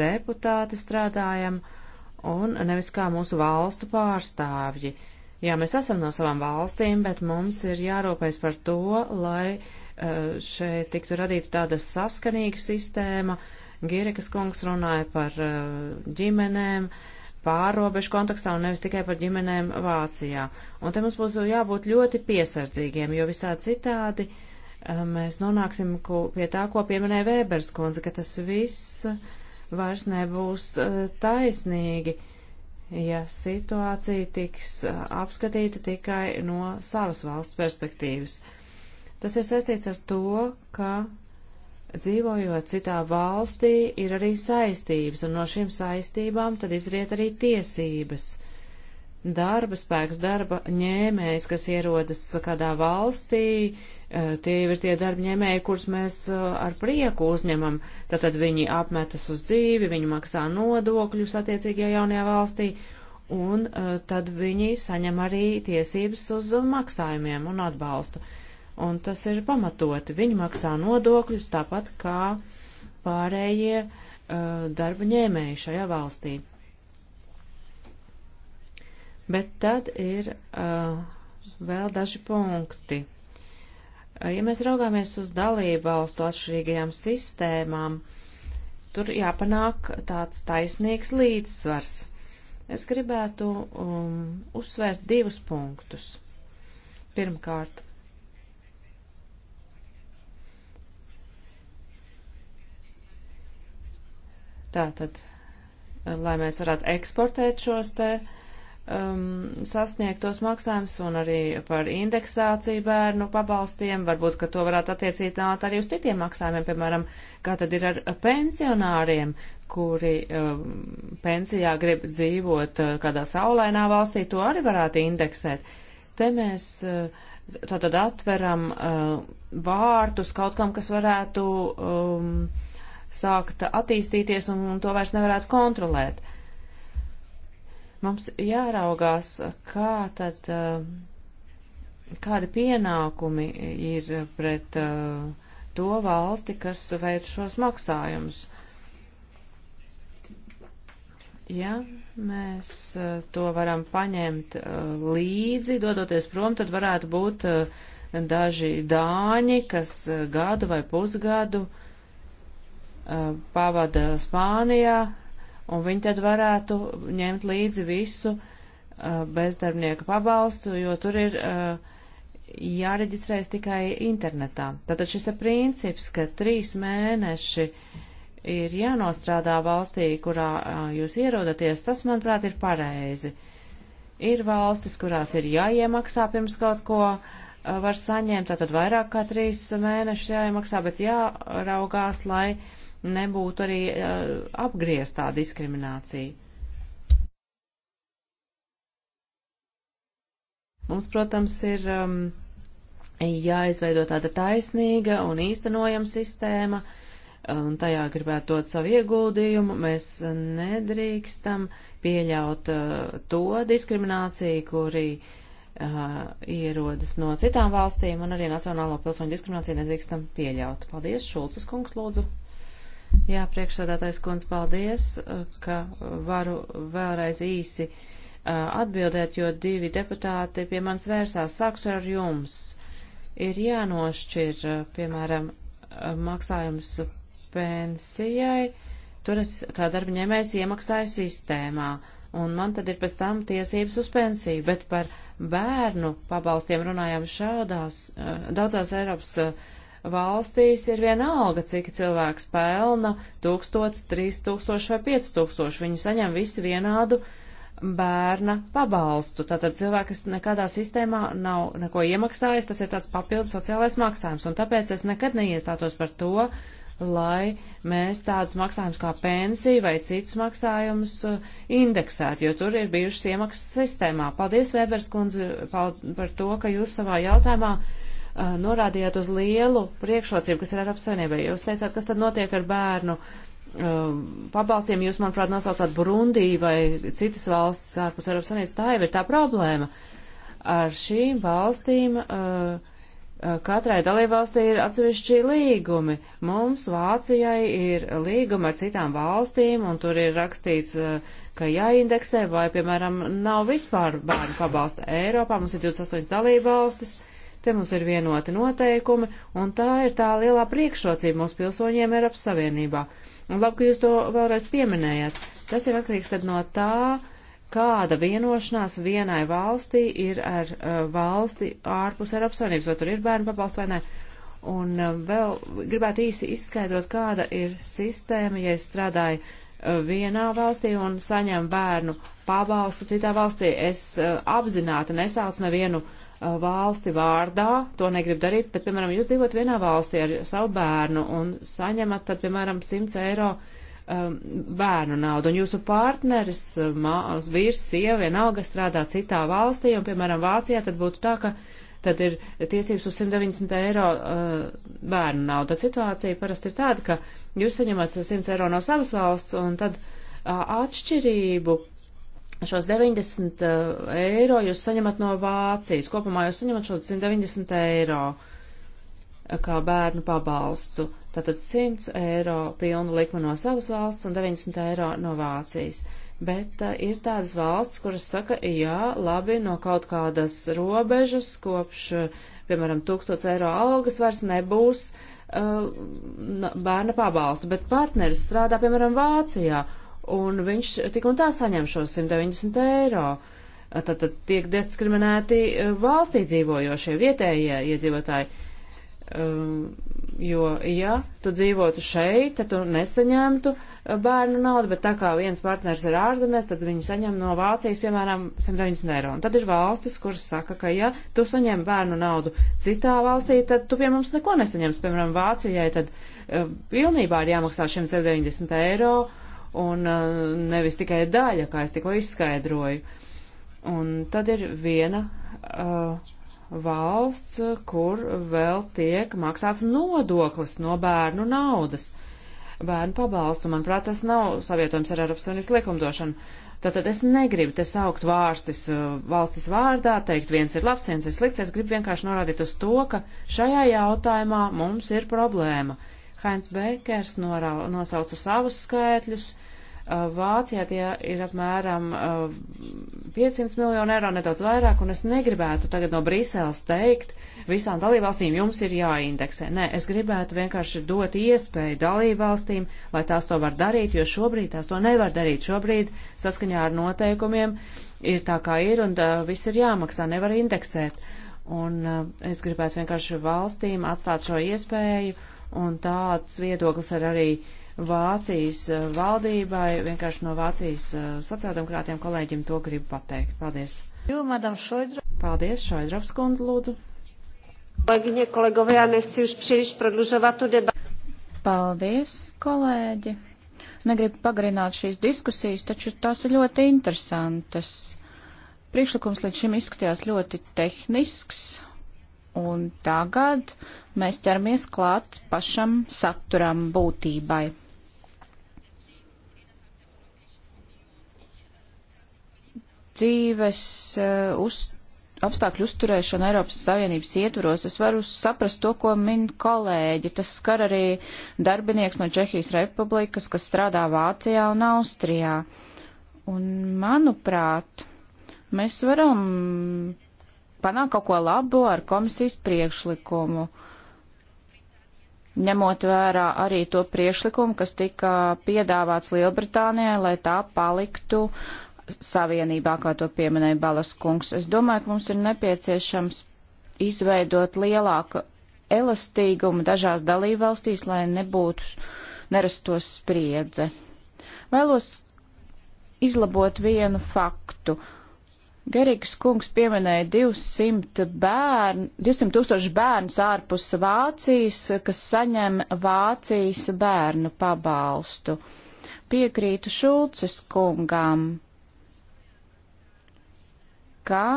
deputāti, strādājam un nevis kā mūsu valstu pārstāvji. Jā, mēs esam no savām valstīm, bet mums ir jārūpēs par to, lai eh, šeit tiktu radīta tāda saskanīga sistēma. Gīrekas kungs runāja par eh, ģimenēm, pārobežu kontekstā un nevis tikai par ģimenēm Vācijā. Un te mums būs jābūt ļoti piesardzīgiem, jo visā citādi uh, Eh, mēs nonāksim pie tā, ko pieminēja Vēbers kundze, ka tas viss vairs nebūs eh, taisnīgi, ja situācija tiks eh, apskatīta tikai no savas valsts perspektīvas. Tas ir saistīts ar to, ka dzīvojot citā valstī ir arī saistības, un no šīm saistībām tad izriet arī tiesības darba spēks, darba ņēmējs, kas ierodas kādā valstī, Tie ir tie darbņēmēji, kurus mēs ar prieku uzņemam. Tātad viņi apmetas uz dzīvi, viņi maksā nodokļus attiecīgajā jaunajā valstī, un tad viņi saņem arī tiesības uz maksājumiem un atbalstu. Un tas ir pamatoti. Viņi maksā nodokļus tāpat kā pārējie darba ņēmēji šajā valstī. Bet tad ir uh, vēl daži punkti. Ja mēs raugāmies uz dalību valstu atšķirīgajām sistēmām, tur jāpanāk tāds taisnīgs līdzsvars. Es gribētu um, uzsvērt divus punktus. Pirmkārt, tātad, lai mēs varētu eksportēt šos te uh, um, sasniegt tos maksājumus un arī par indeksāciju bērnu pabalstiem. Varbūt, ka to varētu attiecināt arī uz citiem maksājumiem, piemēram, kā tad ir ar pensionāriem, kuri um, pensijā grib dzīvot uh, kādā saulainā valstī, to arī varētu indeksēt. Te mēs uh, tātad atveram uh, vārtus kaut kam, kas varētu um, sākt attīstīties un, un to vairs nevarētu kontrolēt. Uh, Mums jāraugās, kā tad, eh, kādi pienākumi ir pret eh, to valsti, kas veic šos maksājumus. Ja mēs eh, to varam paņemt līdzi, dodoties prom, tad varētu būt daži dāņi, kas gadu vai pusgadu pavada Spānijā, un viņi tad varētu ņemt līdzi visu uh, bezdarbnieku pabalstu, jo tur ir uh, jāreģistrējas tikai internetā. Tātad šis te princips, ka trīs mēneši ir jānostrādā valstī, kurā uh, jūs ierodaties, tas, manuprāt, ir pareizi. Ir valstis, kurās ir jāiemaksā pirms kaut ko uh, var saņemt, tātad vairāk kā trīs mēnešus jāiemaksā, bet jāraugās, lai uh, nebūtu arī uh, apgrieztā diskriminācija. Mums, protams, ir um, jāizveido tāda taisnīga un īstenojama sistēma, un tajā gribētu dot savu ieguldījumu. Mēs nedrīkstam pieļaut uh, to diskrimināciju, kuri uh, ierodas no citām valstīm, un arī nacionālo pilsoņu diskrimināciju nedrīkstam pieļaut. Paldies, Šulcis kungs, lūdzu! Jā, priekšsādātais kundz, paldies, eh, ka varu vēlreiz īsi eh, atbildēt, jo divi deputāti pie manis vērsās. Sākšu ar jums. Ir jānošķir, eh, piemēram, maksājums pensijai. Tur es kā darba ņēmējs iemaksāju sistēmā, un man tad ir pēc tam tiesības uz pensiju, bet par bērnu pabalstiem runājām šādās daudzās Eiropas valstīs ir viena alga, cik cilvēks pelna - 1000, 3000 vai 5000. Viņi saņem visi vienādu bērna pabalstu. Tātad cilvēks nekādā sistēmā nav neko iemaksājis, tas ir tāds papildu sociālais maksājums. Un tāpēc es nekad neiestātos par to, lai mēs tādus maksājumus kā pensiju vai citus maksājumus uh, indeksētu, jo tur ir bijušas iemaksas sistēmā. Paldies, Vēberskundze, par to, ka jūs savā jautājumā norādījāt uz lielu priekšrocību, kas ir Eiropas Savienībai. Jūs teicāt, kas tad notiek ar bērnu pabalstiem, jūs, manuprāt, nosaucāt Burundī vai citas valsts ārpus Eiropas Savienības. Tā jau ir tā problēma. Ar šīm valstīm katrai dalībvalstī ir atsevišķi līgumi. Mums Vācijai ir līguma ar citām valstīm, un tur ir rakstīts, ka jāindeksē, vai, piemēram, nav vispār bērnu pabalsta Eiropā. Mums ir 28 dalībvalstis Te mums ir vienoti noteikumi, un tā ir tā lielā priekšrocība mūsu pilsoņiem Eiropas Savienībā. Un labi, ka jūs to vēlreiz pieminējat. Tas ir atkarīgs tad no tā, kāda vienošanās vienai valstī ir ar uh, valsti ārpus Eiropas Savienības, vai tur ir bērnu pabalsts vai nē. Un uh, vēl gribētu īsi izskaidrot, kāda ir sistēma, ja es strādāju uh, vienā valstī un saņem bērnu pabalstu citā valstī. Es uh, apzināti nesaucu nevienu uh, Uh, valsti vārdā, to negrib darīt, bet, piemēram, jūs dzīvot vienā valstī ar savu bērnu un saņemat, tad, piemēram, 100 eiro um, bērnu naudu, un jūsu partneris, uh, māvs, vīrs, sieva, vienalga strādā citā valstī, un, piemēram, Vācijā, tad būtu tā, ka tad ir tiesības uz 190 eiro uh, bērnu naudu. Tad situācija parasti ir tāda, ka jūs saņemat 100 eiro no savas valsts, un tad uh, atšķirību šos 90 eh, eiro jūs saņemat no Vācijas. Kopumā jūs saņemat šos 190 eiro eh, kā bērnu pabalstu. Tātad 100 eiro pilnu likmu no savas valsts un 90 eiro no Vācijas. Bet uh, ir tādas valsts, kuras saka, jā, labi, no kaut kādas robežas kopš, piemēram, 1000 eiro algas vairs nebūs uh, bērna pabalsta, bet partneris strādā, piemēram, Vācijā un viņš tik un tā saņem šo 190 eiro. Tad, tad tiek diskriminēti eh, valstī dzīvojošie vietējie iedzīvotāji. Um, jo, ja tu dzīvotu šeit, tad tu nesaņemtu eh, bērnu naudu, bet tā kā viens partners ir ārzemēs, tad viņi saņem no Vācijas, piemēram, 190 eiro. Un tad ir valstis, kuras saka, ka, ja tu saņem bērnu naudu citā valstī, tad tu pie mums neko nesaņemsi. Piemēram, Vācijai tad uh, pilnībā ir jāmaksā šiem 190 eiro. Uh, un uh, nevis tikai daļa, kā es tikko izskaidroju. Un tad ir viena uh, valsts, kur vēl tiek maksāts nodoklis no bērnu naudas. Bērnu pabalstu, manuprāt, tas nav savietojums ar Eiropas Savienības likumdošanu. Tātad es negribu te saukt vārstis uh, valstis vārdā, teikt viens ir labs, viens ir slikts, es gribu vienkārši norādīt uz to, ka šajā jautājumā mums ir problēma. Hainz Bekers nosauca savus skaitļus, uh, Uh, Vācijā tie ir apmēram 500 uh, miljoni eiro, nedaudz vairāk, un es negribētu tagad no Briseles teikt, visām dalībvalstīm jums ir jāindeksē. Nē, es gribētu vienkārši dot iespēju dalībvalstīm, lai tās to var darīt, jo šobrīd tās to nevar darīt. Šobrīd saskaņā ar noteikumiem ir tā kā ir, un uh, viss ir jāmaksā, nevar indeksēt. Un uh, es gribētu vienkārši valstīm atstāt šo iespēju, un tāds viedoklis ir arī. Uh, Vācijas eh, valdībai. Vienkārši no Vācijas eh, sociāldemokrātiem kolēģiem to gribu pateikt. Paldies. Jū, Šoidro. Paldies, Šoidrovs kundze, lūdzu. Kolēģiņa, kolegovi, jā, nechci už příliš prodlužovat tu debatu. Paldies, kolēģi. Negribu pagarināt šīs diskusijas, taču tās ir ļoti interesantas. Priekšlikums līdz šim izskatījās ļoti tehnisks, un tagad mēs ķeramies klāt pašam saturam būtībai. dzīves eh, uz, apstākļu uzturēšana Eiropas Savienības ietvaros. Es varu saprast to, ko min kolēģi. Tas skar arī darbinieks no Čehijas Republikas, kas strādā Vācijā un Austrijā. Un, manuprāt, mēs varam panākt kaut ko labu ar komisijas priekšlikumu ņemot vērā arī to priešlikumu, kas tika piedāvāts Lielbritānijai, lai tā paliktu Savienībā, kā to pieminēja Balas kungs. Es domāju, ka mums ir nepieciešams izveidot lielāku elastīgumu dažās dalībvalstīs, lai nebūtu nerastos spriedze. Vēlos izlabot vienu faktu. Gerīgs kungs pieminēja 200 bērnu, 200 tūkstoši bērnus ārpus Vācijas, kas saņem Vācijas bērnu pabalstu. Piekrītu Šulces kungam ka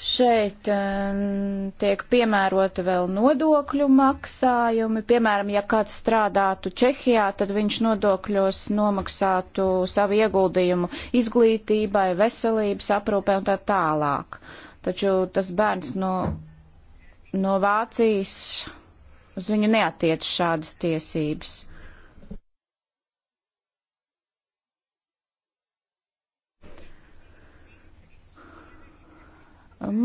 Šeit eh, tiek piemērota vēl nodokļu maksājumi. Piemēram, ja kāds strādātu Čehijā, tad viņš nodokļos nomaksātu savu ieguldījumu izglītībai, veselības aprūpē un tā tālāk. Taču tas bērns no, no Vācijas uz viņu neatiec šādas tiesības.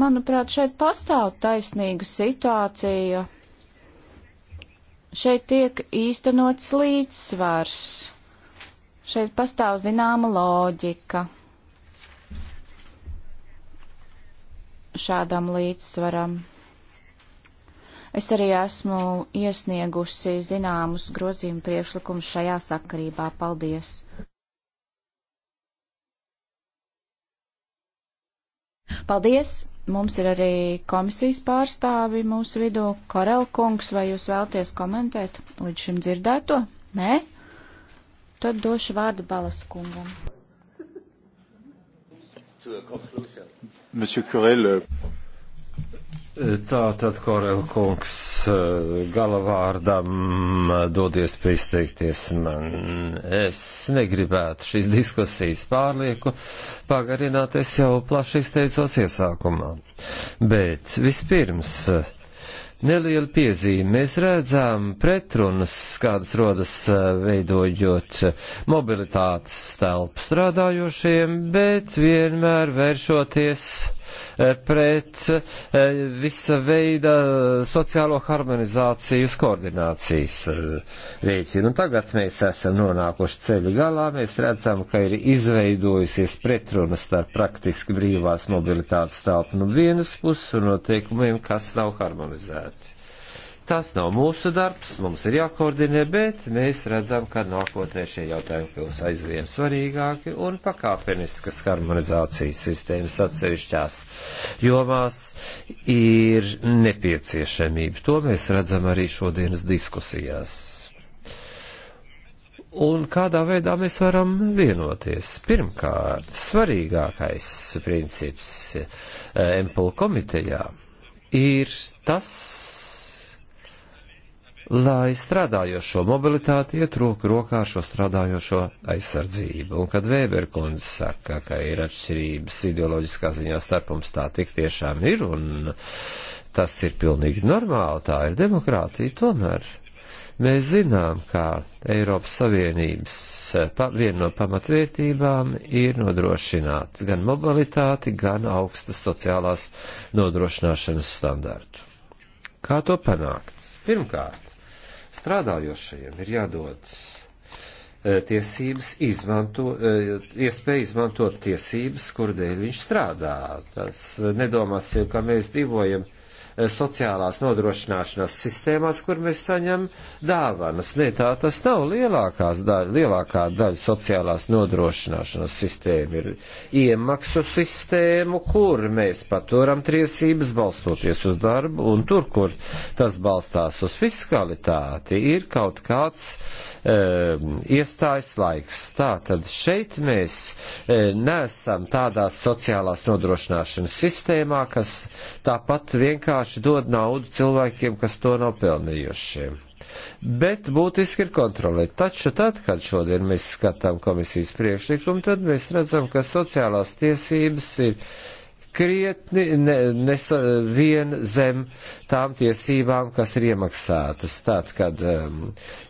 Manuprāt, šeit pastāv taisnīga situācija. Šeit tiek īstenots līdzsvars. Šeit pastāv zināma loģika šādam līdzsvaram. Es arī esmu iesniegusi zināmus grozījumu priekšlikumus šajā sakarībā. Paldies! Paldies! Mums ir arī komisijas pārstāvi mūsu vidū. Korelkungs, vai jūs vēlties komentēt līdz šim dzirdēto? Nē? Tad došu vārdu Balas kungam. Monsieur Corel, euh, Tātad, Korel kungs, galavārdam dodies pristeikties man. Es negribētu šīs diskusijas pārlieku pagarināt, es jau plaši izteicos iesākumā. Bet vispirms neliela piezīme. Mēs redzam pretrunas, kādas rodas veidojot mobilitātes telpu strādājošiem, bet vienmēr vēršoties Eh, pret eh, visa veida sociālo harmonizāciju uz koordinācijas eh, rēķinu. Un tagad mēs esam nonākuši ceļu galā, mēs redzam, ka ir izveidojusies pretruna starp praktiski brīvās mobilitātes telpu no vienas puses un noteikumiem, kas nav harmonizēti. Tas nav mūsu darbs, mums ir jākoordinē, bet mēs redzam, ka nākotnē šie jautājumi kļūs aizvien svarīgāki un pakāpeniskas harmonizācijas sistēmas atsevišķās jomās ir nepieciešamība. To mēs redzam arī šodienas diskusijās. Un kādā veidā mēs varam vienoties? Pirmkārt, svarīgākais princips eh, MPL komitejā ir tas, lai strādājošo mobilitāti iet roku rokā ar šo strādājošo aizsardzību. Un kad Vēberkundze saka, ka ir atšķirības ideoloģiskā ziņā starp mums tā tik tiešām ir, un tas ir pilnīgi normāli, tā ir demokrātija tomēr. Mēs zinām, ka Eiropas Savienības pa, viena no pamatvērtībām ir nodrošināt gan mobilitāti, gan augstas sociālās nodrošināšanas standārtu. Kā to panākt? Pirmkārt, strādājošajiem ir jādodas e, tiesības izmanto, e, iespēja izmantot tiesības, kur dēļ viņš strādā. Tas e, nedomāsim, ka mēs dzīvojam Eh, sociālās nodrošināšanas sistēmās, kur mēs saņem dāvanas. Nē, tā tas nav. Lielākās daļa, lielākā daļa sociālās nodrošināšanas sistēma ir iemaksu sistēmu, kur mēs paturam tiesības balstoties uz darbu, un tur, kur tas balstās uz fiskalitāti, ir kaut kāds um, eh, iestājas laiks. Tātad šeit mēs um, nesam tādās sociālās nodrošināšanas sistēmā, kas tāpat vienkārši vienkārši dod naudu cilvēkiem, kas to nav pelnījuši. Bet būtiski ir kontrolēt. Taču tad, kad šodien mēs skatām komisijas priekšlikumu, tad mēs redzam, ka sociālās tiesības ir krietni ne, nes, vien zem tām tiesībām, kas ir iemaksātas. Tad, kad um,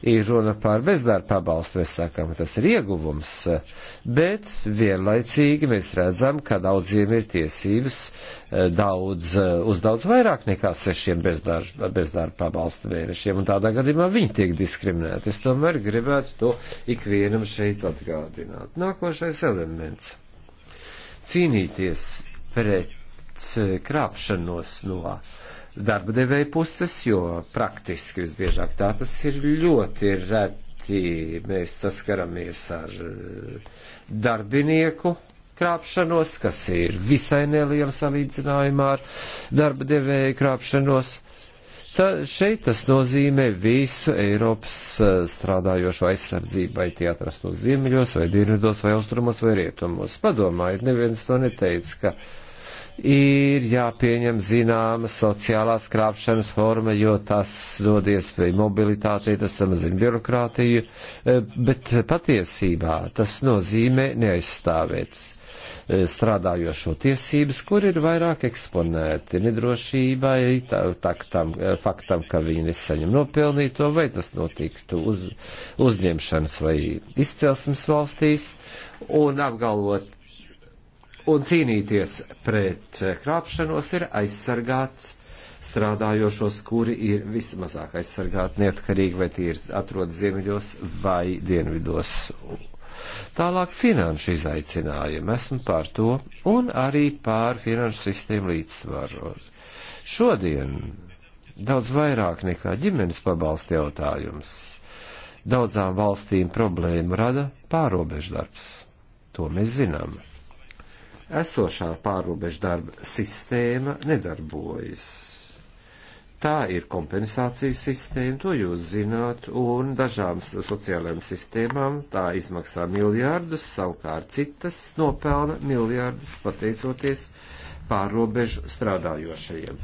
ir runa par bezdarba pabalstu, mēs sakām, ka tas ir ieguvums, bet vienlaicīgi mēs redzam, ka daudziem ir tiesības eh, daudz, eh, uz daudz vairāk nekā sešiem bezdarba, bezdarba pabalsta mēnešiem, un tādā gadījumā viņi tiek diskriminēti. Es tomēr gribētu to ikvienam šeit atgādināt. Nākošais elements. Cīnīties pret eh, krāpšanos no darba devēja puses, jo praktiski visbiežāk tā tas ir ļoti reti. Mēs saskaramies ar eh, darbinieku krāpšanos, kas ir visai neliela salīdzinājumā ar darba devēja krāpšanos. Ta, šeit tas nozīmē visu Eiropas eh, strādājošo aizsardzību, vai tie atrastos ziemeļos, vai dienvidos, vai austrumos, vai rietumos. Padomājiet, neviens to neteica, ka ir jāpieņem zināma sociālā skrāpšanas forma, jo tas dod iespēju mobilitātei, tas samazina birokrātiju, e, bet patiesībā tas nozīmē neaizstāvēts e, strādājošo tiesības, kur ir vairāk eksponēti nedrošībai, tā, tā, tam, e, faktam, ka viņi nesaņem nopelnīto, vai tas notiktu uz, uzņemšanas vai izcelsmes valstīs, un apgalvot, un cīnīties pret eh, krāpšanos ir aizsargāt strādājošos, kuri ir vismazāk aizsargāti, neatkarīgi vai tie ir atrodas ziemeļos vai dienvidos. Tālāk finanšu izaicinājumi esmu pār to un arī pār finanšu sistēmu līdzsvaru. Šodien daudz vairāk nekā ģimenes pabalsta jautājums. Daudzām valstīm problēmu rada pārobeždarbs. To mēs zinām esošā pārobežu darba sistēma nedarbojas. Tā ir kompensāciju sistēma, to jūs zināt, un dažām sociālajām sistēmām tā izmaksā miljārdus, savukārt citas nopelna miljārdus pateicoties pārobežu strādājošajiem.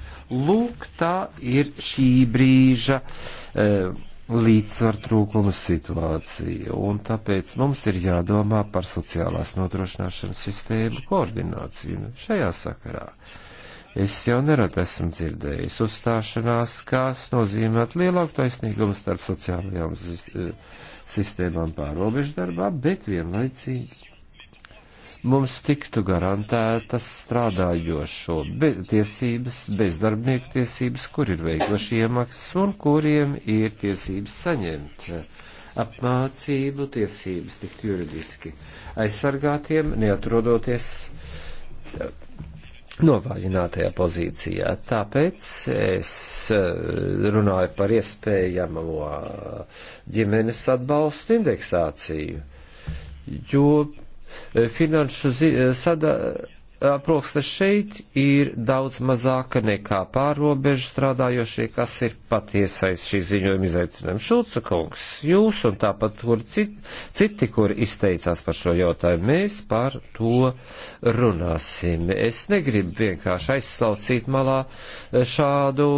Lūk, tā ir šī brīža. Uh, eh, līdzsvar trūkumu situāciju, un tāpēc mums ir jādomā par sociālās nodrošināšanas sistēmu koordināciju šajā sakarā. Es jau nerad esmu dzirdējis uzstāšanās, kas nozīmētu lielāku taisnīgumu starp sociālajām eh, sistēmām pārobežu darbā, bet vienlaicīgi mums tiktu garantētas strādājošo be tiesības, bezdarbnieku tiesības, kur ir veikoši iemaksas un kuriem ir tiesības saņemt apmācību, tiesības tikt juridiski aizsargātiem, neatrodoties novājinātajā pozīcijā. Tāpēc es eh, runāju par iespējamo ģimenes atbalstu indeksāciju, jo Eh, finanšu eh, sada eh, aploksne šeit ir daudz mazāka nekā pārobežu strādājošie, kas ir patiesais šī ziņojuma izaicinājums. Šulca kungs, jūs un tāpat kur cit, citi, kur izteicās par šo jautājumu, mēs par to runāsim. Es negribu vienkārši aizslaucīt malā šādu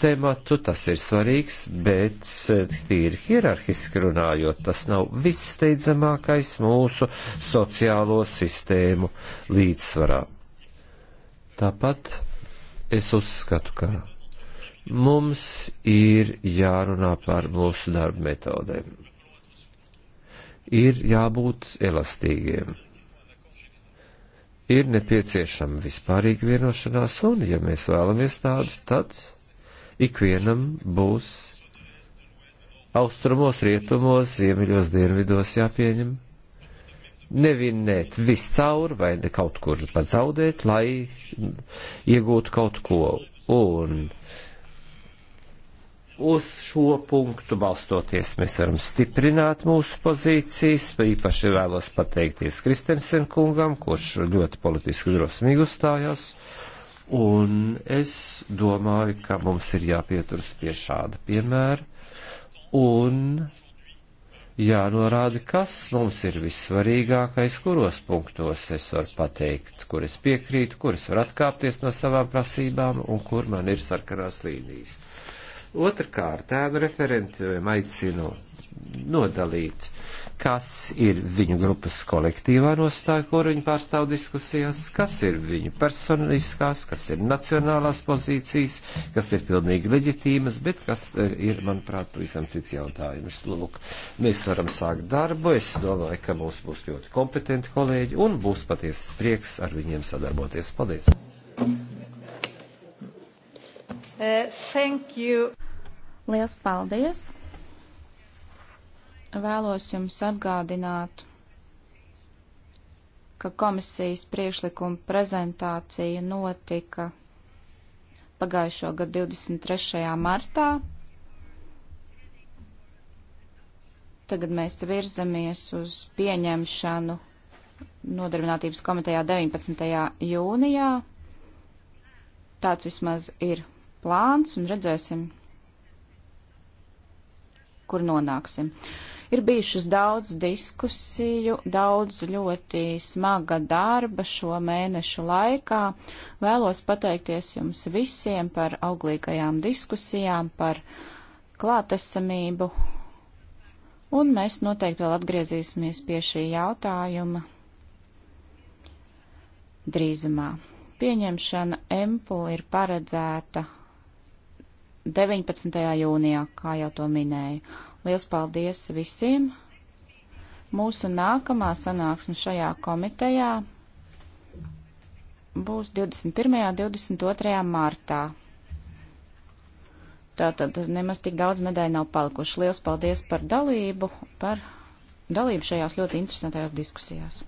tematu, tas ir svarīgs, bet eh, tīri hierarhiski runājot, tas nav vissteidzamākais mūsu sociālo sistēmu līdzsvarā. Tāpat es uzskatu, ka mums ir jārunā par mūsu darba metodēm. Ir jābūt elastīgiem ir nepieciešama vispārīga vienošanās, un, ja mēs vēlamies tādu, tad ikvienam būs austrumos, rietumos, ziemeļos, dienvidos jāpieņem. Nevinēt viscaur vai ne kaut kur pat zaudēt, lai iegūtu kaut ko. Un uz šo punktu balstoties mēs varam stiprināt mūsu pozīcijas. Īpaši vēlos pateikties Kristensen kungam, kurš ļoti politiski drosmīgi uzstājās. Uh, Un es domāju, ka mums ir jāpieturas pie šāda piemēra un jānorāda, kas mums ir vissvarīgākais, kuros punktos es varu pateikt, kur es piekrītu, kur es varu atkāpties no savām prasībām un kur man ir sarkanās līnijas. Otrkārt, ēnu referentiem aicinu nodalīt, kas ir viņu grupas kolektīvā nostāja, kur viņi pārstāv diskusijās, kas ir viņu personiskās, kas ir nacionālās pozīcijas, kas ir pilnīgi leģitīmas, bet kas ir, manuprāt, pavisam cits jautājums. Nu, lūk, mēs varam sākt darbu, es domāju, ka mums būs ļoti kompetenti kolēģi un būs patiesas prieks ar viņiem sadarboties. Paldies! Uh, thank you. Liels paldies! vēlos jums atgādināt, ka komisijas priekšlikuma prezentācija notika pagājušo gadu 23. martā. Tagad mēs virzamies uz pieņemšanu nodarbinātības komitejā 19. jūnijā. Tāds vismaz ir plāns un redzēsim, kur nonāksim. Uh, Ir bijušas daudz diskusiju, daudz ļoti smaga darba šo mēnešu laikā. Vēlos pateikties jums visiem par auglīgajām diskusijām, par klātesamību. Un mēs noteikti vēl atgriezīsimies pie šī jautājuma drīzumā. Pieņemšana empula ir paredzēta 19. jūnijā, kā jau to minēju. Liels paldies visiem! Mūsu nākamā sanāksme šajā komitejā būs 21. un 22. martā. Tātad nemaz tik daudz nedēļu nav palikuši. Liels paldies par dalību, par dalību šajās ļoti interesantajās diskusijās.